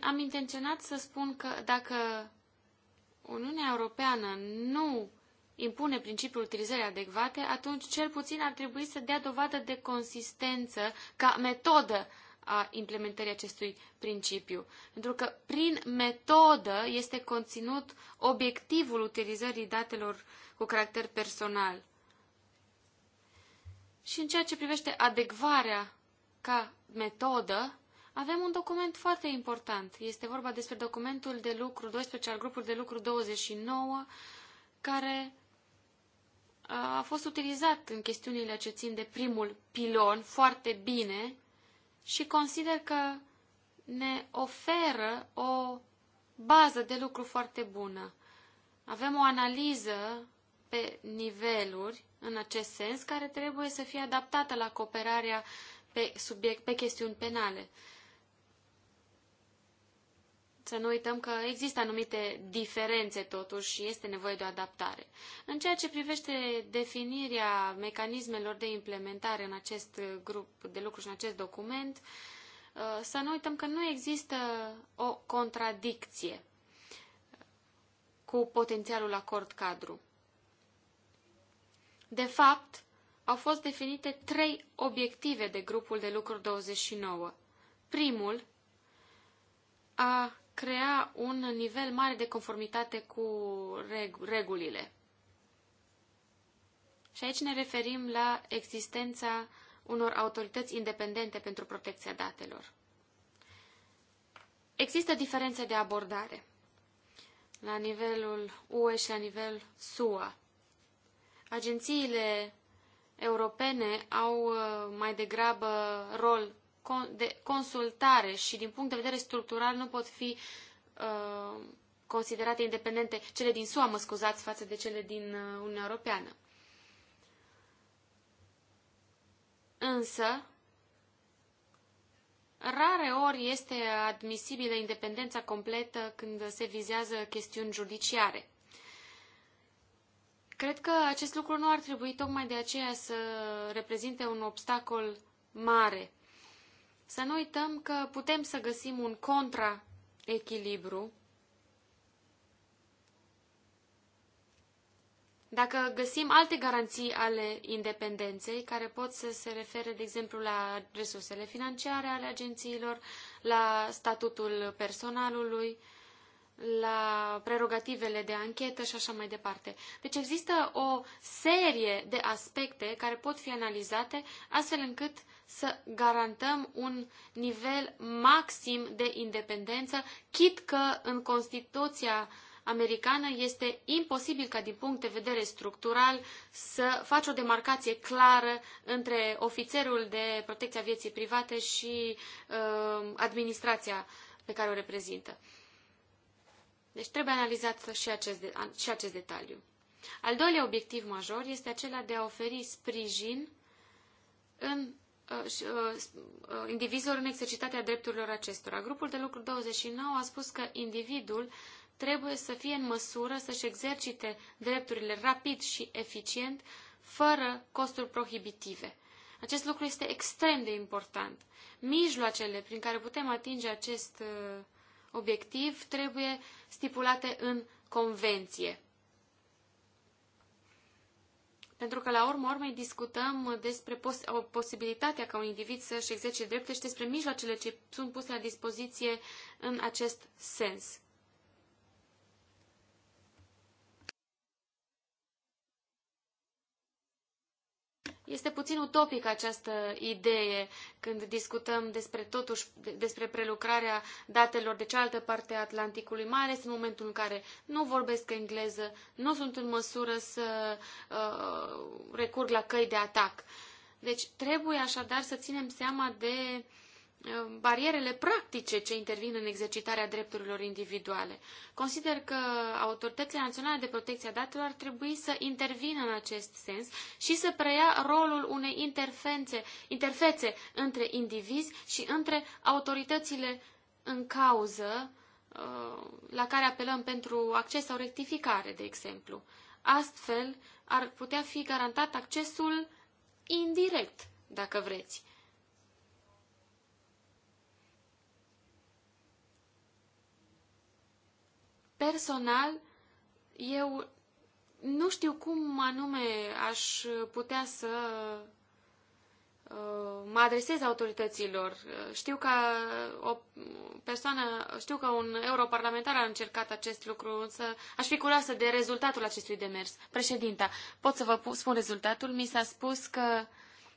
Am intenționat să spun că dacă Uniunea Europeană nu impune principiul utilizării adecvate, atunci cel puțin ar trebui să dea dovadă de consistență ca metodă a implementării acestui principiu. Pentru că prin metodă este conținut obiectivul utilizării datelor cu caracter personal. Și în ceea ce privește adecvarea ca metodă, avem un document foarte important. Este vorba despre documentul de lucru 12 al grupului de lucru 29, care uh, a fost utilizat în chestiunile ce țin de primul pilon foarte bine și consider că ne oferă o bază de lucru foarte bună. Avem o analiză pe niveluri în acest sens care trebuie să fie adaptată la cooperarea pe, subiect, pe chestiuni penale. Să nu uităm că există anumite diferențe totuși și este nevoie de o adaptare. În ceea ce privește definirea mecanismelor de implementare în acest grup de lucru și în acest document, uh, să nu uităm că nu există o contradicție cu potențialul acord cadru. De fapt, au fost definite trei obiective de grupul de lucru 29. Primul, a crea un nivel mare de conformitate cu reg- regulile. Și aici ne referim la existența unor autorități independente pentru protecția datelor. Există diferențe de abordare la nivelul UE și la nivel SUA. Agențiile europene au uh, mai degrabă rol de consultare și din punct de vedere structural nu pot fi uh, considerate independente, cele din SUA, mă scuzați, față de cele din uh, Uniunea Europeană. Însă, rare ori este admisibilă independența completă când se vizează chestiuni judiciare. Cred că acest lucru nu ar trebui tocmai de aceea să reprezinte un obstacol mare să nu uităm că putem să găsim un contraechilibru Dacă găsim alte garanții ale independenței, care pot să se refere, de exemplu, la resursele financiare ale agențiilor, la statutul personalului, la prerogativele de anchetă și așa mai departe. Deci există o serie de aspecte care pot fi analizate astfel încât să garantăm un nivel maxim de independență, chit că în Constituția americană este imposibil ca din punct de vedere structural să faci o demarcație clară între ofițerul de protecție a vieții private și uh, administrația pe care o reprezintă. Deci trebuie analizat și acest, de, și acest detaliu. Al doilea obiectiv major este acela de a oferi sprijin în Uh, uh, uh, indivizilor în exercitarea drepturilor acestora. Grupul de lucru 29 a spus că individul trebuie să fie în măsură să-și exercite drepturile rapid și eficient, fără costuri prohibitive. Acest lucru este extrem de important. Mijloacele prin care putem atinge acest obiectiv trebuie stipulate în convenție. Pentru că, la urma urmei, discutăm despre pos- o posibilitatea ca un individ să-și exerce dreptul și despre mijloacele ce sunt puse la dispoziție în acest sens. Este puțin utopic această idee când discutăm despre, totuși, despre prelucrarea datelor de cealaltă parte a Atlanticului, mai ales în momentul în care nu vorbesc engleză, nu sunt în măsură să uh, recurg la căi de atac. Deci trebuie așadar să ținem seama de uh, barierele practice ce intervin în exercitarea drepturilor individuale. Consider că autoritățile naționale de protecție a datelor ar trebui să intervină în acest sens și să preia rolul unei interfețe, interfețe între indivizi și între autoritățile în cauză uh, la care apelăm pentru acces sau rectificare, de exemplu. Astfel, ar putea fi garantat accesul indirect, dacă vreți. Personal, eu nu știu cum anume aș putea să uh, mă adresez autorităților. Știu că o persoană, știu că un europarlamentar a încercat acest lucru, însă aș fi curioasă de rezultatul acestui demers. Președinta, pot să vă spun rezultatul? Mi s-a spus că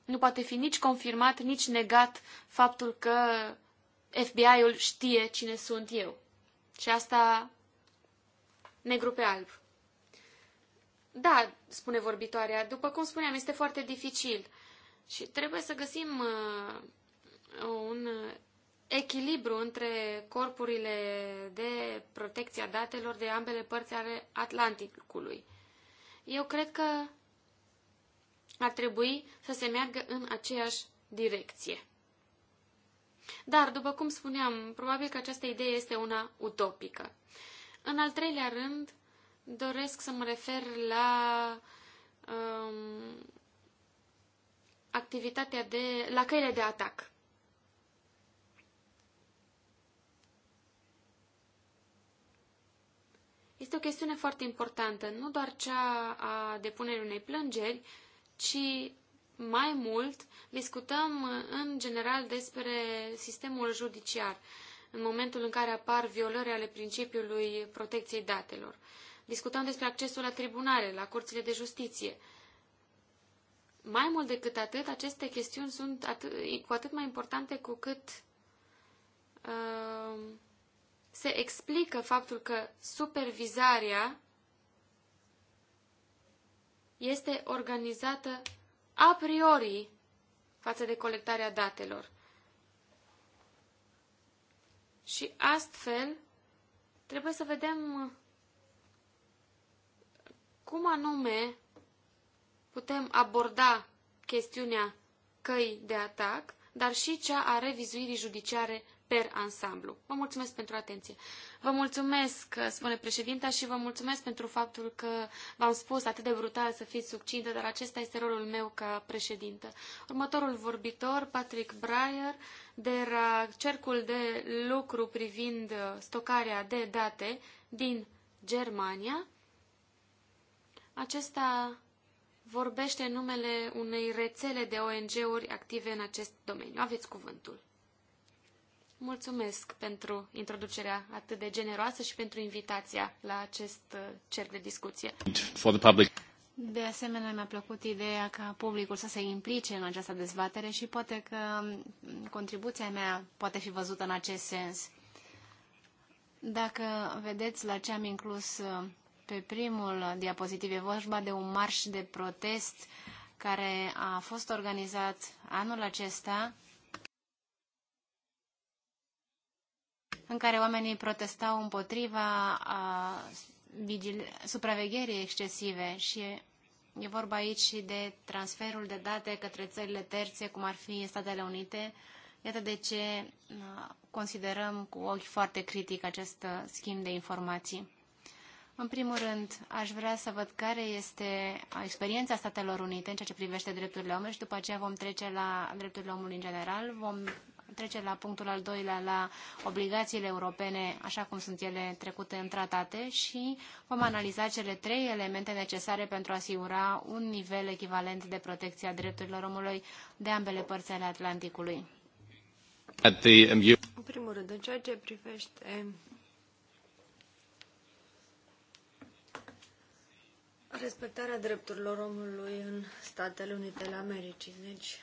nu poate fi nici confirmat, nici negat faptul că FBI-ul știe cine sunt eu. Și asta negru pe alb. Da, spune vorbitoarea, după cum spuneam, este foarte dificil și trebuie să găsim uh, un echilibru între corpurile de protecție a datelor de ambele părți ale Atlanticului. Eu cred că ar trebui să se meargă în aceeași direcție. Dar, după cum spuneam, probabil că această idee este una utopică. În al treilea rând, doresc să mă refer la um, activitatea de, la căile de atac. Este o chestiune foarte importantă, nu doar cea a depunerii unei plângeri, ci mai mult discutăm în general despre sistemul judiciar în momentul în care apar violări ale principiului protecției datelor. Discutăm despre accesul la tribunale, la curțile de justiție. Mai mult decât atât, aceste chestiuni sunt atât, cu atât mai importante cu cât uh, se explică faptul că supervizarea este organizată a priori față de colectarea datelor. Și astfel trebuie să vedem cum anume putem aborda chestiunea căi de atac, dar și cea a revizuirii judiciare per ansamblu. Vă mulțumesc pentru atenție. Vă mulțumesc, spune președinta, și vă mulțumesc pentru faptul că v-am spus atât de brutal să fiți succintă, dar acesta este rolul meu ca președintă. Următorul vorbitor, Patrick Breyer, de la Cercul de Lucru privind stocarea de date din Germania. Acesta vorbește în numele unei rețele de ONG-uri active în acest domeniu. Aveți cuvântul. Mulțumesc pentru introducerea atât de generoasă și pentru invitația la acest uh, cerc de discuție. De asemenea, mi-a plăcut ideea ca publicul să se implice în această dezbatere și poate că um, contribuția mea poate fi văzută în acest sens. Dacă vedeți la ce am inclus uh, pe primul diapozitiv, e vorba de un marș de protest care a fost organizat anul acesta în care oamenii protestau împotriva a vigil- supravegherii excesive și e vorba aici și de transferul de date către țările terțe, cum ar fi Statele Unite. Iată de ce considerăm cu ochi foarte critic acest schimb de informații. În primul rând, aș vrea să văd care este experiența Statelor Unite în ceea ce privește drepturile omului și după aceea vom trece la drepturile omului în general. Vom trecere la punctul al doilea, la obligațiile europene, așa cum sunt ele trecute în tratate și vom analiza cele trei elemente necesare pentru a asigura un nivel echivalent de protecție a drepturilor omului de ambele părți ale Atlanticului. În primul rând, în ceea ce privește respectarea drepturilor omului în Statele Unite ale Americii, deci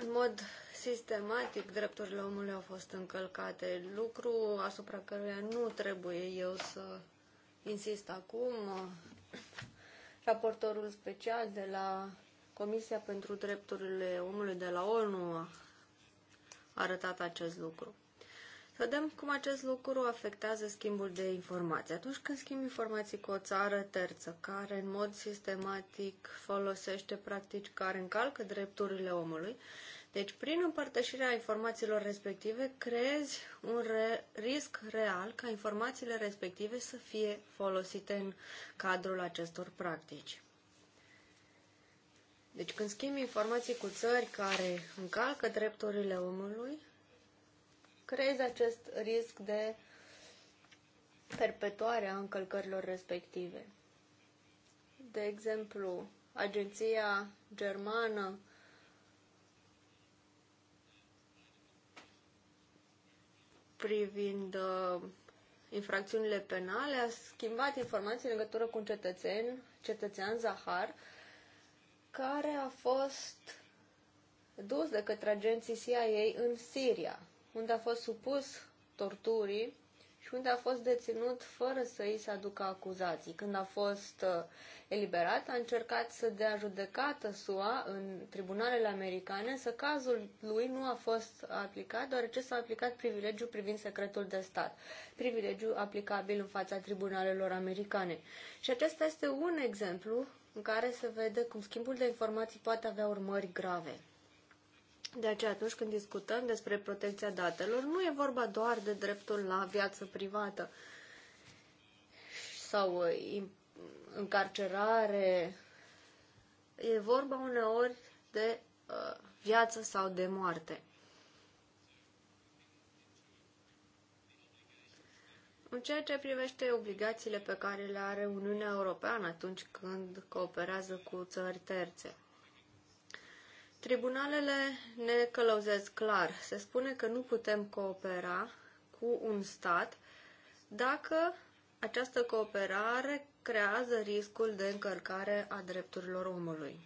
În mod sistematic, drepturile omului au fost încălcate, lucru asupra căruia nu trebuie eu să insist acum. Raportorul special de la Comisia pentru Drepturile Omului de la ONU a arătat acest lucru vedem cum acest lucru afectează schimbul de informații. Atunci când schimbi informații cu o țară terță care în mod sistematic folosește practici care încalcă drepturile omului, deci prin împărtășirea informațiilor respective creezi un re- risc real ca informațiile respective să fie folosite în cadrul acestor practici. Deci când schimbi informații cu țări care încalcă drepturile omului, creeze acest risc de a încălcărilor respective. De exemplu, agenția germană privind uh, infracțiunile penale a schimbat informații în legătură cu un cetățen, cetățean Zahar, care a fost dus de către agenții CIA în Siria unde a fost supus torturii și unde a fost deținut fără să îi se aducă acuzații. Când a fost uh, eliberat, a încercat să dea judecată SUA în tribunalele americane, să cazul lui nu a fost aplicat, deoarece s-a aplicat privilegiul privind secretul de stat, privilegiu aplicabil în fața tribunalelor americane. Și acesta este un exemplu în care se vede cum schimbul de informații poate avea urmări grave. De aceea, atunci când discutăm despre protecția datelor, nu e vorba doar de dreptul la viață privată sau uh, încarcerare. E vorba uneori de uh, viață sau de moarte. În ceea ce privește obligațiile pe care le are Uniunea Europeană atunci când cooperează cu țări terțe, Tribunalele ne călăuzesc clar. Se spune că nu putem coopera cu un stat dacă această cooperare creează riscul de încălcare a drepturilor omului.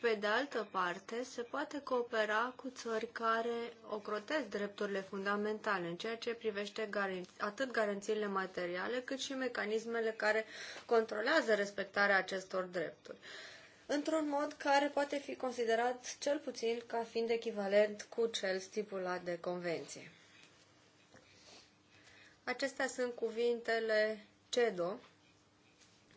Pe de altă parte, se poate coopera cu țări care ocrotesc drepturile fundamentale în ceea ce privește atât garanțiile materiale, cât și mecanismele care controlează respectarea acestor drepturi, într-un mod care poate fi considerat cel puțin ca fiind echivalent cu cel stipulat de convenție. Acestea sunt cuvintele CEDO,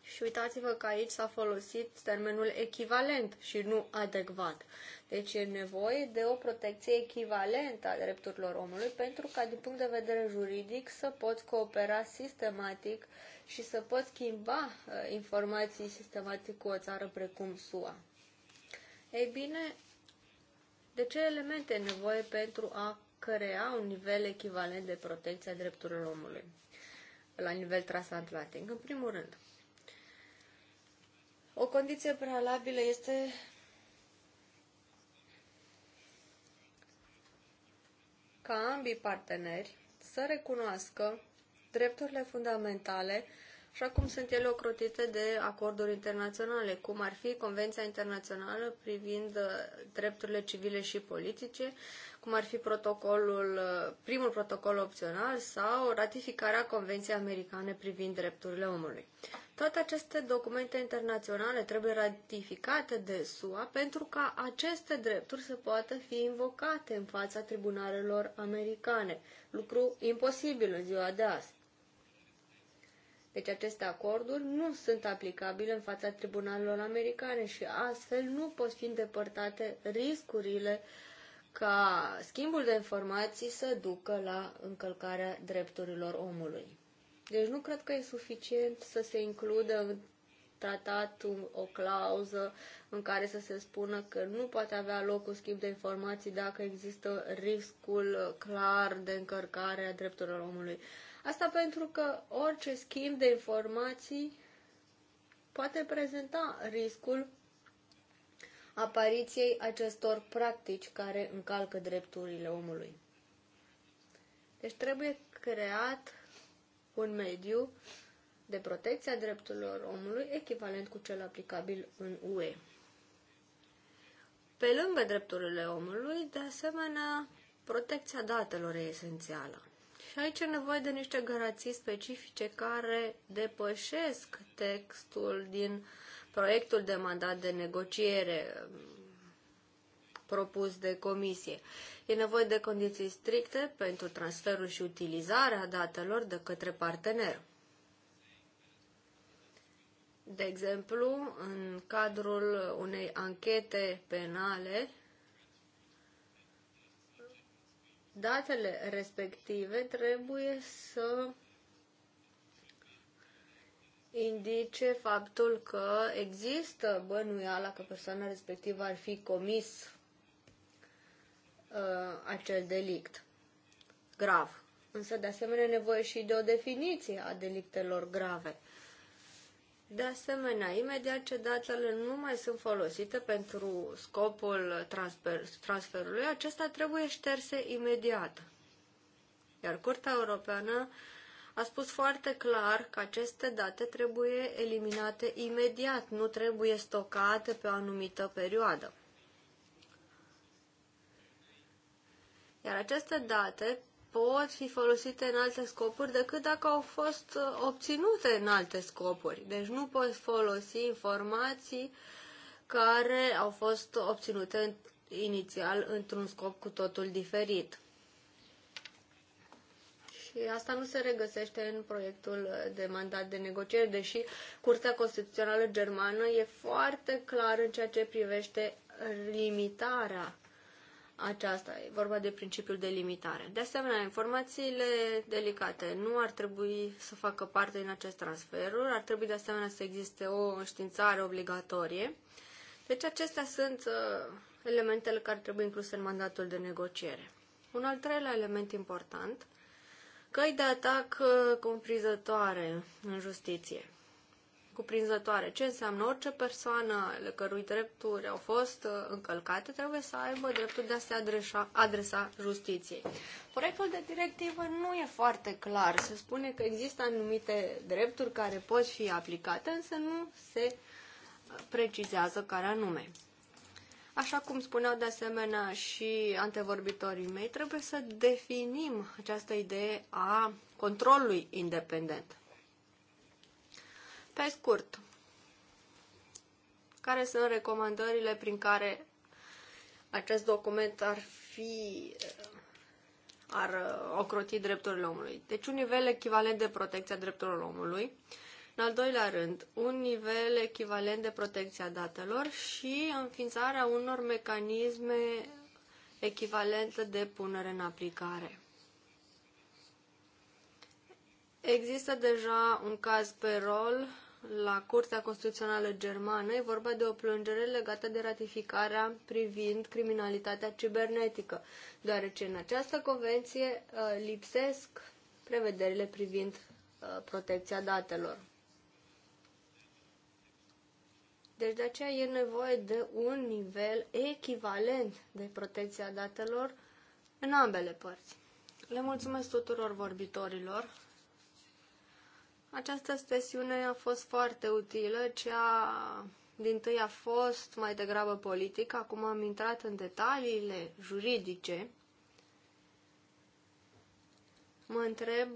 și uitați-vă că aici s-a folosit termenul echivalent și nu adecvat. Deci e nevoie de o protecție echivalentă a drepturilor omului pentru ca, din punct de vedere juridic, să poți coopera sistematic și să poți schimba uh, informații sistematic cu o țară precum SUA. Ei bine, de ce elemente e nevoie pentru a crea un nivel echivalent de protecție a drepturilor omului la nivel transatlantic? În primul rând, o condiție prealabilă este ca ambii parteneri să recunoască drepturile fundamentale așa cum sunt ele ocrotite de acorduri internaționale, cum ar fi Convenția Internațională privind drepturile civile și politice, cum ar fi protocolul, primul protocol opțional sau ratificarea Convenției Americane privind drepturile omului. Toate aceste documente internaționale trebuie ratificate de SUA pentru ca aceste drepturi să poată fi invocate în fața tribunalelor americane, lucru imposibil în ziua de azi. Deci aceste acorduri nu sunt aplicabile în fața tribunalelor americane și astfel nu pot fi îndepărtate riscurile uh, ca schimbul de informații să ducă la încălcarea drepturilor omului. Deci nu cred că e suficient să se includă în tratat o clauză în care să se spună că nu poate avea loc un schimb de informații dacă există riscul clar de încărcare a drepturilor omului. Asta pentru că orice schimb de informații poate prezenta riscul apariției acestor practici care încalcă drepturile omului. Deci trebuie creat un mediu de protecție a drepturilor omului echivalent cu cel aplicabil în UE. Pe lângă drepturile omului, de asemenea, protecția datelor e esențială. Și aici e nevoie de niște garanții specifice care depășesc textul din proiectul de mandat de negociere um, propus de comisie. E nevoie de condiții stricte pentru transferul și utilizarea datelor de către partener. De exemplu, în cadrul unei anchete penale, datele respective trebuie să indice faptul că există bănuiala că persoana respectivă ar fi comis uh, acel delict grav. Însă, de asemenea, nevoie și de o definiție a delictelor grave. De asemenea, imediat ce datele nu mai sunt folosite pentru scopul transfer, transferului, acesta trebuie șterse imediat. Iar Curtea Europeană uh, a spus foarte clar că aceste date trebuie eliminate imediat, nu trebuie stocate pe o anumită perioadă. Iar aceste date pot fi folosite în alte scopuri decât dacă au fost uh, obținute în alte scopuri. Deci nu poți folosi informații care au fost obținute inițial într-un scop cu totul diferit și asta nu se regăsește în proiectul de mandat de negociere, deși Curtea Constituțională Germană e foarte clară în ceea ce privește limitarea aceasta, e vorba de principiul de limitare. De asemenea, informațiile delicate nu ar trebui să facă parte din acest transferul, ar trebui de asemenea să existe o științare obligatorie. Deci acestea sunt uh, elementele care trebuie incluse în mandatul de negociere. Un al treilea element important căi de atac uh, comprinzătoare în justiție. Cuprinzătoare. Ce înseamnă orice persoană ale cărui drepturi au fost uh, încălcate trebuie să aibă dreptul de a se adresa, adresa justiției. Proiectul de directivă nu e foarte clar. Se spune că există anumite drepturi care pot fi aplicate, însă nu se uh, precizează care anume. Așa cum spuneau de asemenea și antevorbitorii mei, trebuie să definim această idee a controlului independent. Pe scurt, care sunt recomandările prin care acest document ar fi ar ocroti drepturile omului. Deci un nivel echivalent de protecție a drepturilor omului, în al doilea rând, un nivel echivalent de protecție a datelor și înființarea unor mecanisme echivalente de punere în aplicare. Există deja un caz pe rol la Curtea Constituțională Germană. E vorba de o plângere legată de ratificarea privind criminalitatea cibernetică, deoarece în această convenție uh, lipsesc prevederile privind uh, protecția datelor. Deci de aceea e nevoie de un nivel echivalent de protecția datelor în ambele părți. Le mulțumesc tuturor vorbitorilor. Această sesiune a fost foarte utilă, cea din tâi a fost mai degrabă politică, acum am intrat în detaliile juridice. Mă întreb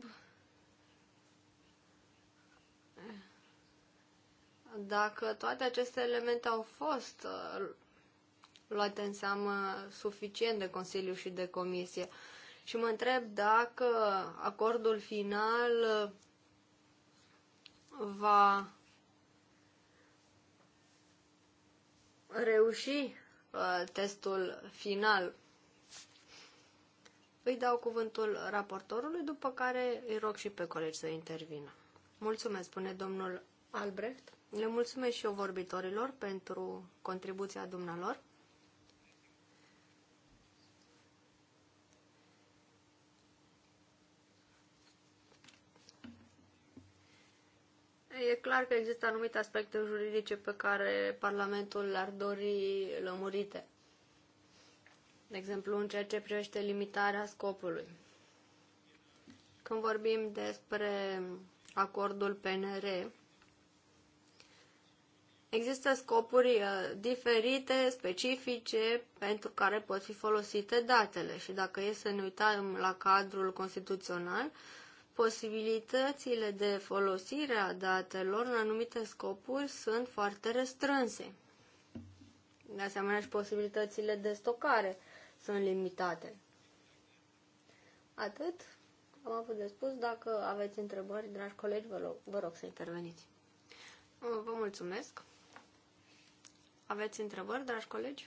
dacă toate aceste elemente au fost uh, luate în seamă suficient de Consiliu și de Comisie. Și mă întreb dacă acordul final uh, va reuși uh, testul final. Îi dau cuvântul raportorului, după care îi rog și pe colegi să intervină. Mulțumesc, spune domnul Albrecht. Le mulțumesc și eu vorbitorilor pentru contribuția dumnealor. E clar că există anumite aspecte juridice pe care Parlamentul le-ar dori lămurite. De exemplu, în ceea ce privește limitarea scopului. Când vorbim despre acordul PNR, Există scopuri uh, diferite, specifice, pentru care pot fi folosite datele și dacă e să ne uităm la cadrul constituțional, posibilitățile de folosire a datelor în anumite scopuri sunt foarte restrânse. De asemenea și posibilitățile de stocare sunt limitate. Atât am avut de spus. Dacă aveți întrebări, dragi colegi, vă rog, vă rog să interveniți. Vă mulțumesc! Aveți întrebări, dragi colegi?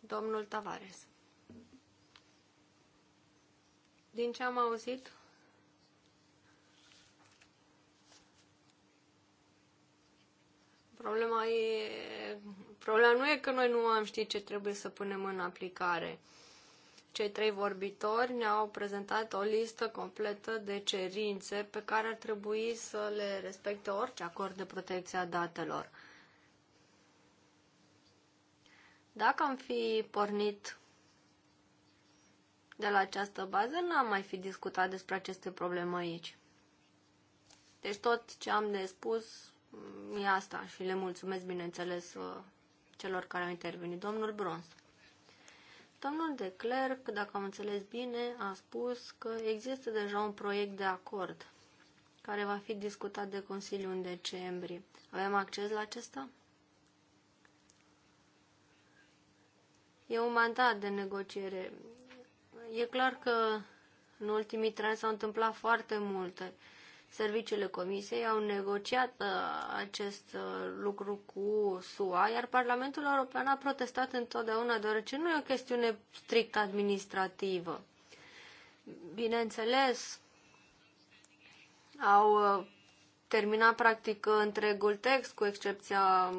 Domnul Tavares. Din ce am auzit, problema e problema nu e că noi nu am ști ce trebuie să punem în aplicare. Cei trei vorbitori ne-au prezentat o listă completă de cerințe pe care ar trebui să le respecte orice acord de protecție a datelor. Dacă am fi pornit de la această bază, n-am mai fi discutat despre aceste probleme aici. Deci tot ce am de spus mm, e asta și le mulțumesc, bineînțeles, uh, celor care au intervenit. Domnul Brons. Domnul de Clerc, dacă am înțeles bine, a spus că există deja un proiect de acord care va fi discutat de Consiliu în decembrie. Avem acces la acesta? E un mandat de negociere. E clar că în ultimii trei ani s-au întâmplat foarte multe. Serviciile Comisiei au negociat uh, acest uh, lucru cu SUA, iar Parlamentul European a protestat întotdeauna, deoarece nu e o chestiune strict administrativă. Bineînțeles, au uh, terminat practic întregul text, cu excepția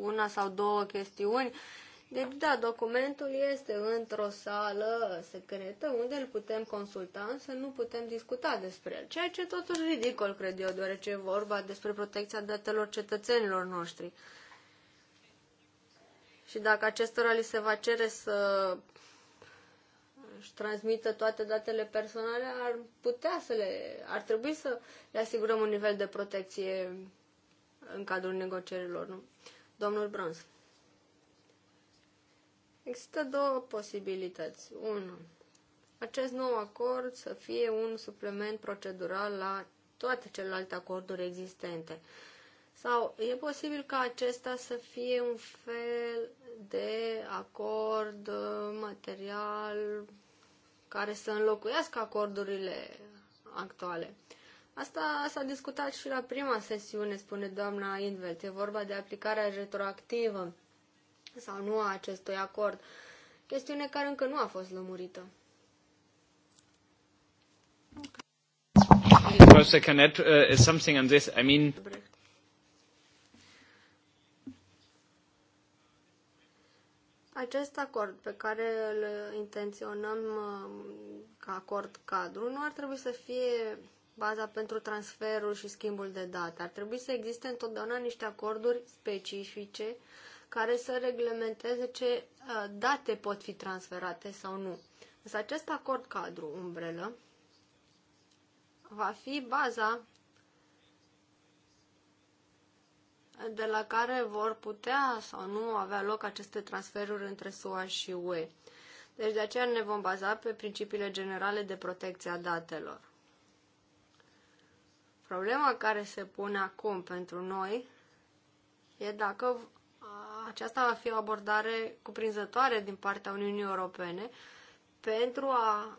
una sau două chestiuni. Deci, da, documentul este într-o sală secretă unde îl putem consulta, însă nu putem discuta despre el. Ceea ce totul ridicol, cred eu, deoarece e vorba despre protecția datelor cetățenilor noștri. Și dacă acestora li se va cere să își transmită toate datele personale, ar putea să le, ar trebui să le asigurăm un nivel de protecție în cadrul negocierilor, nu? Domnul Brons. Există două posibilități. Unu, acest nou acord să fie un supliment procedural la toate celelalte acorduri existente. Sau e posibil ca acesta să fie un fel de acord uh, material care să înlocuiască acordurile actuale. Asta s-a discutat și la prima sesiune, spune doamna Invelt. E vorba de aplicarea retroactivă sau nu a acestui acord. Chestiune care încă nu a fost lămurită. Perhaps I add uh, something on this. I mean, acest acord pe care îl intenționăm uh, ca acord cadru nu ar trebui să fie baza pentru transferul și schimbul de date. Ar trebui să existe întotdeauna niște acorduri specifice care să reglementeze ce uh, date pot fi transferate sau nu. Însă acest acord cadru umbrelă va fi baza de la care vor putea sau nu avea loc aceste transferuri între SUA și UE. Deci de aceea ne vom baza pe principiile generale de protecție a datelor. Problema care se pune acum pentru noi e dacă aceasta va fi o abordare cuprinzătoare din partea Uniunii Europene pentru a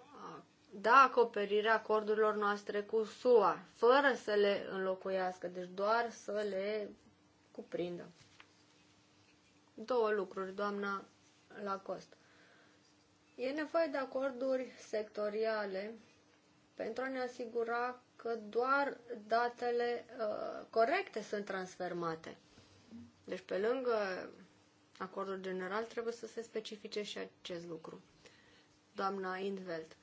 da acoperire acordurilor noastre cu SUA, fără să le înlocuiască, deci doar să le cuprindă. Două lucruri, doamna Lacoste. E nevoie de acorduri sectoriale pentru a ne asigura că doar datele uh, corecte sunt transfermate. Deci, pe lângă acordul general, trebuie să se specifice și acest lucru. Doamna Indveld.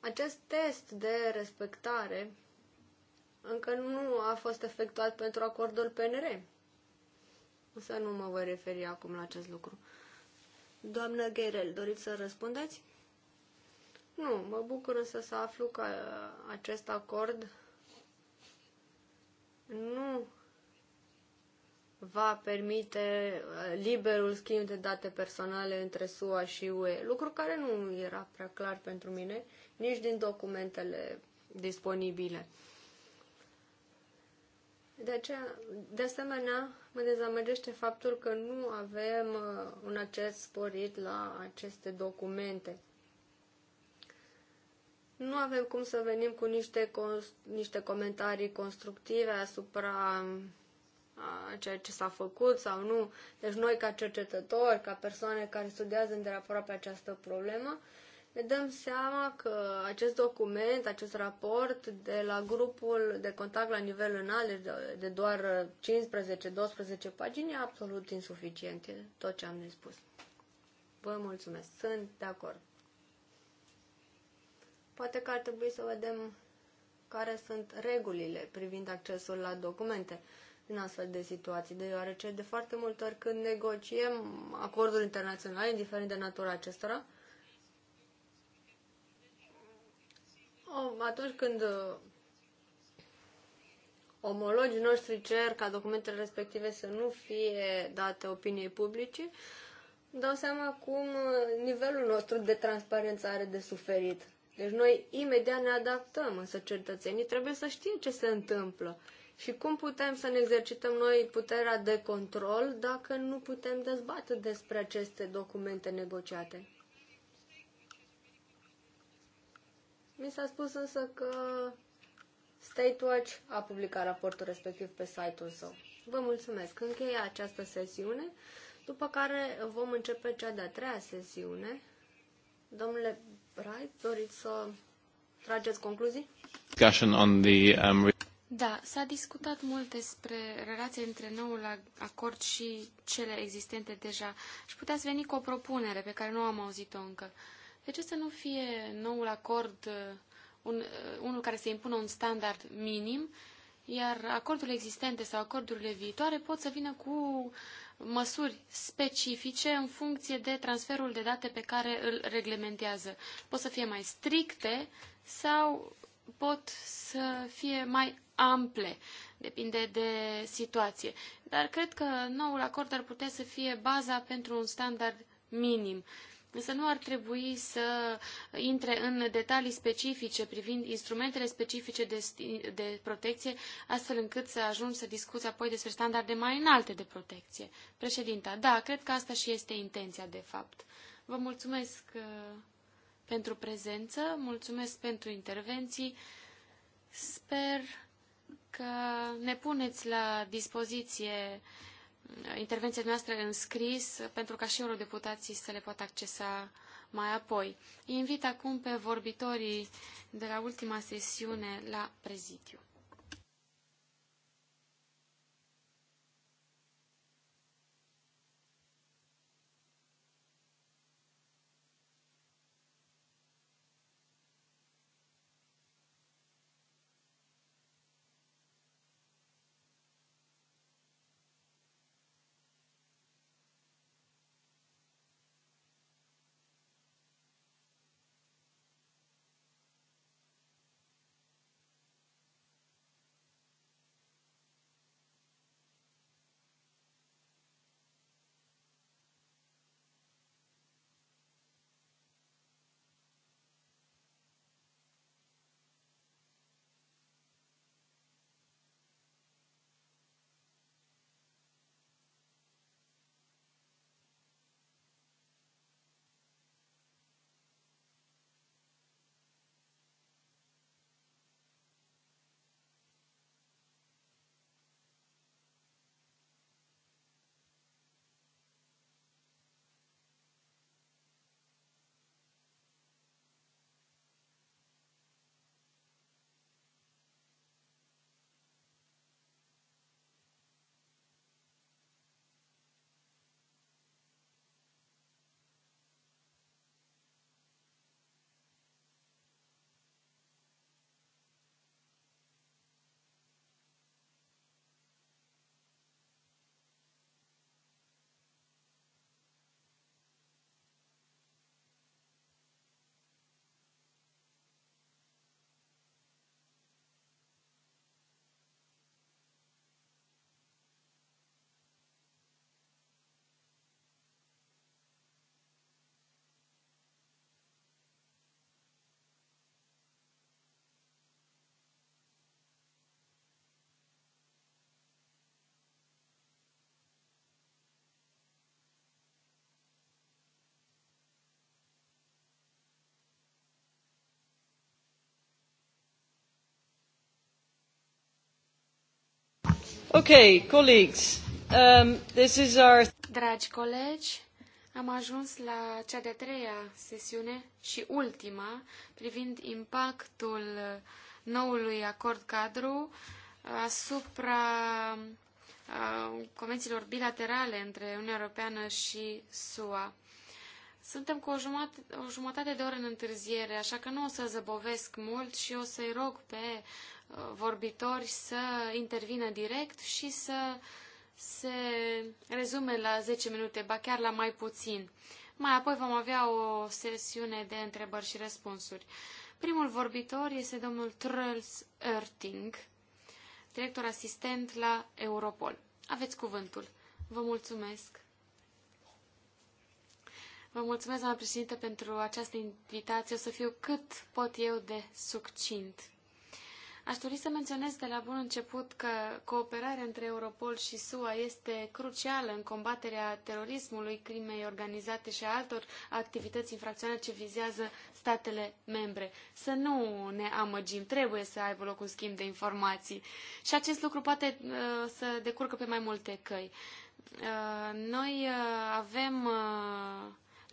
Acest test de respectare încă nu a fost efectuat pentru acordul PNR. Însă nu mă voi referi acum la acest lucru. Doamnă Gherel, doriți să răspundeți? Nu, mă bucur însă să aflu că acest acord nu va permite uh, liberul schimb de date personale între SUA și UE, lucru care nu era prea clar pentru mine, nici din documentele disponibile. De, aceea, de asemenea, mă dezamăgește faptul că nu avem uh, un acces sporit la aceste documente. Nu avem cum să venim cu niște, niște comentarii constructive asupra a ceea ce s-a făcut sau nu. Deci noi ca cercetători, ca persoane care studiază aproape această problemă, ne dăm seama că acest document, acest raport de la grupul de contact la nivel înalt, deci de doar 15-12 pagini, e absolut insuficient tot ce am de spus. Vă mulțumesc. Sunt de acord. Poate că ar trebui să vedem care sunt regulile privind accesul la documente în astfel de situații, deoarece de foarte multe ori când negociem acorduri internaționale, indiferent de natura acestora, atunci când uh, omologii noștri cer ca documentele respective să nu fie date opiniei publice, dau seama cum uh, nivelul nostru de transparență are de suferit. Deci noi imediat ne adaptăm, însă cetățenii trebuie să știe ce se întâmplă și cum putem să ne exercităm noi puterea de control dacă nu putem dezbate despre aceste documente negociate. Mi s-a spus însă că State Watch a publicat raportul respectiv pe site-ul său. Vă mulțumesc. Încheie această sesiune, după care vom începe cea de-a treia sesiune. Domnule right? doriți să trageți concluzii? Discussion on the, um... Da, s-a discutat mult despre relația între noul acord și cele existente deja și puteați veni cu o propunere pe care nu am auzit-o încă. De ce să nu fie noul acord uh, un, uh, unul care să impună un standard minim, iar acordurile existente sau acordurile viitoare pot să vină cu măsuri specifice în funcție de transferul de date pe care îl reglementează. Pot să fie mai stricte sau pot să fie mai ample, depinde de situație. Dar cred că noul acord ar putea să fie baza pentru un standard minim. Însă nu ar trebui să intre în detalii specifice privind instrumentele specifice de, de protecție, astfel încât să ajung să discuți apoi despre standarde mai înalte de protecție. Președinta, da, cred că asta și este intenția, de fapt. Vă mulțumesc uh, pentru prezență, mulțumesc pentru intervenții. Sper că ne puneți la dispoziție intervenția noastră în scris pentru ca și eurodeputații să le poată accesa mai apoi. invit acum pe vorbitorii de la ultima sesiune la prezidiu. Okay, colleagues, um, this is our... Dragi colegi, am ajuns la cea de-a treia sesiune și ultima privind impactul noului acord cadru asupra uh, convențiilor bilaterale între Uniunea Europeană și SUA. Suntem cu o jumătate, o jumătate de oră în întârziere, așa că nu o să zăbovesc mult și o să-i rog pe vorbitori să intervină direct și să se rezume la 10 minute, ba chiar la mai puțin. Mai apoi vom avea o sesiune de întrebări și răspunsuri. Primul vorbitor este domnul Tröls Erting, director asistent la Europol. Aveți cuvântul. Vă mulțumesc. Vă mulțumesc, doamna președinte, pentru această invitație. O să fiu cât pot eu de succint. Aș dori să menționez de la bun început că cooperarea între Europol și SUA este crucială în combaterea terorismului, crimei organizate și a altor activități infracționale ce vizează statele membre. Să nu ne amăgim, trebuie să aibă loc un schimb de informații. Și acest lucru poate uh, să decurcă pe mai multe căi. Uh, noi uh, avem uh,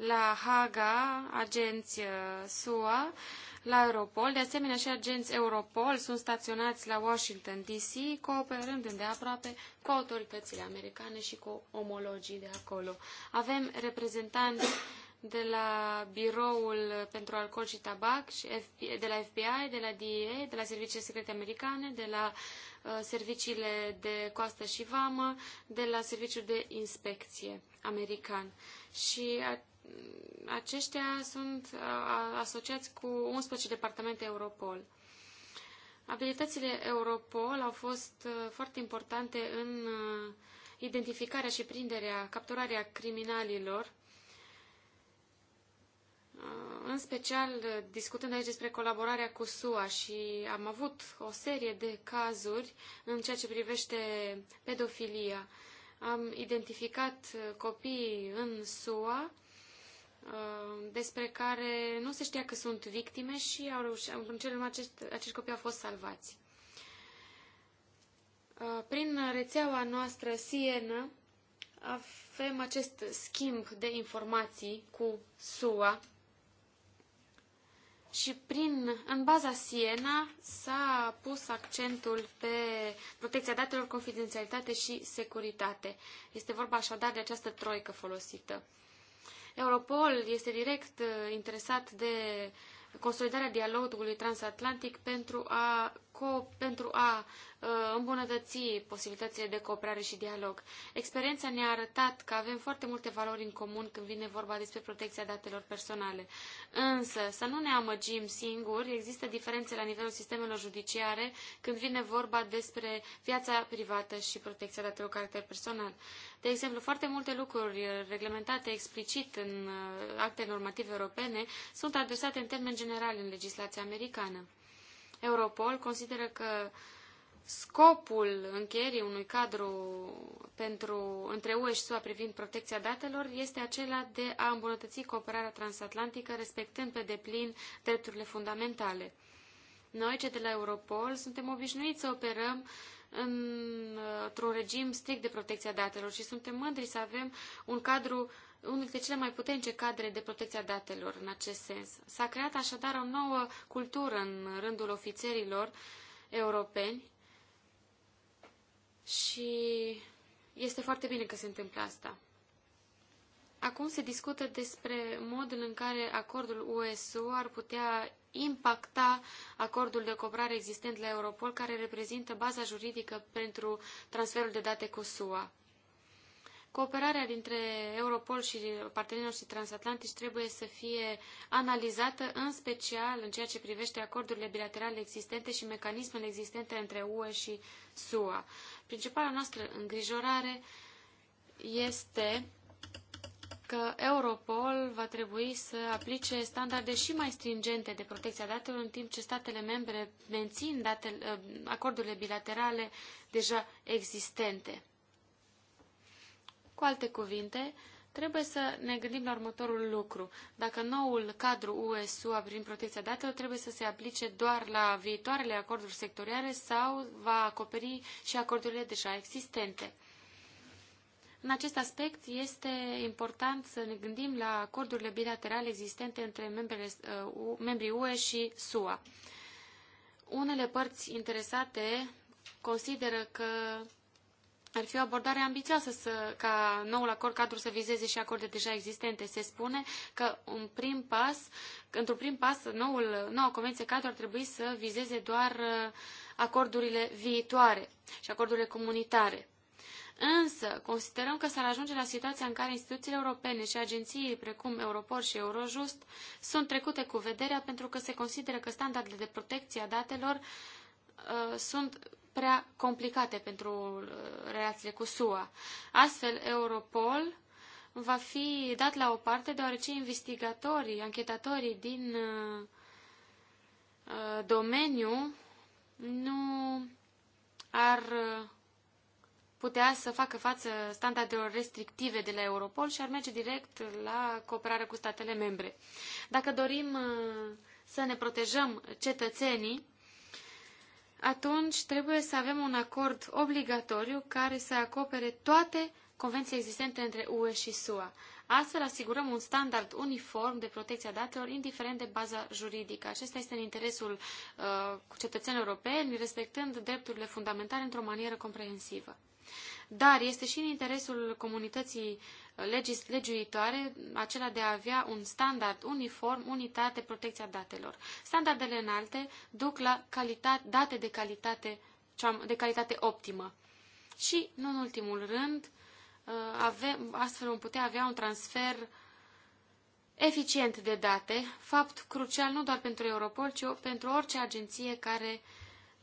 la Haga agenți uh, SUA la Europol. De asemenea, și agenți Europol sunt staționați la Washington, D.C., cooperând îndeaproape cu autoritățile americane și cu omologii de acolo. Avem reprezentanți de la Biroul pentru Alcool și Tabac, de la FBI, de la DEA, de la Serviciile Secrete Americane, de la uh, Serviciile de Coastă și Vamă, de la Serviciul de Inspecție American. Și aceștia sunt uh, asociați cu 11 departamente Europol. Abilitățile Europol au fost uh, foarte importante în uh, identificarea și prinderea, capturarea criminalilor, în special discutând aici despre colaborarea cu SUA și am avut o serie de cazuri în ceea ce privește pedofilia. Am identificat copii în SUA Uh, despre care nu se știa că sunt victime și au reușit, în cele acest, acești, copii au fost salvați. Uh, prin rețeaua noastră Sienă avem acest schimb de informații cu SUA și prin, în baza Siena s-a pus accentul pe protecția datelor, confidențialitate și securitate. Este vorba așadar de această troică folosită. Europol este direct uh, interesat de consolidarea dialogului transatlantic pentru a pentru a uh, îmbunătăți posibilitățile de cooperare și dialog. Experiența ne-a arătat că avem foarte multe valori în comun când vine vorba despre protecția datelor personale. Însă, să nu ne amăgim singuri, există diferențe la nivelul sistemelor judiciare când vine vorba despre viața privată și protecția datelor caracter personal. De exemplu, foarte multe lucruri uh, reglementate explicit în uh, acte normative europene sunt adresate în termeni generali în legislația americană. Europol consideră că scopul încheierii unui cadru pentru, între UE și SUA privind protecția datelor este acela de a îmbunătăți cooperarea transatlantică respectând pe deplin drepturile fundamentale. Noi, cei de la Europol, suntem obișnuiți să operăm într-un regim strict de protecția datelor și suntem mândri să avem un cadru unul dintre cele mai puternice cadre de protecție a datelor în acest sens. S-a creat așadar o nouă cultură în rândul ofițerilor europeni și este foarte bine că se întâmplă asta. Acum se discută despre modul în care acordul USU ar putea impacta acordul de cooperare existent la Europol, care reprezintă baza juridică pentru transferul de date cu SUA. Cooperarea dintre Europol și partenerii noștri transatlantici trebuie să fie analizată, în special în ceea ce privește acordurile bilaterale existente și mecanismele existente între UE și SUA. Principala noastră îngrijorare este că Europol va trebui să aplice standarde și mai stringente de protecția datelor, în timp ce statele membre mențin datele, acordurile bilaterale deja existente. Cu alte cuvinte, trebuie să ne gândim la următorul lucru. Dacă noul cadru UE-SUA prin protecția datelor trebuie să se aplice doar la viitoarele acorduri sectoriale sau va acoperi și acordurile deja existente. În acest aspect este important să ne gândim la acordurile bilaterale existente între membrele, uh, membrii UE și SUA. Unele părți interesate consideră că ar fi o abordare ambițioasă să, ca noul acord cadru să vizeze și acorde deja existente. Se spune că un prim pas, într-un prim pas, noul, noua convenție cadru ar trebui să vizeze doar uh, acordurile viitoare și acordurile comunitare. Însă, considerăm că s-ar ajunge la situația în care instituțiile europene și agenții precum Europol și Eurojust sunt trecute cu vederea pentru că se consideră că standardele de protecție a datelor uh, sunt prea complicate pentru uh, relațiile cu SUA. Astfel, Europol va fi dat la o parte deoarece investigatorii, anchetatorii din uh, uh, domeniu nu ar putea să facă față standardelor restrictive de la Europol și ar merge direct la cooperarea cu statele membre. Dacă dorim să ne protejăm cetățenii, atunci trebuie să avem un acord obligatoriu care să acopere toate convenții existente între UE și SUA. Astfel asigurăm un standard uniform de protecția datelor, indiferent de baza juridică. Acesta este în interesul uh, cetățenilor europeni, respectând drepturile fundamentale într-o manieră comprehensivă. Dar este și în interesul comunității uh, legis, legiuitoare acela de a avea un standard uniform, unitate, protecția datelor. Standardele înalte duc la calitate, date de calitate, de calitate optimă. Și, nu în ultimul rând, uh, avem, astfel vom putea avea un transfer eficient de date, fapt crucial nu doar pentru Europol, ci pentru orice agenție care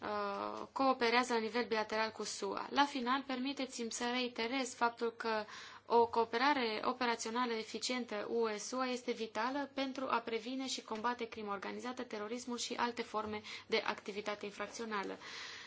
Uh, cooperează la nivel bilateral cu SUA. La final, permiteți-mi să reiterez faptul că o cooperare operațională eficientă UE-SUA este vitală pentru a previne și combate crima organizată, terorismul și alte forme de activitate infracțională.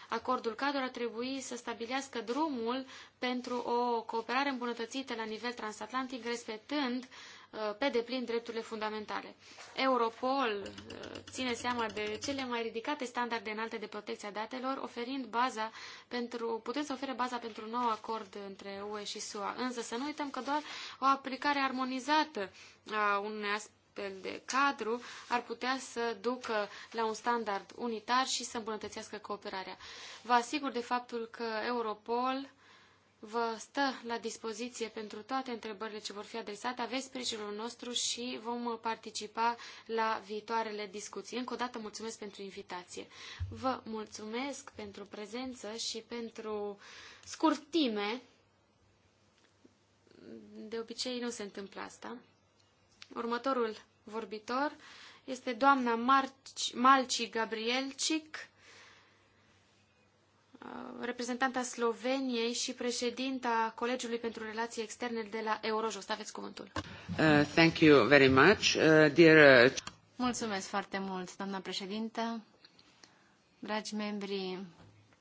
Acordul cadru ar trebui să stabilească drumul pentru o cooperare îmbunătățită la nivel transatlantic, respectând uh, Uh, pe deplin drepturile fundamentale. Europol uh, ține seama de cele mai ridicate standarde înalte de protecție a datelor, oferind baza pentru, putem să ofere baza pentru un nou acord între UE și SUA. Însă să nu uităm că doar o aplicare armonizată a unui astfel de cadru ar putea să ducă la un standard unitar și să îmbunătățească cooperarea. Vă asigur de faptul că Europol vă stă la dispoziție pentru toate întrebările ce vor fi adresate. Aveți sprijinul nostru și vom participa la viitoarele discuții. Încă o dată mulțumesc pentru invitație. Vă mulțumesc pentru prezență și pentru scurtime. De obicei nu se întâmplă asta. Următorul vorbitor este doamna Marci, Malci Gabrielcic reprezentanta Sloveniei și președinta Colegiului pentru Relații Externe de la Eurojust. Aveți cuvântul. Uh, thank you very much. Uh, dear... Uh, mulțumesc foarte mult, doamna președintă, dragi membri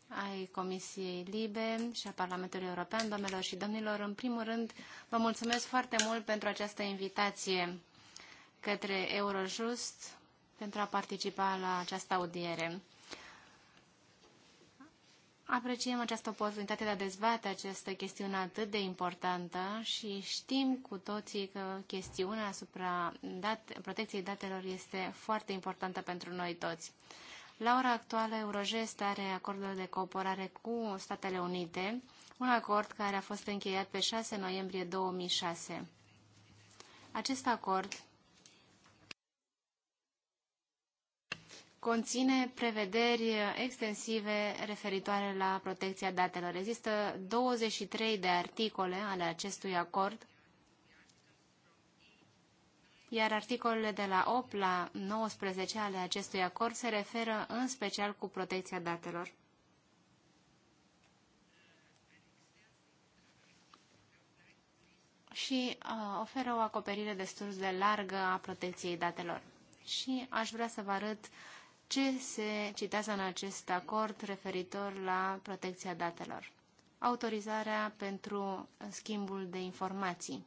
ai Comisiei Libe și a Parlamentului European, doamnelor și domnilor. În primul rând, vă mulțumesc foarte mult pentru această invitație către Eurojust pentru a participa la această audiere. Apreciem această oportunitate de a dezbate această chestiune atât de importantă și știm cu toții că chestiunea asupra date, protecției datelor este foarte importantă pentru noi toți. La ora actuală, Eurogest are acordul de cooperare cu Statele Unite, un acord care a fost încheiat pe 6 noiembrie 2006. Acest acord conține prevederi extensive referitoare la protecția datelor. Există 23 de articole ale acestui acord, iar articolele de la 8 la 19 ale acestui acord se referă în special cu protecția datelor. și uh, oferă o acoperire destul de largă a protecției datelor. Și aș vrea să vă arăt ce se citează în acest acord referitor la protecția datelor. Autorizarea pentru schimbul de informații.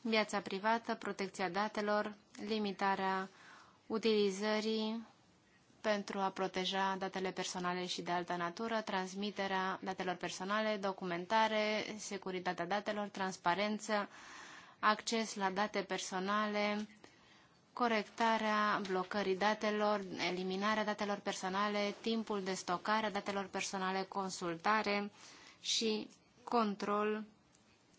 Viața privată, protecția datelor, limitarea utilizării pentru a proteja datele personale și de altă natură, transmiterea datelor personale, documentare, securitatea datelor, transparență, acces la date personale, corectarea blocării datelor, eliminarea datelor personale, timpul de stocare a datelor personale, consultare și control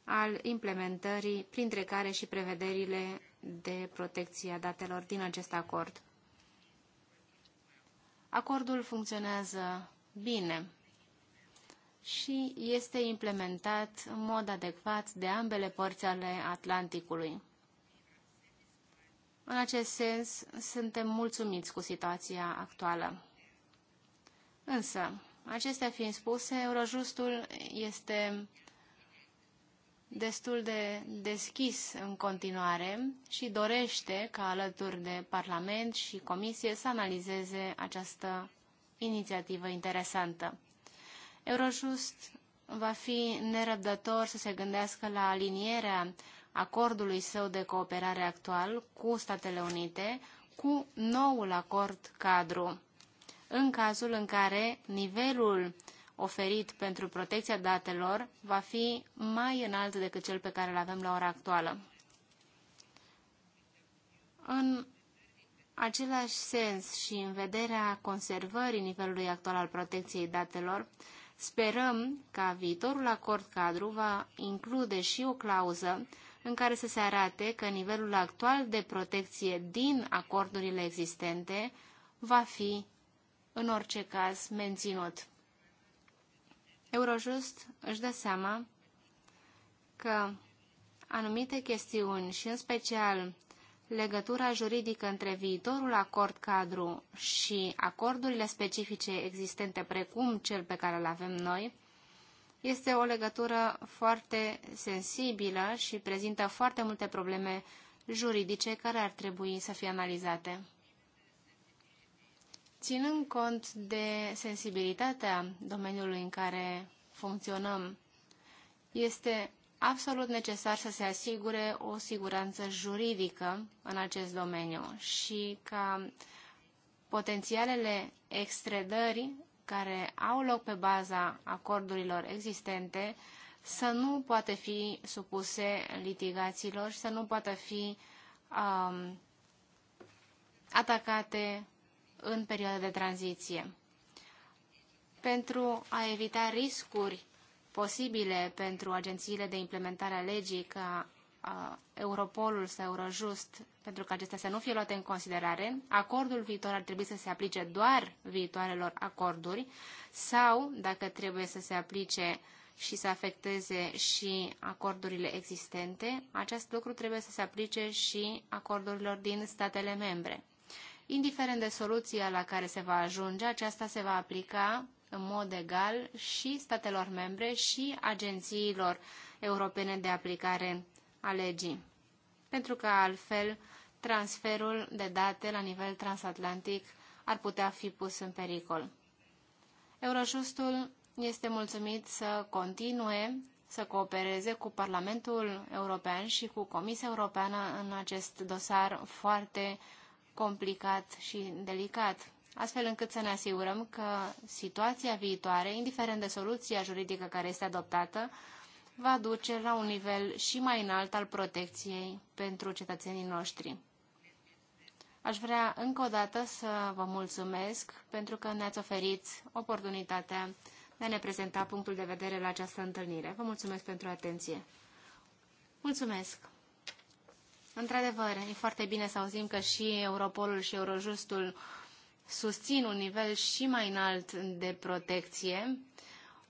al implementării, printre care și prevederile de protecție a datelor din acest acord. Acordul funcționează bine și este implementat în mod adecvat de ambele părți ale Atlanticului. În acest sens, suntem mulțumiți cu situația actuală. Însă, acestea fiind spuse, Eurojustul este destul de deschis în continuare și dorește ca alături de Parlament și Comisie să analizeze această inițiativă interesantă. Eurojust va fi nerăbdător să se gândească la alinierea acordului său de cooperare actual cu Statele Unite cu noul acord cadru, în cazul în care nivelul oferit pentru protecția datelor va fi mai înalt decât cel pe care îl avem la ora actuală. În același sens și în vederea conservării nivelului actual al protecției datelor, sperăm ca viitorul acord cadru va include și o clauză în care să se arate că nivelul actual de protecție din acordurile existente va fi, în orice caz, menținut. Eurojust își dă seama că anumite chestiuni și, în special, legătura juridică între viitorul acord cadru și acordurile specifice existente, precum cel pe care îl avem noi, este o legătură foarte sensibilă și prezintă foarte multe probleme juridice care ar trebui să fie analizate. Ținând cont de sensibilitatea domeniului în care funcționăm, este absolut necesar să se asigure o siguranță juridică în acest domeniu și ca potențialele extredări care au loc pe baza acordurilor existente să nu poată fi supuse litigațiilor și să nu poată fi um, atacate în perioada de tranziție. Pentru a evita riscuri posibile pentru agențiile de implementare a legii ca Europolul sau Eurojust, pentru că acestea să nu fie luate în considerare, acordul viitor ar trebui să se aplice doar viitoarelor acorduri sau, dacă trebuie să se aplice și să afecteze și acordurile existente, acest lucru trebuie să se aplice și acordurilor din statele membre. Indiferent de soluția la care se va ajunge, aceasta se va aplica în mod egal și statelor membre și agențiilor europene de aplicare a legii, pentru că altfel transferul de date la nivel transatlantic ar putea fi pus în pericol. Eurojustul este mulțumit să continue să coopereze cu Parlamentul European și cu Comisia Europeană în acest dosar foarte complicat și delicat, astfel încât să ne asigurăm că situația viitoare, indiferent de soluția juridică care este adoptată, va duce la un nivel și mai înalt al protecției pentru cetățenii noștri. Aș vrea încă o dată să vă mulțumesc pentru că ne-ați oferit oportunitatea de a ne prezenta punctul de vedere la această întâlnire. Vă mulțumesc pentru atenție. Mulțumesc! Într-adevăr, e foarte bine să auzim că și Europolul și Eurojustul susțin un nivel și mai înalt de protecție.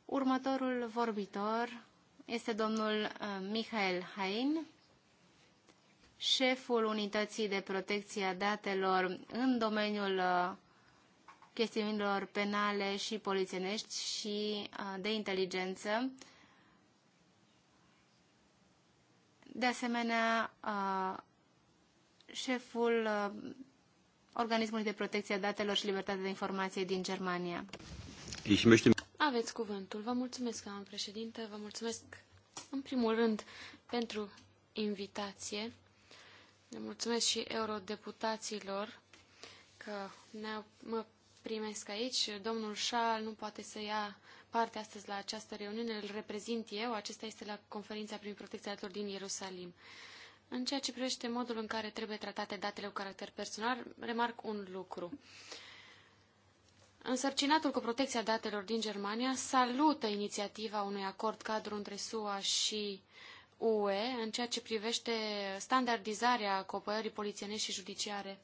Următorul vorbitor este domnul uh, Michael Hain, șeful Unității de Protecție a Datelor în domeniul uh, chestiunilor penale și polițienești și uh, de inteligență. De asemenea, șeful Organismului de Protecție a Datelor și Libertatea de Informație din Germania. Ich möchte aveți cuvântul. Vă mulțumesc, doamnă președinte, vă mulțumesc în primul rând pentru invitație. Le mulțumesc și eurodeputaților că ne mă primesc aici. Domnul Șal nu poate să ia parte astăzi la această reuniune, îl reprezint eu, acesta este la conferința prin protecția datelor din Ierusalim. În ceea ce privește modul în care trebuie tratate datele cu caracter personal, remarc un lucru. Uh, Însărcinatul cu protecția datelor din Germania salută inițiativa unui acord cadru între SUA și UE în ceea ce privește standardizarea cooperării polițienești și judiciare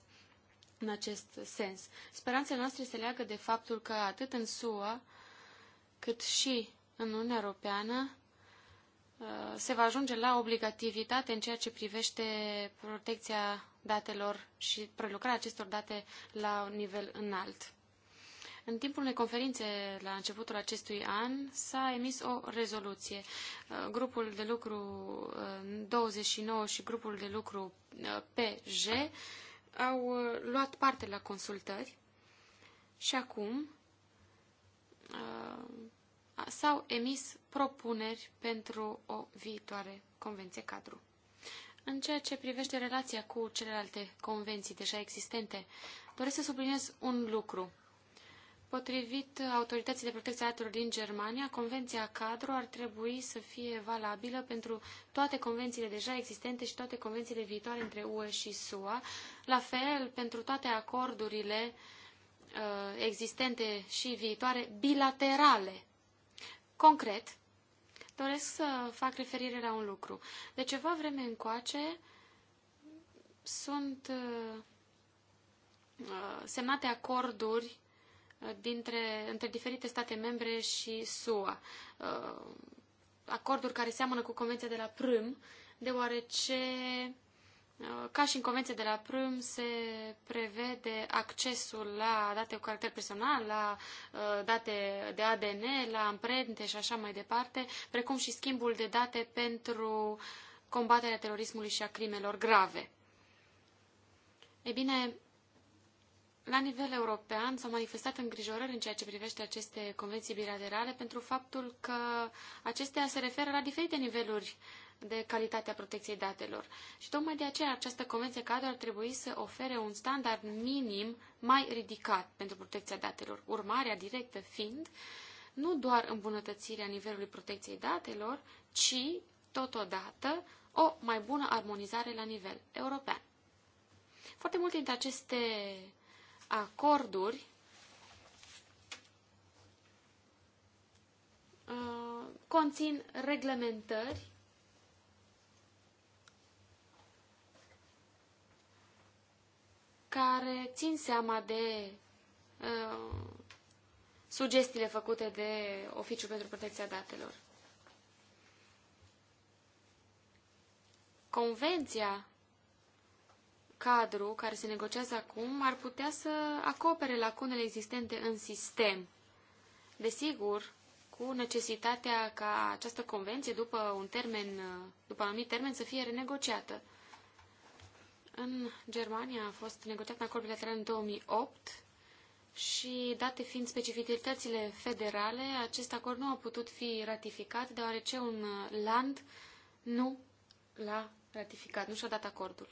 în acest sens. Speranțele noastre se leagă de faptul că atât în SUA cât și în Uniunea Europeană uh, se va ajunge la obligativitate în ceea ce privește protecția datelor și prelucrarea acestor date la un nivel înalt. În timpul unei conferințe la începutul acestui an s-a emis o rezoluție. Uh, grupul de lucru 29 uh, și grupul de lucru uh, PJ au luat parte la consultări și acum s-au emis propuneri pentru o viitoare convenție cadru. În ceea ce privește relația cu celelalte convenții deja existente, doresc să subliniez un lucru. Potrivit autorității de protecție a datelor din Germania, Convenția Cadru ar trebui să fie valabilă pentru toate convențiile deja existente și toate convențiile viitoare între UE și SUA, la fel pentru toate acordurile uh, existente și viitoare bilaterale. Concret, doresc să fac referire la un lucru. De ceva vreme încoace sunt uh, uh semnate acorduri dintre, între diferite state membre și SUA. Uh, acorduri care seamănă cu Convenția de la Prüm, deoarece, uh, ca și în Convenția de la Prüm, se prevede accesul la date cu caracter personal, la uh, date de ADN, la amprente și așa mai departe, precum și schimbul de date pentru combaterea terorismului și a crimelor grave. Ei bine, la nivel european s-au manifestat îngrijorări în ceea ce privește aceste convenții bilaterale pentru faptul că acestea se referă la diferite niveluri de calitatea protecției datelor. Și tocmai de aceea această convenție cadru ar trebui să ofere un standard minim mai ridicat pentru protecția datelor, urmarea directă fiind nu doar îmbunătățirea nivelului protecției datelor, ci, totodată, o mai bună armonizare la nivel european. Foarte multe dintre aceste acorduri uh, conțin reglementări care țin seama de uh, sugestiile făcute de Oficiul pentru Protecția Datelor. Convenția cadru care se negociază acum ar putea să acopere lacunele existente în sistem. Desigur, cu necesitatea ca această convenție, după un termen, după un anumit termen, să fie renegociată. În Germania a fost negociat un acord bilateral în 2008 și, date fiind specificitățile federale, acest acord nu a putut fi ratificat, deoarece un land nu l-a ratificat, nu și-a dat acordul.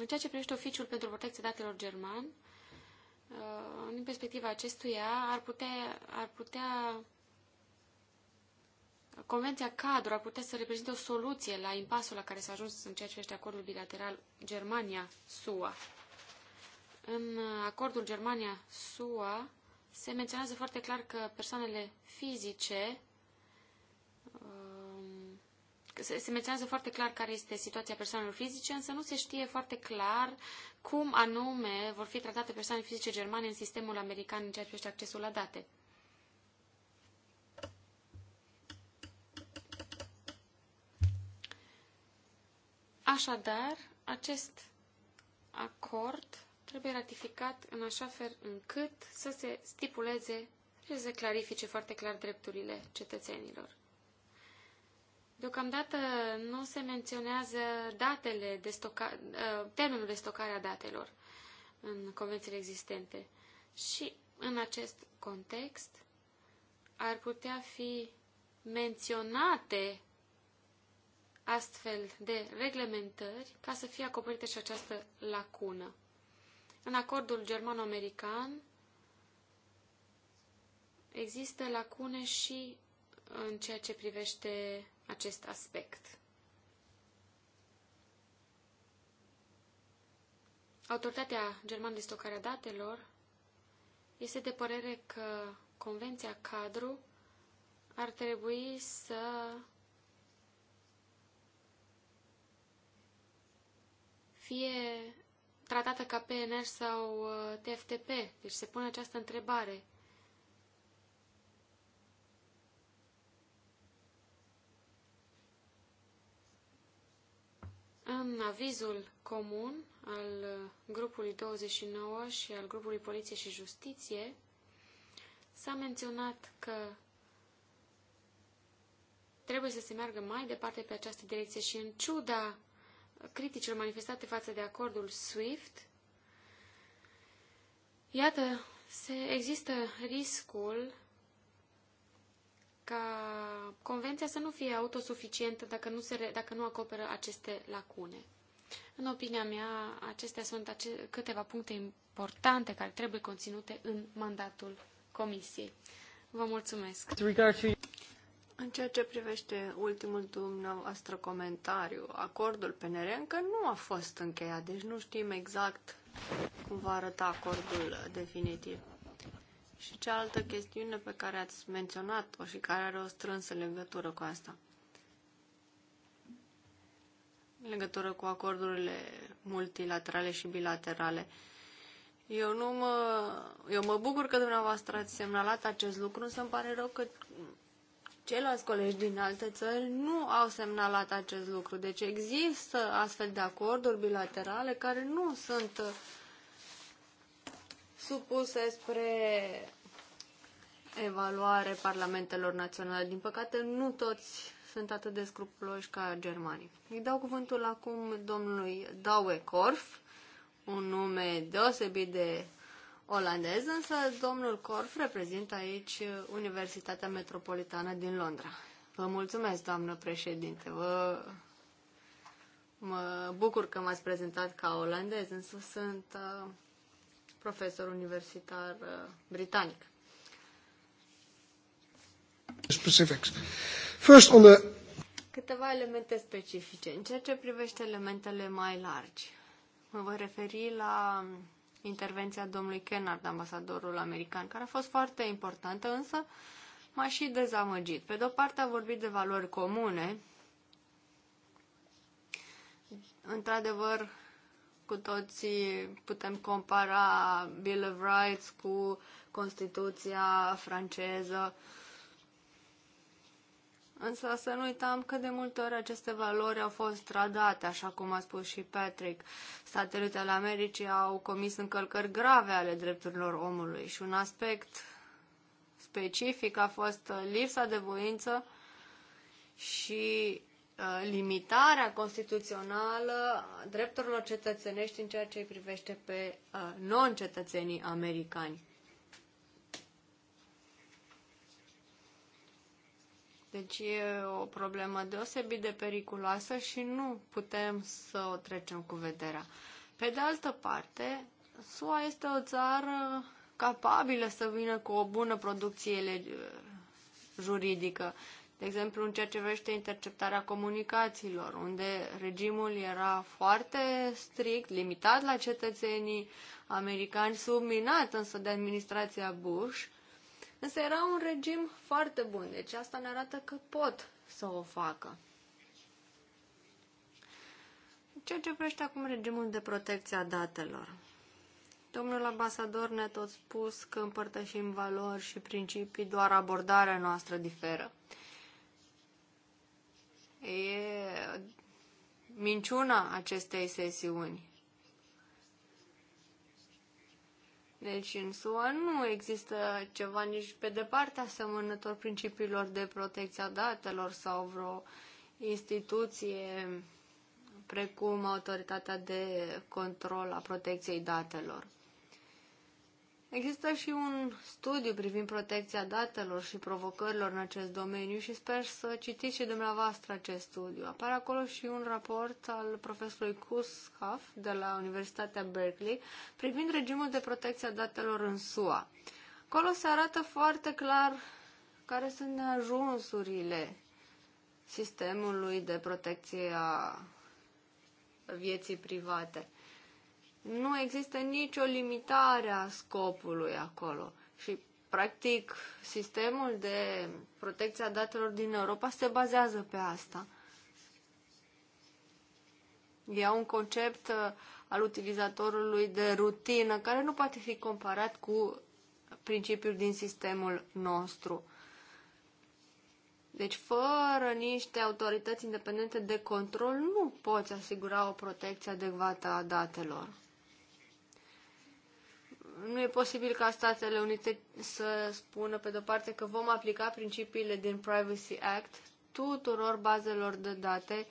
În ceea ce privește oficiul pentru protecția datelor german, uh, din perspectiva acestuia, ar putea, ar putea Convenția cadru ar putea să reprezinte o soluție la impasul la care s-a ajuns în ceea ce privește acordul bilateral Germania-SUA. În acordul Germania-SUA se menționează foarte clar că persoanele fizice se, se menționează foarte clar care este situația persoanelor fizice, însă nu se știe foarte clar cum anume vor fi tratate persoanele fizice germane în sistemul american în ceea ce privește accesul la date. Așadar, acest acord trebuie ratificat în așa fel încât să se stipuleze și să se clarifice foarte clar drepturile cetățenilor. Deocamdată nu se menționează datele de stoca, ă, termenul de stocare a datelor în convențiile existente. Și în acest context ar putea fi menționate astfel de reglementări ca să fie acoperită și această lacună. În acordul german-american există lacune și în ceea ce privește acest aspect. Autoritatea Germană de Stocare a Datelor este de părere că Convenția Cadru ar trebui să fie tratată ca PNR sau uh, TFTP. Deci se pune această întrebare. În avizul comun al uh, grupului 29 și al grupului Poliție și Justiție s-a menționat că trebuie să se meargă mai departe pe această direcție și în ciuda criticilor manifestate față de acordul SWIFT, iată, se, există riscul ca convenția să nu fie autosuficientă dacă nu, se, dacă nu acoperă aceste lacune. În opinia mea, acestea sunt ace câteva puncte importante care trebuie conținute în mandatul Comisiei. Vă mulțumesc! În ceea ce privește ultimul dumneavoastră comentariu, acordul PNR încă nu a fost încheiat, deci nu știm exact cum va arăta acordul definitiv. Și cealaltă chestiune pe care ați menționat-o și care are o strânsă legătură cu asta. În legătură cu acordurile multilaterale și bilaterale. Eu nu mă... Eu mă bucur că dumneavoastră ați semnalat acest lucru, însă îmi pare rău că ceilalți colegi din alte țări nu au semnalat acest lucru. Deci există astfel de acorduri bilaterale care nu sunt uh, supuse spre evaluare parlamentelor naționale. Din păcate, nu toți sunt atât de scrupuloși ca germanii. Îi dau cuvântul acum domnului Daue Korf, un nume deosebit de olandez, însă domnul Korf reprezintă aici Universitatea Metropolitană din Londra. Vă mulțumesc, doamnă președinte. Vă... Mă bucur că m-ați prezentat ca olandez, însă sunt uh, profesor universitar uh, britanic. Specifics. First on the... Câteva elemente specifice. În ceea ce privește elementele mai largi, mă voi referi la um, intervenția domnului Kennard, ambasadorul american, care a fost foarte importantă, însă m-a și dezamăgit. Pe de-o parte a vorbit de valori comune. Într-adevăr, cu toții putem compara Bill of Rights cu Constituția franceză. Însă să nu uităm cât de multe ori aceste valori au fost tradate, așa cum a spus și Patrick. Statele Unite ale Americii au comis încălcări grave ale drepturilor omului și un aspect specific a fost lipsa de voință și Uh, limitarea constituțională a drepturilor cetățenești în ceea ce îi privește pe uh, non-cetățenii americani. Deci e o problemă deosebit de periculoasă și nu putem să o trecem cu vederea. Pe de altă parte, SUA este o țară capabilă să vină cu o bună producție juridică. De exemplu, în ceea ce vrește interceptarea comunicațiilor, unde regimul era foarte strict, limitat la cetățenii americani, subminat însă de administrația Bush, însă era un regim foarte bun. Deci asta ne arată că pot să o facă. Ceea ce vrește acum regimul de protecție a datelor. Domnul ambasador ne-a tot spus că împărtășim valori și principii, doar abordarea noastră diferă. E minciuna acestei sesiuni. Deci în SUA nu există ceva nici pe departe asemănător principiilor de protecție a datelor sau vreo instituție precum autoritatea de control a protecției datelor. Există și un studiu privind protecția datelor și provocărilor în acest domeniu și sper să citiți și dumneavoastră acest studiu. Apare acolo și un raport al profesorului Kushaf de la Universitatea Berkeley privind regimul de protecție a datelor în SUA. Acolo se arată foarte clar care sunt neajunsurile sistemului de protecție a vieții private nu există nicio limitare a scopului acolo. Și, practic, sistemul de protecție a datelor din Europa se bazează pe asta. E un concept uh, al utilizatorului de rutină care nu poate fi comparat cu principiul din sistemul nostru. Deci, fără niște autorități independente de control, nu poți asigura o protecție adecvată a datelor nu e posibil ca Statele Unite să spună, pe de-o parte, că vom aplica principiile din Privacy Act tuturor bazelor de date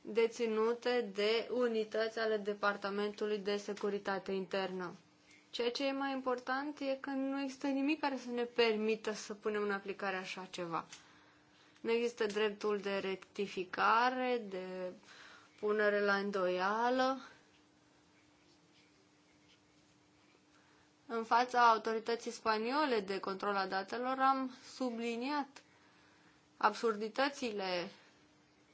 deținute de unități ale Departamentului de Securitate Internă. Ceea ce e mai important e că nu există nimic care să ne permită să punem în aplicare așa ceva. Nu există dreptul de rectificare, de punere la îndoială, în fața autorității spaniole de control a datelor, am subliniat absurditățile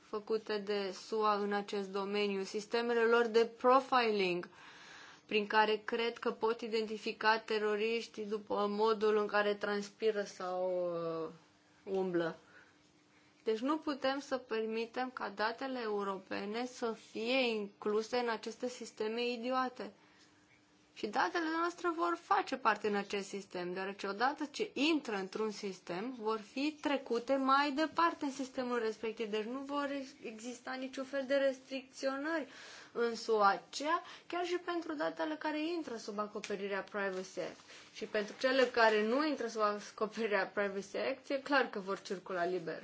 făcute de SUA în acest domeniu, sistemele lor de profiling, prin care cred că pot identifica teroriști după modul în care transpiră sau uh, umblă. Deci nu putem să permitem ca datele europene să fie incluse în aceste sisteme idiote. Și datele noastre vor face parte în acest sistem, deoarece odată ce intră într-un sistem, vor fi trecute mai departe în sistemul respectiv. Deci nu vor exista niciun fel de restricționări în SUA, aceea chiar și pentru datele care intră sub acoperirea Privacy Act. Și pentru cele care nu intră sub acoperirea Privacy Act, e clar că vor circula liber.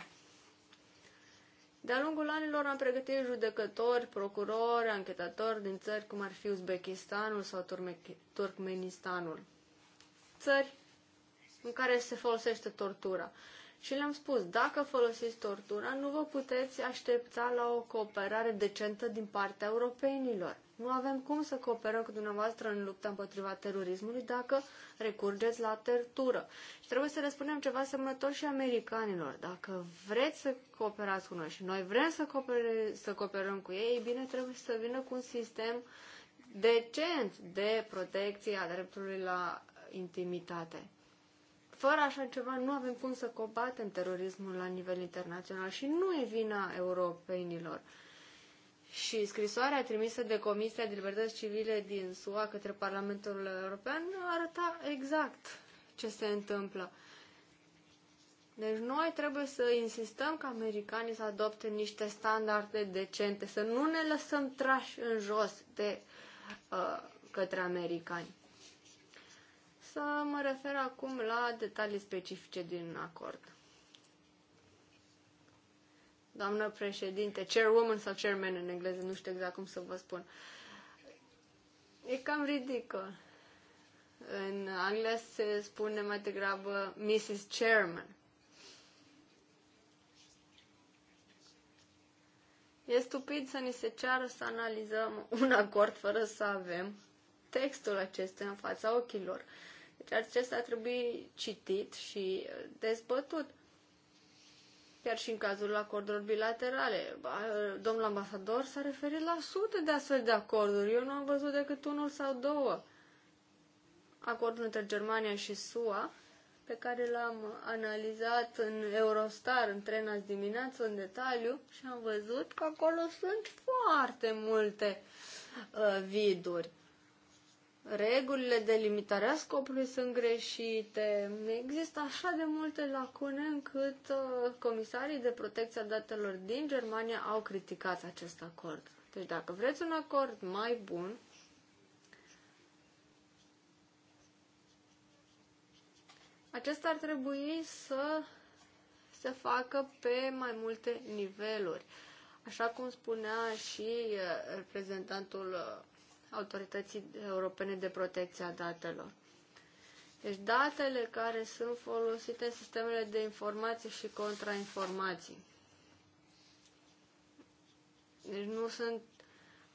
De-a lungul anilor am pregătit judecători, procurori, anchetatori din țări cum ar fi Uzbekistanul sau Turkmenistanul. Țări în care se folosește tortura. Și le-am spus, dacă folosiți tortura, nu vă puteți aștepta la o cooperare decentă din partea europenilor. Nu avem cum să cooperăm cu dumneavoastră în lupta împotriva terorismului dacă recurgeți la tertură. Și trebuie să le spunem ceva semnător și americanilor. Dacă vreți să cooperați cu noi și noi vrem să, coopere, să cooperăm cu ei, bine, trebuie să vină cu un sistem decent de protecție a dreptului la intimitate. Fără așa ceva nu avem cum să combatem terorismul la nivel internațional și nu e vina europenilor. Și scrisoarea trimisă de Comisia de Libertăți Civile din SUA către Parlamentul European arăta exact ce se întâmplă. Deci noi trebuie să insistăm ca americanii să adopte niște standarde decente, să nu ne lăsăm trași în jos de uh, către americani. Să mă refer acum la detalii specifice din acord doamnă președinte, chairwoman sau chairman în engleză, nu știu exact cum să vă spun. E cam ridicol. În Anglia se spune mai degrabă Mrs. Chairman. E stupid să ni se ceară să analizăm un acord fără să avem textul acesta în fața ochilor. Deci acesta ar trebui citit și dezbătut chiar și în cazul acordurilor bilaterale. Domnul ambasador s-a referit la sute de astfel de acorduri. Eu nu am văzut decât unul sau două. Acordul între Germania și SUA, pe care l-am analizat în Eurostar, în tren azi dimineață, în detaliu, și am văzut că acolo sunt foarte multe uh, viduri regulile de limitare a scopului sunt greșite. Există așa de multe lacune încât uh, comisarii de protecție a datelor din Germania au criticat acest acord. Deci dacă vreți un acord mai bun, acesta ar trebui să se facă pe mai multe niveluri. Așa cum spunea și uh, reprezentantul uh, Autorității Europene de Protecție a Datelor. Deci datele care sunt folosite în sistemele de informații și contrainformații. Deci nu sunt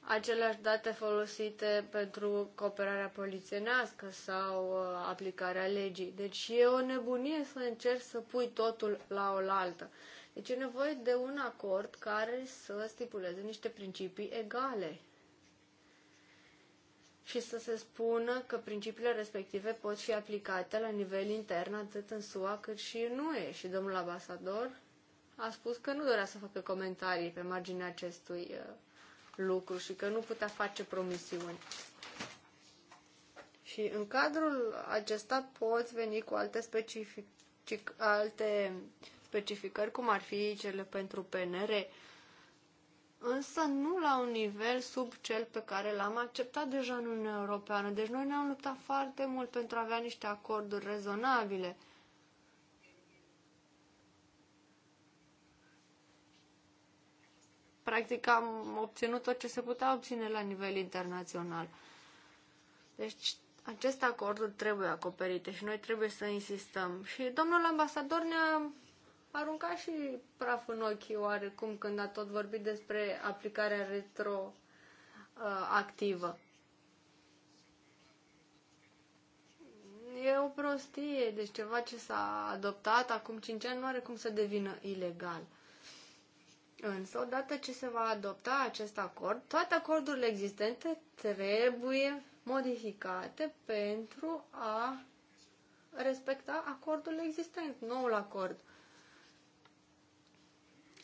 aceleași date folosite pentru cooperarea polițienească sau uh, aplicarea legii. Deci e o nebunie să încerci să pui totul la oaltă. Deci e nevoie de un acord care să stipuleze niște principii egale și să se spună că principiile respective pot fi aplicate la nivel intern, atât în SUA cât și în UE. Și domnul ambasador a spus că nu dorea să facă comentarii pe marginea acestui uh, lucru și că nu putea face promisiuni. Și în cadrul acesta poți veni cu alte, specific, alte specificări, cum ar fi cele pentru PNR, însă nu la un nivel sub cel pe care l-am acceptat deja în Uniunea Europeană. Deci noi ne-am luptat foarte mult pentru a avea niște acorduri rezonabile. Practic am obținut tot ce se putea obține la nivel internațional. Deci aceste acorduri trebuie acoperite și noi trebuie să insistăm. Și domnul ambasador ne-a arunca și praf în ochi oarecum când a tot vorbit despre aplicarea retroactivă. E o prostie, deci ceva ce s-a adoptat acum 5 ani nu are cum să devină ilegal. Însă, odată ce se va adopta acest acord, toate acordurile existente trebuie modificate pentru a respecta acordul existent, noul acord.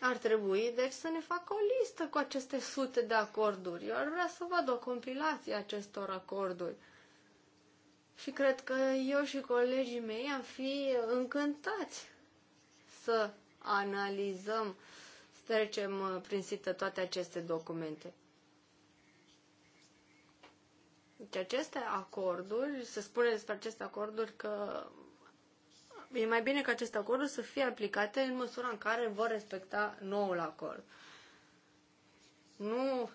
Ar trebui, deci, să ne facă o listă cu aceste sute de acorduri. Eu ar vrea să văd o compilație acestor acorduri. Și cred că eu și colegii mei am fi încântați să analizăm, să trecem uh, prin sită toate aceste documente. Deci aceste acorduri, se spune despre aceste acorduri că e mai bine ca aceste acorduri să fie aplicate în măsura în care vor respecta noul acord. Nu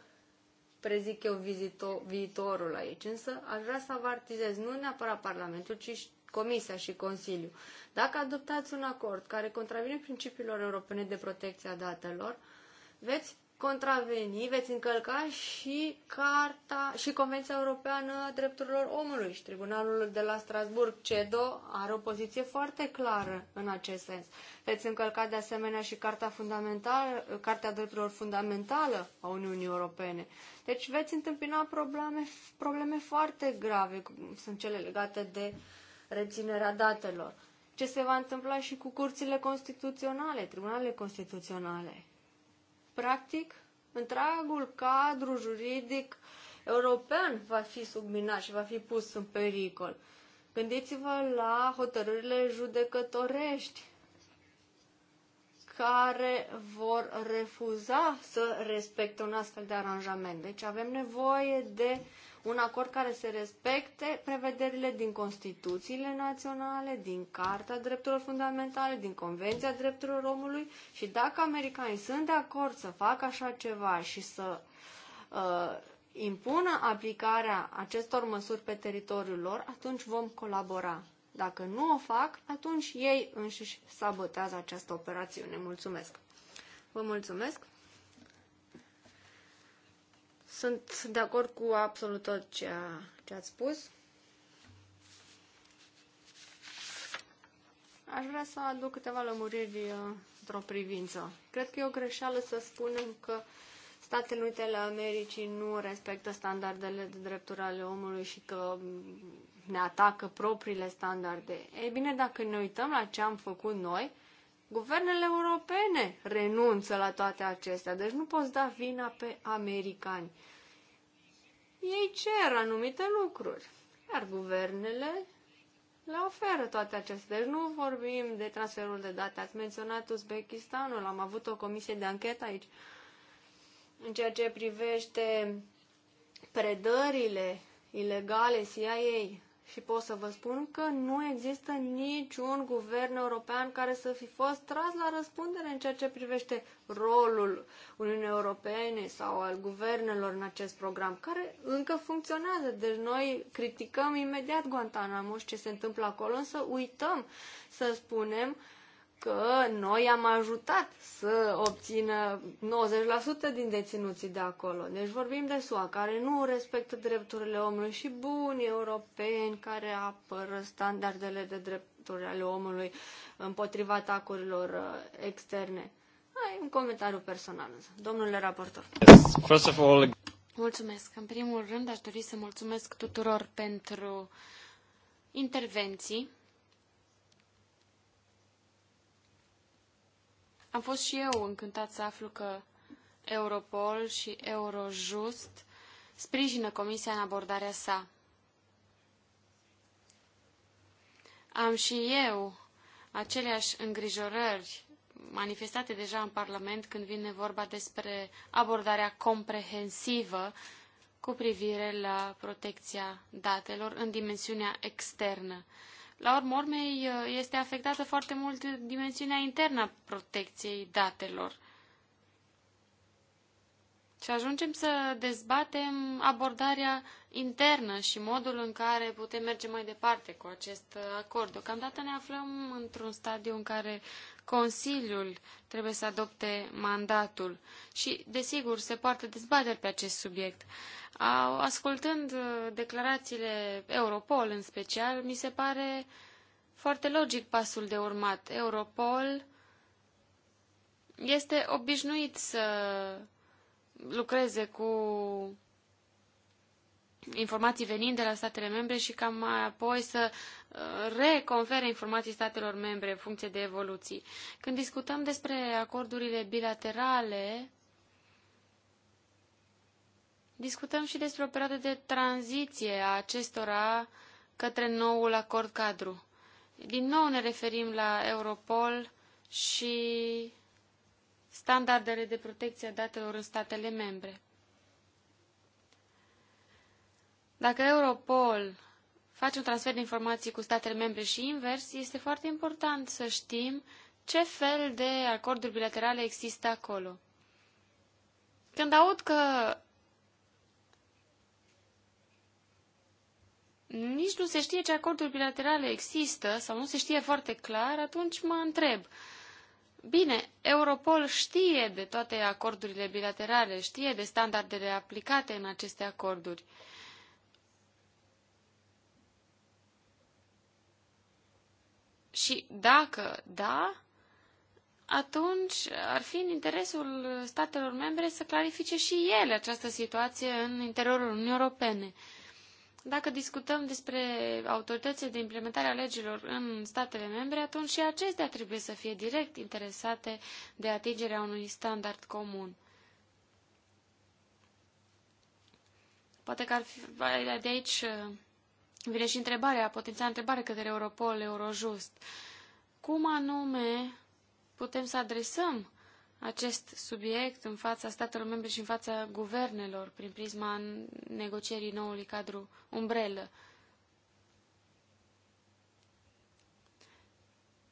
prezic eu vizito, viitorul aici, însă aș vrea să avertizez nu neapărat Parlamentul, ci și Comisia și Consiliul. Dacă adoptați un acord care contravine principiilor europene de protecție a datelor, veți contraveni, veți încălca și Carta și Convenția Europeană a Drepturilor Omului și Tribunalul de la Strasburg, CEDO, are o poziție foarte clară în acest sens. Veți încălca de asemenea și Carta Fundamentală, Cartea Drepturilor Fundamentală a Uniunii Europene. Deci veți întâmpina probleme, probleme foarte grave, cum sunt cele legate de reținerea datelor. Ce se va întâmpla și cu curțile constituționale, tribunalele constituționale? practic, întreagul cadru juridic european va fi subminat și va fi pus în pericol. Gândiți-vă la hotărârile judecătorești care vor refuza să respecte un astfel de aranjament. Deci avem nevoie de uh, un acord care să respecte prevederile din Constituțiile Naționale, din Carta Drepturilor Fundamentale, din Convenția Drepturilor Omului și dacă americanii sunt de acord să facă așa ceva și să uh, impună aplicarea acestor măsuri pe teritoriul lor, atunci vom colabora. Dacă nu o fac, atunci ei înșiși sabotează această operațiune. Mulțumesc! Vă mulțumesc! Sunt de acord cu absolut tot ce, a, ce ați spus. Aș vrea să aduc câteva lămuriri uh, într-o privință. Cred că e o greșeală să spunem că Statele Unite ale Americii nu respectă standardele de drepturi ale omului și că mm, ne atacă propriile standarde. Ei bine, dacă ne uităm la ce am făcut noi, Guvernele europene renunță la toate acestea, deci nu poți da vina pe americani. Ei cer anumite lucruri, iar guvernele le oferă toate acestea. Deci nu vorbim de transferul de date. Ați menționat Uzbekistanul, am avut o comisie de anchetă aici. În ceea ce privește predările ilegale CIA și pot să vă spun că nu există niciun guvern european care să fi fost tras la răspundere în ceea ce privește rolul Uniunii Europene sau al guvernelor în acest program, care încă funcționează. Deci noi criticăm imediat Guantanamo și ce se întâmplă acolo, însă uităm să spunem uh, că noi am ajutat să obțină 90% din deținuții de acolo. Deci vorbim de SUA, care nu respectă drepturile omului și buni europeni care apără standardele de drepturi ale omului împotriva atacurilor uh, externe. Ai un comentariu personal, domnule raportor. Yes. First of all... Mulțumesc. În primul rând aș dori să mulțumesc tuturor pentru intervenții Am fost și eu încântat să aflu că Europol și Eurojust sprijină Comisia în abordarea sa. Am și eu aceleași îngrijorări manifestate deja în Parlament când vine vorba despre abordarea comprehensivă cu privire la protecția datelor în dimensiunea externă la urmă urmei, uh, este afectată foarte mult dimensiunea internă a protecției datelor. Și ajungem să dezbatem abordarea internă și modul în care putem merge mai departe cu acest acord. Deocamdată ne aflăm într-un stadiu în care Consiliul trebuie să adopte mandatul și, desigur, se poartă dezbateri pe acest subiect. Ascultând uh, declarațiile Europol în special, mi se pare foarte logic pasul de urmat. Europol este obișnuit să lucreze cu informații venind de la statele membre și cam mai apoi să uh, reconfere informații statelor membre în funcție de evoluții. Când discutăm despre acordurile bilaterale, discutăm și despre o perioadă de tranziție a acestora către noul acord cadru. Din nou ne referim la Europol și standardele de protecție a datelor în statele membre. Dacă Europol face un transfer de informații cu statele membre și invers, este foarte important să știm ce fel de acorduri bilaterale există acolo. Când aud că nici nu se știe ce acorduri bilaterale există sau nu se știe foarte clar, atunci mă întreb. Bine, Europol știe de toate acordurile bilaterale, știe de standardele aplicate în aceste acorduri. Uh, Și dacă da, atunci ar fi în interesul statelor membre să clarifice și ele această situație în interiorul Uniunii Europene. Dacă discutăm despre autoritățile de implementare a legilor în statele membre, atunci și acestea trebuie să fie direct interesate de atingerea unui standard comun. Poate că ar fi de aici vine și întrebarea, potențial întrebare către Europol, Eurojust. Cum anume putem să adresăm acest subiect în fața statelor membre și în fața guvernelor prin prisma negocierii noului cadru umbrelă?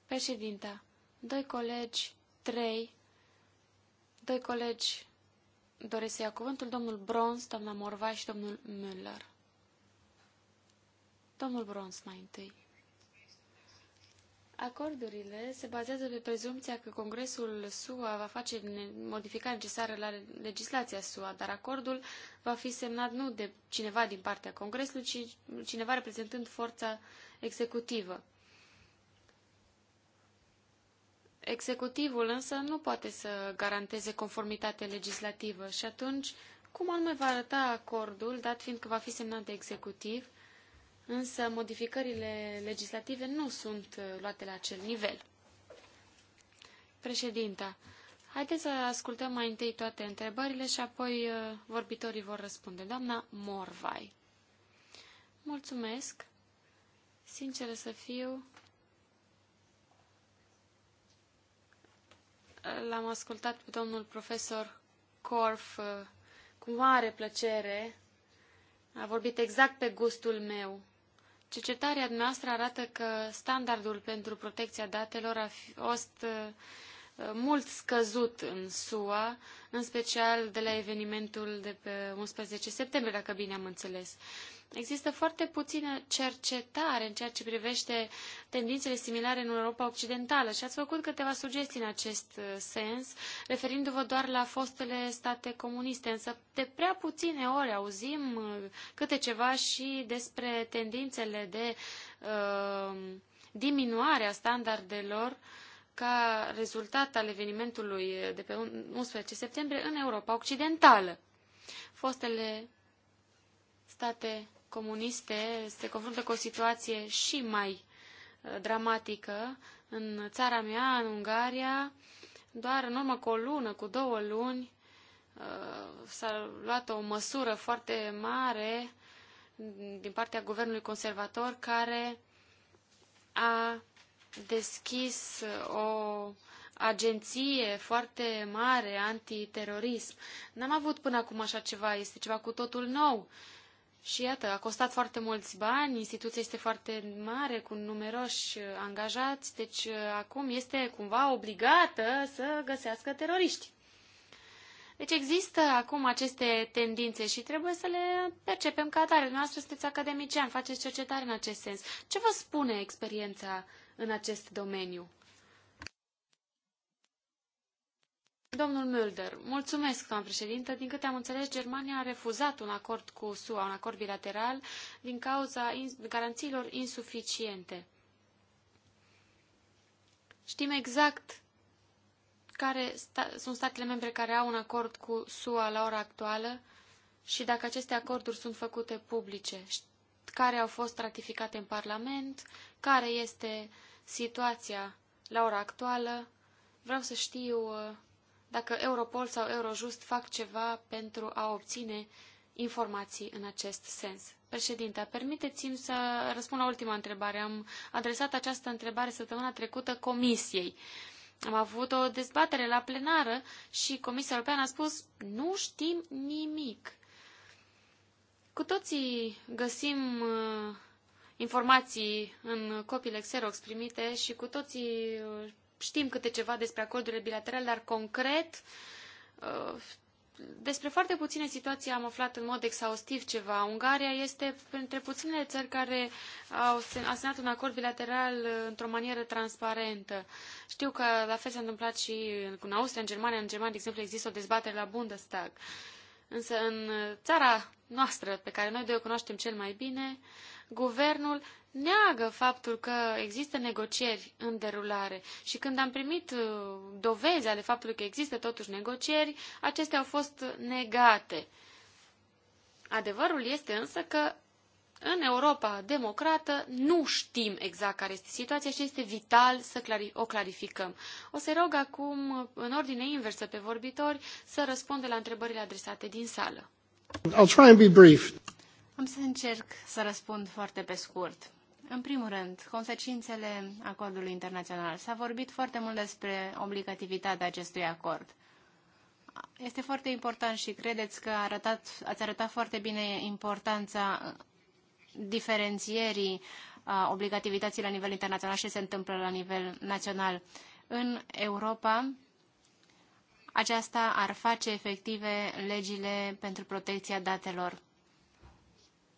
Președinta, doi colegi, trei, doi colegi doresc să ia cuvântul, domnul Bronz, doamna Morva și domnul Müller. Domnul Brons mai întâi. Acordurile se bazează pe prezumția că Congresul SUA va face modificarea necesară la legislația SUA, dar acordul va fi semnat nu de cineva din partea Congresului, ci cineva reprezentând forța executivă. Executivul însă nu poate să garanteze conformitate legislativă și atunci cum anume va arăta acordul, dat fiindcă va fi semnat de executiv, însă modificările legislative nu sunt uh, luate la acel nivel. Președinta, haideți să ascultăm mai întâi toate întrebările și apoi uh, vorbitorii vor răspunde. Doamna Morvai. Mulțumesc. Sinceră să fiu, uh, l-am ascultat pe domnul profesor Corf cu mare plăcere. A vorbit exact pe gustul meu. Cercetarea noastră arată că standardul pentru protecția datelor a fost uh, mult scăzut în SUA, în special de la evenimentul de pe 11 septembrie, dacă bine am înțeles. Uh, Există foarte puțină cercetare în ceea ce privește tendințele similare în Europa Occidentală și ați făcut câteva sugestii în acest uh, sens, referindu-vă doar la fostele state comuniste, însă de prea puține ori auzim uh, câte ceva și despre tendințele de uh, diminuare a standardelor ca rezultat al evenimentului de pe 11 septembrie în Europa Occidentală. Fostele state comuniste se confruntă cu o situație și mai uh, dramatică. În țara mea, în Ungaria, doar în urmă cu o lună, cu două luni, uh, s-a luat o măsură foarte mare din partea guvernului conservator care a deschis o agenție foarte mare antiterorism. N-am avut până acum așa ceva, este ceva cu totul nou. Uh, și iată, a costat foarte mulți bani, instituția este foarte mare, cu numeroși uh, angajați, deci uh, acum este cumva obligată să găsească teroriști. Deci există acum aceste tendințe și trebuie să le percepem ca atare. Noastră sunteți academician, faceți cercetare în acest sens. Ce vă spune experiența în acest domeniu? Domnul Mulder, mulțumesc, doamnă președintă. Din câte am înțeles, Germania a refuzat un acord cu SUA, un acord bilateral, din cauza garanțiilor insuficiente. Știm exact care sta sunt statele membre care au un acord cu SUA la ora actuală și dacă aceste acorduri sunt făcute publice, care au fost ratificate în Parlament, care este situația la ora actuală. Vreau să știu uh, dacă Europol sau Eurojust fac ceva pentru a obține informații în acest sens. Președinte, permiteți-mi să răspund la ultima întrebare. Am adresat această întrebare săptămâna trecută Comisiei. Am avut o dezbatere la plenară și Comisia Europeană a spus nu știm nimic. Cu toții găsim uh, informații în copiile Xerox primite și cu toții uh, știm câte ceva despre acordurile bilaterale, dar concret, uh, despre foarte puține situații am aflat în mod exhaustiv ceva. Ungaria este printre puținele țări care au semnat un acord bilateral uh, într-o manieră transparentă. Știu că la fel s-a întâmplat și în Austria, în Germania. În Germania, de exemplu, există o dezbatere la Bundestag. Însă în uh, țara noastră, pe care noi doi o cunoaștem cel mai bine, uh, guvernul neagă faptul că există negocieri în derulare și când am primit uh, dovezi ale faptului că există totuși negocieri, acestea au fost negate. Adevărul este însă că în Europa democrată nu știm exact care este situația și este vital să clari o clarificăm. O să rog acum, în ordine inversă pe vorbitori, să răspundă la întrebările adresate din sală. I'll try and be brief. Am să încerc să răspund foarte pe scurt. În primul rând, consecințele acordului internațional. S-a vorbit foarte mult despre obligativitatea acestui acord. Este foarte important și credeți că arătat, ați arătat foarte bine importanța diferențierii obligativității la nivel internațional și ce se întâmplă la nivel național. În Europa, aceasta ar face efective legile pentru protecția datelor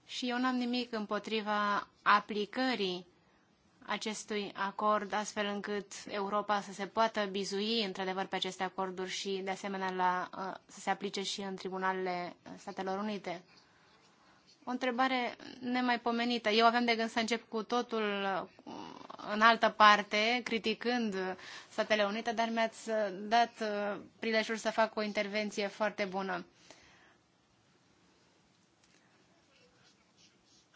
și eu n-am nimic împotriva aplicării acestui acord, astfel încât Europa să se poată bizui într-adevăr pe aceste acorduri și, de asemenea, la, uh, să se aplice și în tribunalele Statelor Unite. O întrebare nemaipomenită. Eu aveam de gând să încep cu totul uh, în altă parte, criticând Statele Unite, dar mi-ați uh, dat prilejul să fac o intervenție foarte bună.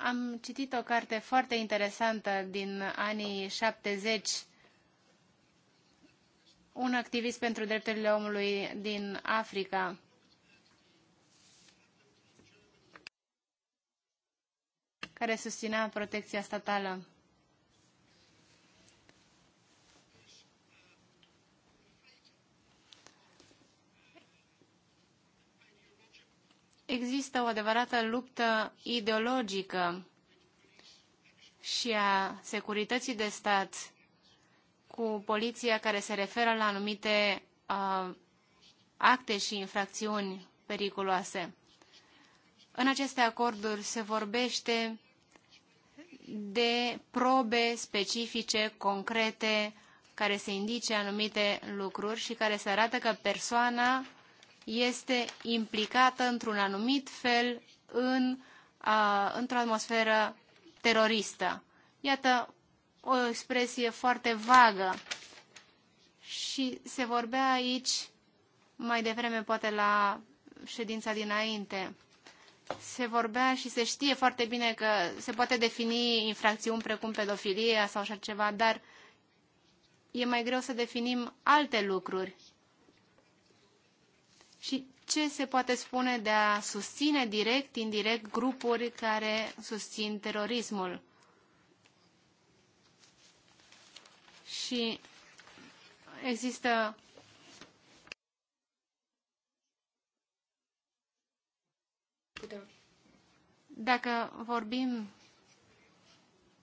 Am citit o carte foarte interesantă din anii 70. Un activist pentru drepturile omului din Africa. care susținea protecția statală. există o adevărată luptă ideologică și a securității de stat cu poliția care se referă la anumite uh, acte și infracțiuni periculoase. În aceste acorduri se vorbește de probe specifice, concrete, care se indice anumite lucruri și care se arată că persoana este implicată într-un anumit fel în, într-o atmosferă teroristă. Iată o expresie foarte vagă și se vorbea aici mai devreme, poate la ședința dinainte. Se vorbea și se știe foarte bine că se poate defini infracțiuni precum pedofilia sau așa ceva, dar e mai greu să definim alte lucruri și ce se poate spune de a susține direct, indirect, grupuri care susțin terorismul. Și există Dacă vorbim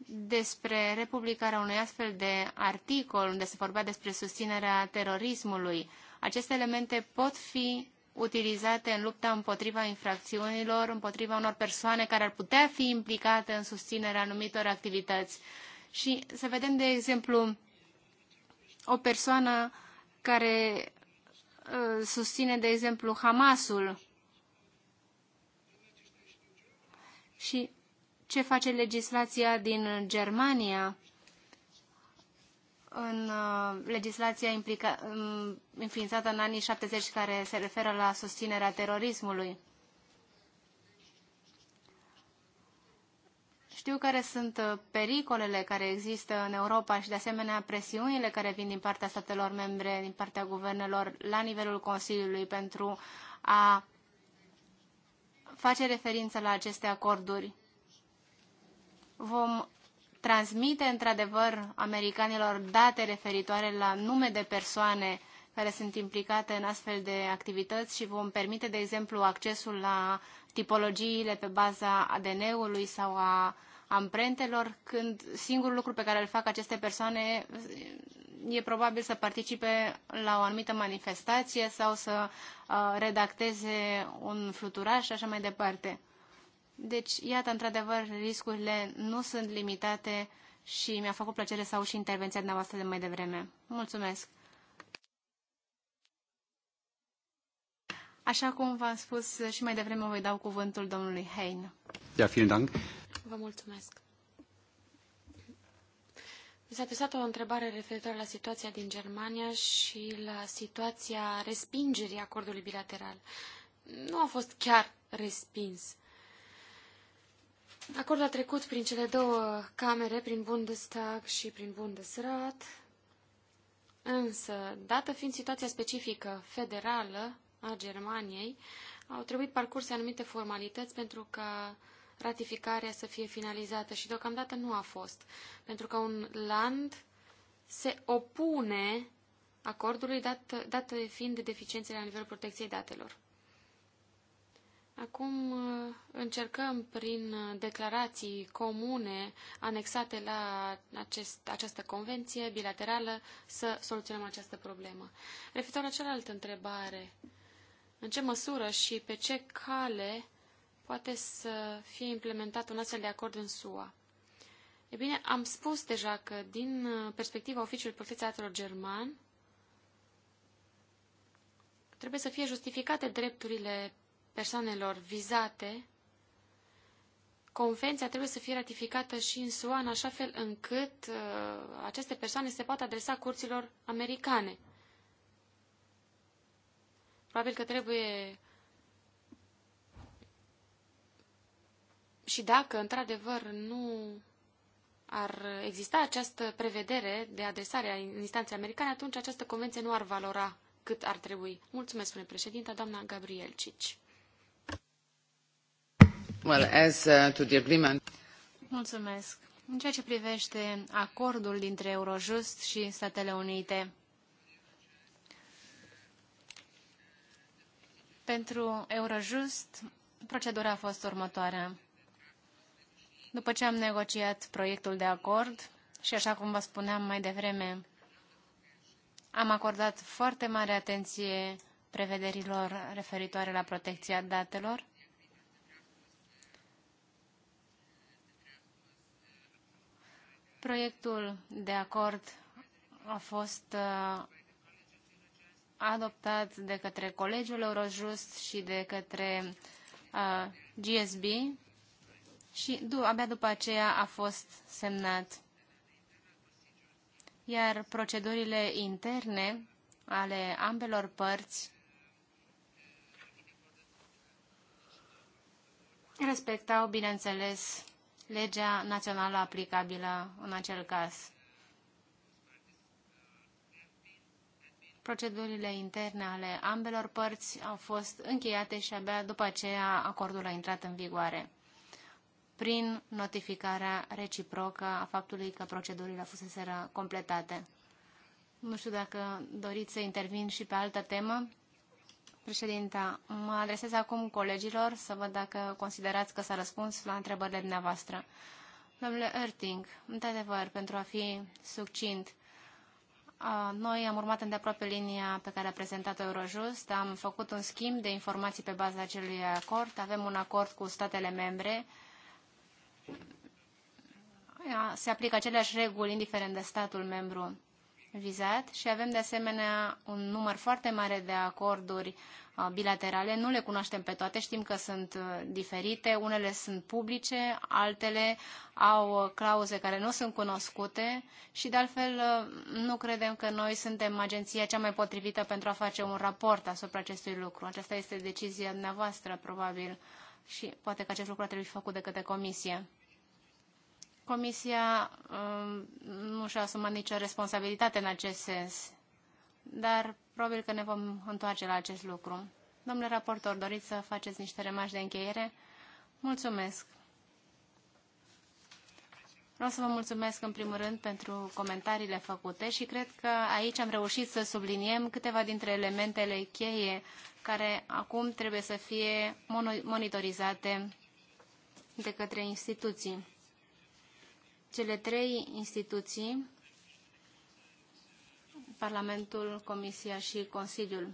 despre republicarea un astfel de articol unde se vorbea despre susținerea terorismului, aceste elemente pot fi utilizate în lupta împotriva infracțiunilor, împotriva unor persoane care ar putea fi implicate în susținerea anumitor activități. Și să vedem, de exemplu, o persoană care uh, susține, de exemplu, Hamasul și ce face legislația din Germania în uh, legislația implica, um, înființată în anii 70 care se referă la susținerea terorismului. Știu care sunt uh, pericolele care există în Europa și, de asemenea, presiunile care vin din partea statelor membre, din partea guvernelor, la nivelul Consiliului pentru a face referință la aceste acorduri. Vom transmite într-adevăr americanilor date referitoare la nume de persoane care sunt implicate în astfel de activități și vom permite, de exemplu, accesul la tipologiile pe baza ADN-ului sau a amprentelor, când singurul lucru pe care îl fac aceste persoane e probabil să participe la o anumită manifestație sau să uh, redacteze un fluturaș și așa mai departe. Deci, iată, într-adevăr, riscurile nu sunt limitate și mi-a făcut plăcere să au și intervenția dumneavoastră de mai devreme. Mulțumesc! Așa cum v-am spus și mai devreme, voi dau cuvântul domnului Hein. Ja, vielen Dank. Vă mulțumesc. Mi s-a adresat o întrebare referitoare la situația din Germania și la situația respingerii acordului bilateral. Nu a fost chiar respins. Uh, Acordul a trecut prin cele două camere, prin Bundestag și prin Bundesrat, însă, dată fiind situația specifică federală a Germaniei, au trebuit parcurse anumite formalități pentru ca ratificarea să fie finalizată și deocamdată nu a fost, pentru că un land se opune acordului, dat, dată fiind deficiențele la nivelul protecției datelor. Acum uh, încercăm prin uh, declarații comune anexate la acest, această convenție bilaterală să soluționăm această problemă. Referitor la cealaltă întrebare, în ce măsură și pe ce cale poate să fie implementat un astfel de acord în SUA? E bine, am spus deja că din uh, perspectiva Oficiului Protecției Datelor German, trebuie să fie justificate drepturile persoanelor vizate, convenția trebuie să fie ratificată și în SUA, în așa fel încât uh, aceste persoane se pot adresa curților americane. Probabil că trebuie și dacă, într-adevăr, nu ar exista această prevedere de adresare a instanței americane, atunci această convenție nu ar valora cât ar trebui. Mulțumesc, spune președinta, doamna Gabriel Cici. Uh, Mulțumesc. În ceea ce privește acordul dintre Eurojust și Statele Unite, pentru Eurojust, procedura a fost următoarea. După ce am negociat proiectul de acord și, așa cum vă spuneam mai devreme, am acordat foarte mare atenție prevederilor referitoare la protecția datelor, Proiectul de acord a fost uh, adoptat de către Colegiul Eurojust și de către uh, GSB și abia după aceea a fost semnat. Iar procedurile interne ale ambelor părți respectau, bineînțeles, legea națională aplicabilă în acel caz. Procedurile interne ale ambelor părți au fost încheiate și abia după aceea acordul a intrat în vigoare prin notificarea reciprocă a faptului că procedurile fuseseră completate. Nu știu dacă doriți să intervin și pe altă temă. Președinta, mă adresez acum colegilor să văd dacă considerați că s-a răspuns la întrebările dumneavoastră. Domnule Erting, într-adevăr, pentru a fi succint, noi am urmat îndeaproape linia pe care a prezentat-o Eurojust, am făcut un schimb de informații pe baza acelui acord, avem un acord cu statele membre, se aplică aceleași reguli indiferent de statul membru vizat și avem de asemenea un număr foarte mare de acorduri uh, bilaterale. Nu le cunoaștem pe toate, știm că sunt uh, diferite, unele sunt publice, altele au uh, clauze care nu sunt cunoscute și de altfel nu credem că noi suntem agenția cea mai potrivită pentru a face un raport asupra acestui lucru. Aceasta este decizia dumneavoastră, probabil, și poate că acest lucru ar trebui făcut de către comisie. Comisia um, nu și-a asumat nicio responsabilitate în acest sens, dar probabil că ne vom întoarce la acest lucru. Domnule raportor, doriți să faceți niște remarci de încheiere? Mulțumesc! Vreau să vă mulțumesc în primul rând pentru comentariile făcute și cred că aici am reușit să subliniem câteva dintre elementele cheie care acum trebuie să fie monitorizate de către instituții cele trei instituții, Parlamentul, Comisia și Consiliul.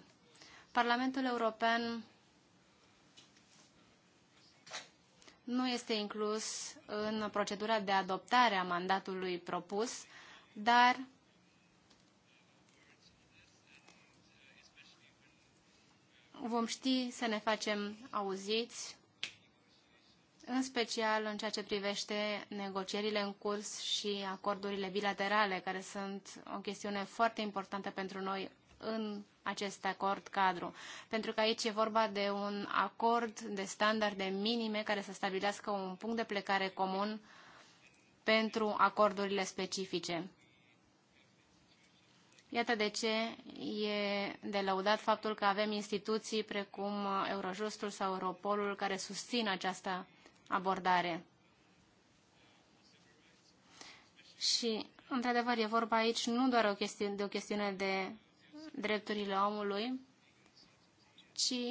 Parlamentul European nu este inclus în procedura de adoptare a mandatului propus, dar vom ști să ne facem auziți în special în ceea ce privește negocierile în curs și acordurile bilaterale, care sunt o chestiune foarte importantă pentru noi în acest acord cadru. Pentru că aici e vorba de un acord de standarde minime care să stabilească un punct de plecare comun pentru acordurile specifice. Iată de ce e de lăudat faptul că avem instituții precum Eurojustul sau Europolul care susțin această abordare. Și, într-adevăr, e vorba aici nu doar o chestiune, de o chestiune de drepturile omului, ci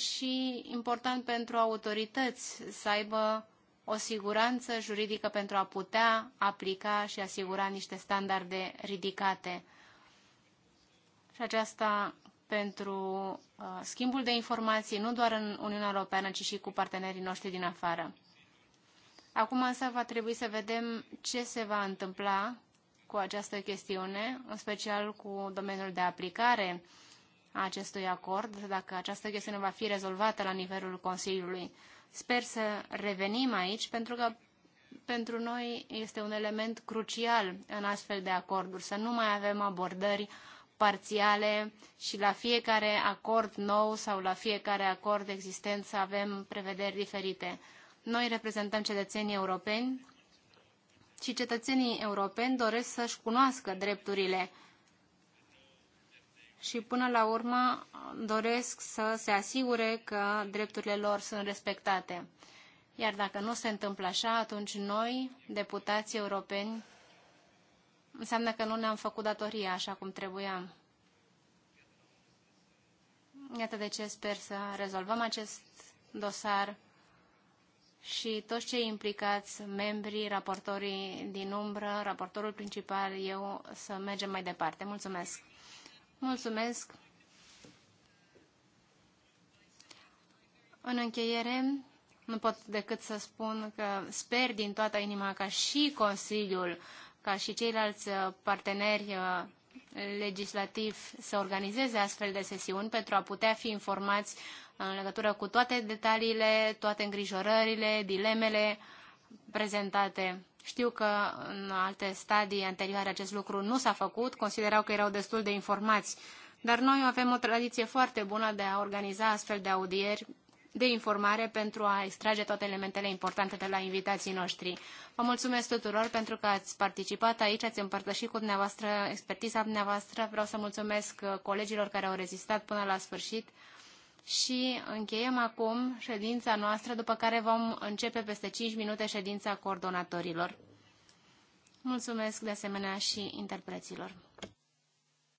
și important pentru autorități să aibă o siguranță juridică pentru a putea aplica și asigura niște standarde ridicate. Și aceasta pentru uh, schimbul de informații, nu doar în Uniunea Europeană, ci și cu partenerii noștri din afară. Acum însă va trebui să vedem ce se va întâmpla cu această chestiune, în special cu domeniul de aplicare a acestui acord, dacă această chestiune va fi rezolvată la nivelul Consiliului. Sper să revenim aici, pentru că pentru noi este un element crucial în astfel de acorduri, să nu mai avem abordări parțiale și la fiecare acord nou sau la fiecare acord existent să avem prevederi diferite. Noi reprezentăm cetățenii europeni și cetățenii europeni doresc să-și cunoască drepturile și până la urmă doresc să se asigure că drepturile lor sunt respectate. Iar dacă nu se întâmplă așa, atunci noi, deputații europeni, înseamnă că nu ne-am făcut datoria așa cum trebuia. Iată de ce sper să rezolvăm acest dosar și toți cei implicați, membrii, raportorii din umbră, raportorul principal, eu, să mergem mai departe. Mulțumesc! Mulțumesc! În încheiere, nu pot decât să spun că sper din toată inima ca și Consiliul ca și ceilalți uh, parteneri uh, legislativ să organizeze astfel de sesiuni pentru a putea fi informați în legătură cu toate detaliile, toate îngrijorările, dilemele prezentate. Știu că în alte stadii anterioare acest lucru nu s-a făcut, considerau că erau destul de informați, dar noi avem o tradiție foarte bună de a organiza astfel de audieri de informare pentru a extrage toate elementele importante de la invitații noștri. Vă mulțumesc tuturor pentru că ați participat aici, ați împărtășit cu dumneavoastră expertiza dumneavoastră. Vreau să mulțumesc uh, colegilor care au rezistat până la sfârșit și încheiem acum ședința noastră, după care vom începe peste 5 minute ședința coordonatorilor. Mulțumesc de asemenea și interpreților.